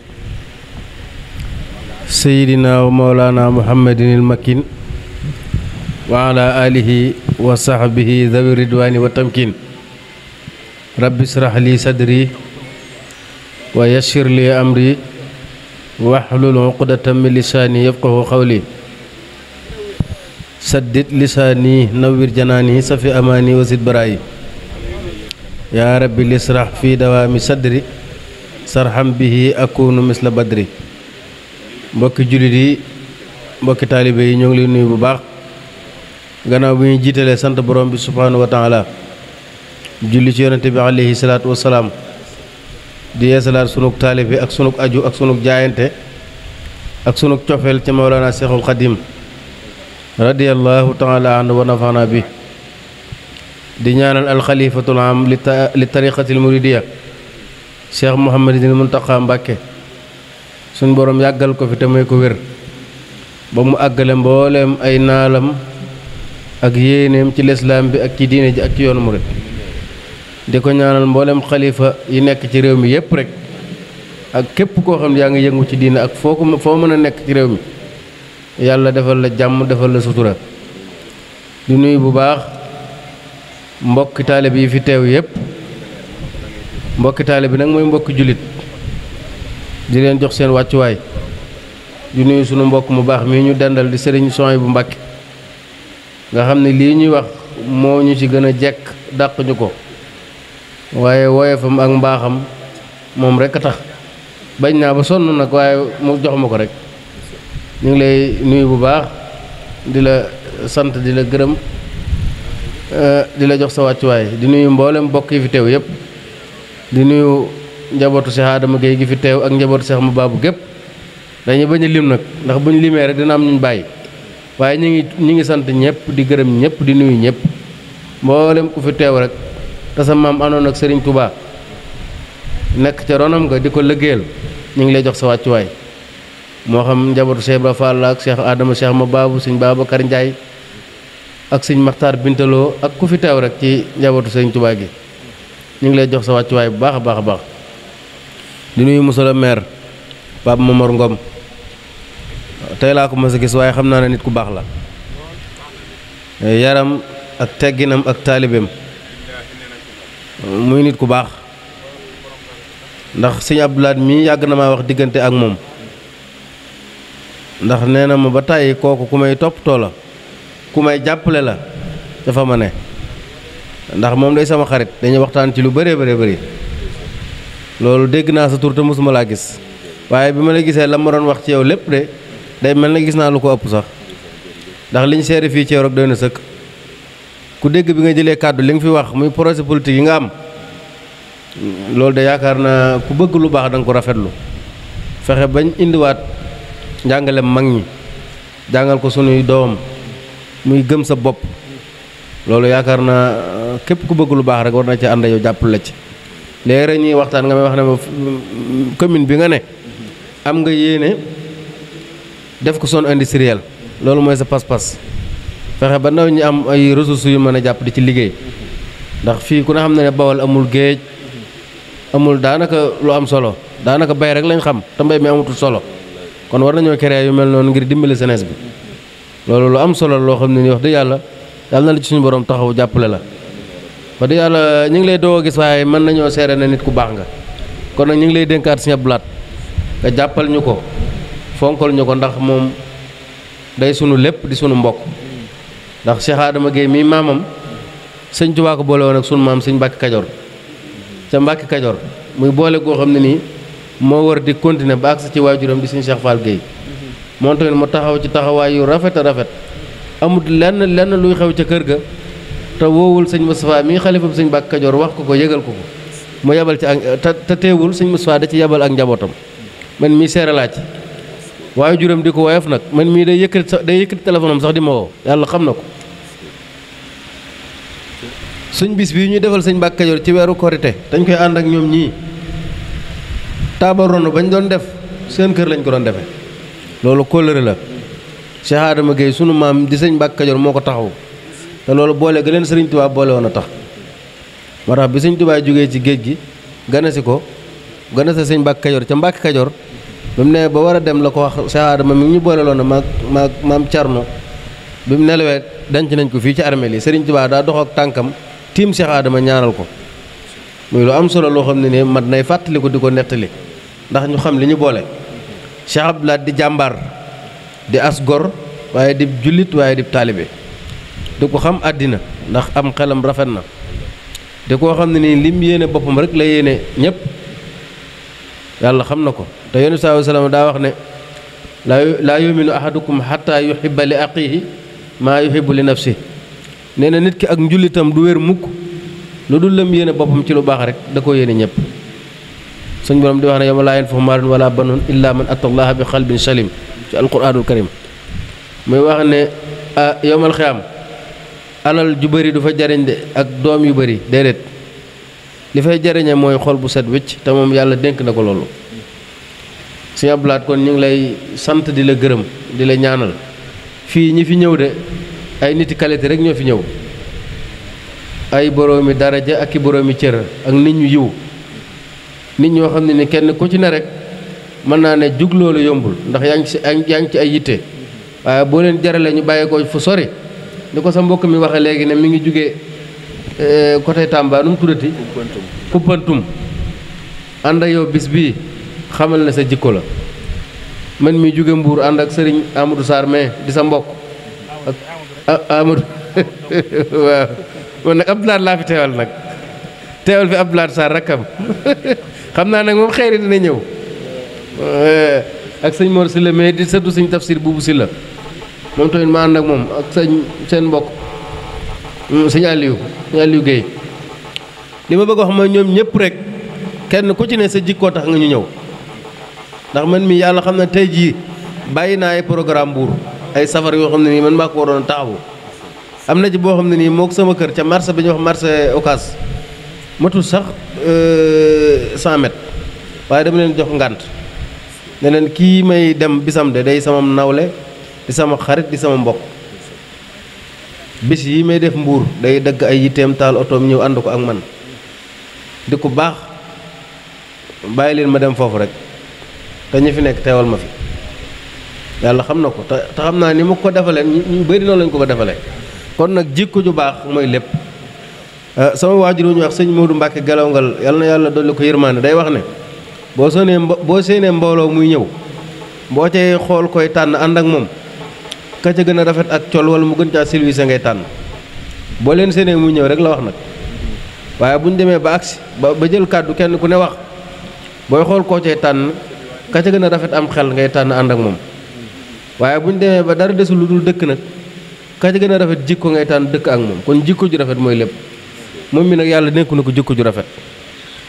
seydina wa mawlaana muhammadinil makin. wa ala alihi wa sahbihi dawi ridwaani wa tamkin rabbi israh li sadri wa yassir li amri wahlul uqdatam min lisaani yafqahu qawli saddid lisaani nawwir janaani safi amaani wasid baraayi yaa rabbi lisrah fi dawaami sadri sarham bihi akunu misla badri mbokki jullit yi mbokki taalibe yi ñoo ngi leen nuyu bu baax gannaaw bi ñuy jiitalee sant borom bi subhaanahu wa julli ci yonente bi alayhi salaatu wasalaam di yeesalaat sunug taalibe ak sunug aju ak sunug jaayante ak sunug cofeel ci mawlana seexul xadim radiallahu taala anhu wa nafaana bi di ñaanal alxalifatul am li tariqatil muridiya cheikh mouhamadinil muntaqa mbàkke suñ borom yàggal ko fi te may ko wér ba mu àggale mbooleem ay naalam ak yéeneem ci lislaam bi ak ci diine ji ak ci yoonu murid di ko ñaanal mboolem xalifa yi nekk ci réew mi yëpp rek ak képp koo xam ne yaa ngi yëngu ci diine ak foo ko foo mën a nekk ci réew mi yàlla defal la jàmm defal la sutura di nuyu bu baax mbokki taalibe yi fi teew yëpp mbokki taalibe nag mooy mbokki jullit di leen jox seen wàccuwaay di nuyu sunu mbokk mu baax mii ñu dendal di sëriñ Soy bu Mbàkke nga xam ne lii ñuy wax moo ñu ci gën a jekk dàq ñu ko waaye woyefam ak mbaaxam moom rek a tax bañ naa ba sonn nag waaye mu jox ma ko rek ñu ngi lay nuyu bu baax di la sant di la gërëm eh, di la jox sa wàccuwaay di nuyu mboolem mbokk yi fi teew yëpp di nuyu njabootu Cheikh Adama Gueye gi fi teew ak njabootu mu baabu gépp dañuy bañ lim nag ndax bu ñu limee rek dina am ñu bàyyi waaye ñu ngi ñu ngi sant ñëpp di gërëm ñëpp di nuyu ñëpp mboolem ku fi teew rek. te sa maam àndoon ak Serigne Touba nekk ca ronam nga di ko lëggéeyal ñu ngi lay jox sa wàccuwaay moo xam njabootu Cheikh Ibra Fall ak Cheikh Adama Cheikh ma baabu sëñ Babacar Ndiaye ak sëñ maxtar Bintaloo ak ku fi teew rek ci njabootu Serigne Touba gi ñu ngi lay jox sa wàccuwaay bu baax a baax a baax di nuyu monsieur le maire Pape Momar Ngom tey laa ko mës a gis waaye xam naa ne nit ku baax la yaram ak tegginam ak taalibeem muy nit ku baax ndax sëñ Abdoulaat mii yàgg na maa wax diggante ak moom ndax nee na ma ba tàyyi kooku ku may toppatoo la ku may jàppale la dafa ma ne ndax moom day sama xarit dañuy waxtaan ci lu bëree bëri bëri loolu dégg naa sa tur te mosuma laa gis waaye bi ma la gisee la ma doon wax ci yow lépp de day mel na gis naa lu ko ëpp sax ndax liñ seere fii ci yow rek doy na sëkk. ku dégg bi nga jëlee kàddu li nga fi wax muy projet politique yi nga am loolu de yaakaar naa ku bëgg lu baax da nga ko rafetlu fexe bañ indiwaat njàngalem mag ñi jàngal ko sunuy doom muy gëm sa bopp loolu yaakaar naa euh, képp ku bëgg lu baax rek war na ci ànd yow jàppale la ci léegi rek ñuy waxtaan nga may wax ne ma commune bi nga ne am nga yéene def ko zone industrielle loolu mooy sa pas-pas fexe ba ndaw ñi am ay ressources yu mën a jàpp ci liggéey ndax fii ku na xam na ne bawal amul géej amul daanaka lu am solo daanaka bay rek lañ xam te mbay mi amatul solo kon war nañoo créer yu mel noonu ngir dimbali jeunesse bi loolu lu am solo loo xam ne ni wax dëgg yàlla yàlla na la ci suñu borom taxaw jàppale la wax dëgg yàlla ñu ngi lay doo gis waaye mën nañoo seere na nit ku baax nga kon nag ñu ngi lay dénkaat Sëñ Abdou bulaat nga jàppal ñu ko fonkal ñu ko ndax moom day sunu lépp di sunu mbokk ndax Cheikh Adama Guèye mii maamam sëñ Tuubaa ko boole woon ak sunu maam sëñ Mbàkke Kajoor ca Mbàkke Kajoor muy boole goo xam ne nii moo war di continuer ba agsi ci waajuram di sëñ Cheikh Fall Guèye moom tamit mu taxaw ci taxawaay yu rafet a rafet amut lenn lenn luy xew ca kër ga te woowul sëñ Moustapha mii xalifam sëñ Mbàkke Kajoor wax ko ko yëgal ko ko mu yabal ci ak te te teewul sëñ Moustapha da ci yabal ak njabootam man mii seere laa ci waajuram di ko woyof nag man mii day sa day yëkkati téléphone am sax di ma woo xam na ko suñ bis bii ñuy defal sëñ Mbàkke Kajoor ci weeru korite dañ koy ànd ak ñoom ñii taabaroon bañ doon def seen kër lañ ko doon defee loolu kóllëre la Cheikh Adama Gueye sunu maam di sëñ Mbàkke Kajoor moo ko taxaw te loolu boole ga leen sëriñ Tuubaa boole woon a tax moo tax bi sëñ Tuubaa jóge ci géej gi ganasi ko ganasi sëñ Mbàkke Kajoor ca Mbàkke Kajoor ba mu ne ba war a dem la ko wax Cheikh Adama mi ngi ñu booleloon a maag maag maam Thierno bi mu nelawee denc nañ ko fii ci armée li sëriñ Tuubaa daa dox ak tànkam tiim Cheikh aadama ñaaral ko muy lu am solo loo xam ne ne mat nay fàttaliku di ko nettali ndax ñu xam li ñu boole Cheikh Abdou Lahad di jàmbaar di as gor waaye di jullit waaye di taalibe di ko xam àddina ndax am xelam rafet na di koo xam ne nii lim yéene boppam rek la yéene ñëpp yàlla xam na ko te yonent saa daa wax ne laa laa yuminu ahadukum xataa yuhibba li aqihi maa yuhibbu li nafsihi nee na nit ki ak njullitam du wér mukk lu dul lam yéene boppam ci lu baax rek da ko yéene ñëpp suñ borom di wax na yawma laa yanfa'u maalun wala banuun illaa man atallaaha bi qalbin salim ci alquraanul karim muy wax ne yawmal xiyaam alal ju bari du fa jariñ de ak doom yu bari déedéet li fay jariñe mooy xol bu set wécc te moom yàlla dénk na ko loolu si ablaat kon ñu ngi lay sant di la gërëm di la ñaanal fii ñi fi ñëw de ay niti qualité rek ñoo fi ñëw ay boroomi daraja ak i boroomi cër ak nit ñu yiw nit ñoo xam ne ni kenn ku ci ne rek mën naa ne jug loolu yombul ndax yaa ngi ci yaa ngi ci ay yitte waaye boo leen jaralee ñu bàyyi ko fu sori ni ko sa mbokk mi waxee léegi ne mu ngi jugee eh, côté Tamba nu mu ànd ak yow bis bii xamal na sa jikko la man mi jóge Mbuur ànd ak sëriñ amatu Sarr mais di sa mbokk. Ah, Amadou [laughs] waaw man nag Abdoulaye laa fi teewal nag teewal fi Abdoulaye Sarr rakkam [laughs] xam naa nag moom xeeri dina ñëw eh, ak sëñ Mor Sylla mais di sëddu sëñ tafsir buubu la moom tamit ma ànd ak moom ak sañ seen mbokk hmm, sëñ Aliou sëñ Aliou Guèye li ma bëgg wax ma ñoom ñëpp rek kenn ku ci ne sa jikkoo tax nga ñu ñëw ndax man mi yàlla xam na tey jii bàyyi naa ay programme buur ay safar yoo xam ne nii man maa ko doon a am na ci boo xam ne nii moog sama kër ca marché bi ñuy wax marse Ocass matul sax 100 euh, mètres waaye dem leen jox ngànt ne leen kii may dem bisam de day sama nawle di sama xarit di sama mbokk bis yi may def mbuur day dëgg ay yitteem taal otoom ñëw ànd ko ak man di ku baax bàyyi leen ma dem foofu rek te ñu fi nekk teewal ma fi yàlla xam na ko te te xam naa ni mu ko defalee ñu bëri noonu lañ ko ko defalee kon nag jikko ju baax mooy lépp eh, sama waajur ñu wax sëñ Modou Mbacke galawngal yàlla na yàlla dolli ko yërmaane day wax ne boo seenee boo seenee mbooloo muy ñëw boo cay xool koy tànn ànd ak moom ka ca gën a rafet ak col wala mu gën caa silwise ngay tànn boo leen seenee muy ñëw rek la wax nag waaye bu ñu demee ba agsi ba ba jël kàddu kenn ku ne wax booy xool koo cay tànn ka ca gën am xel ngay tànn ànd ak moom waaye bu ñu demee ba dara desul lu dul dëkk nag ka ca gën a rafet jikko ngay tànn dëkk ak moom kon jikko ju rafet mooy lépp moom mi nag yàlla nekku na ko jikko ju rafet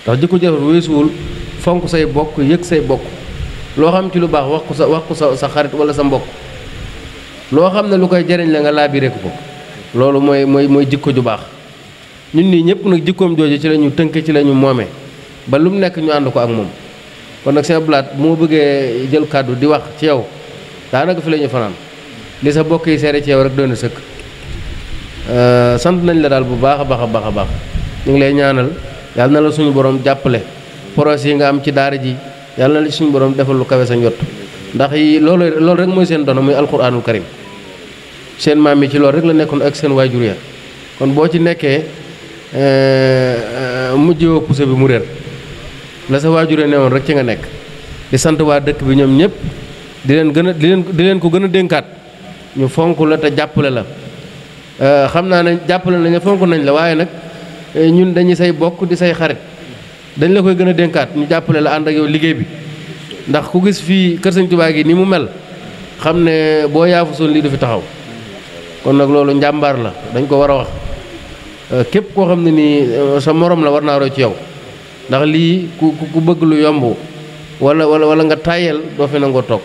ndax jikko ju rafet weesuwul fonk say bokk yëg say bokk loo xam ci lu baax wax ko sa wax sa sa xarit wala sa mbokk loo xam ne lu koy jariñ la nga bi laabiré ko loolu mooy mooy mooy jikko ju baax ñun nii ñëpp nag jikkoom jooju ci la ñu tënke ci la ñu moomee ba lu mu nekk ñu ànd ko ak moom kon nag seen moo bëggee jël kàddu di wax ci yow daanaka fi la ñu fanaan li sa bokk yi seere ci yow rek doon na sëkk euh, sant nañ la daal bu baax a baax a baax a baax ñu ngi lay ñaanal yàlla na la suñu borom jàppale projet yi nga am ci daara ji yàlla na la suñu borom defal lu kawe sa njott ndax yi loolu loolu rek mooy seen dono muy alquranul karim seen maam yi ci loolu rek la nekkoon ak seen waajur ya kon boo ci nekkee euh, euh, mujjewoo pousse bi mu réer la sa waajur ya woon rek ci nga nekk di sant waa dëkk bi ñoom ñëpp. di leen gën a di leen di leen ko gën a dénkaat ñu fonk la te jàppale la euh, xam naa ne jàppale na la fonk nañ la waaye nag euh, ñun dañuy say bokk di say xarit dañ la koy gën a dénkaat ñu jàppale la ànd ak yow liggéey bi ndax ku gis fii kër sañ Tuubaa gi ni mu mel xam ne boo yaafusoon lii du fi taxaw kon nag loolu njàmbaar la dañ ko war a wax euh, képp koo xam ne nii sa morom la war naa roy ci yow ndax lii ku ku bëgg lu yomb wala wala wala nga tàyyeel doo fi nangoo toog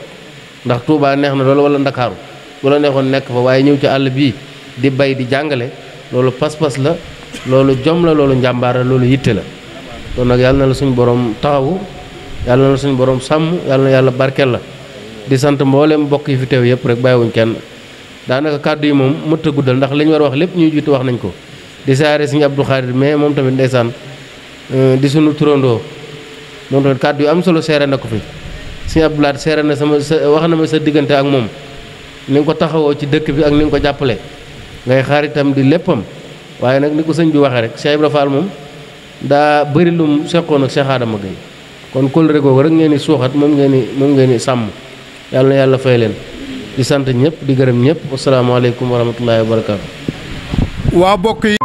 ndax Touba neex na loolu wala Ndakaaru bu la neexoon nekk fa waaye ñëw ci àll bii di bay di jàngale loolu pas-pas la loolu jom la loolu njàmbaar la loolu yitte la kon nag yàlla na la suñu borom taxawu yàlla na la suñu borom sàmm yàlla yàlla barkeel la di sant mboolem mbokk yi fi teew yëpp rek bàyyiwuñ kenn daanaka kàddu yi moom mëtt a guddal ndax li war a wax lépp ñuy jiitu wax nañ ko di saare suñu Abdou Khadir mais moom tamit ndeysaan euh, di suñu turandoo moom tamit kàddu yu am solo seere na ko fi sëñ Abdoulaat seere na sama sa wax na ma sa diggante ak moom ni nga ko taxawoo ci dëkk bi ak ni nga ko jàppale ngay xaaritam di léppam waaye nag ni ko sëñ bi waxee rek Cheikh Ibra Fall moom daa bëri lu seqoon ak Cheikh Adama Gueye kon kóllëre googu rek ngeen di suuxat moom ngeen di moom ngeen di sàmm yàlla na yàlla fay leen di sant ñëpp di gërëm ñëpp asalaamaaleykum wa rahmatullahi wa barakaatu. waa bokk yi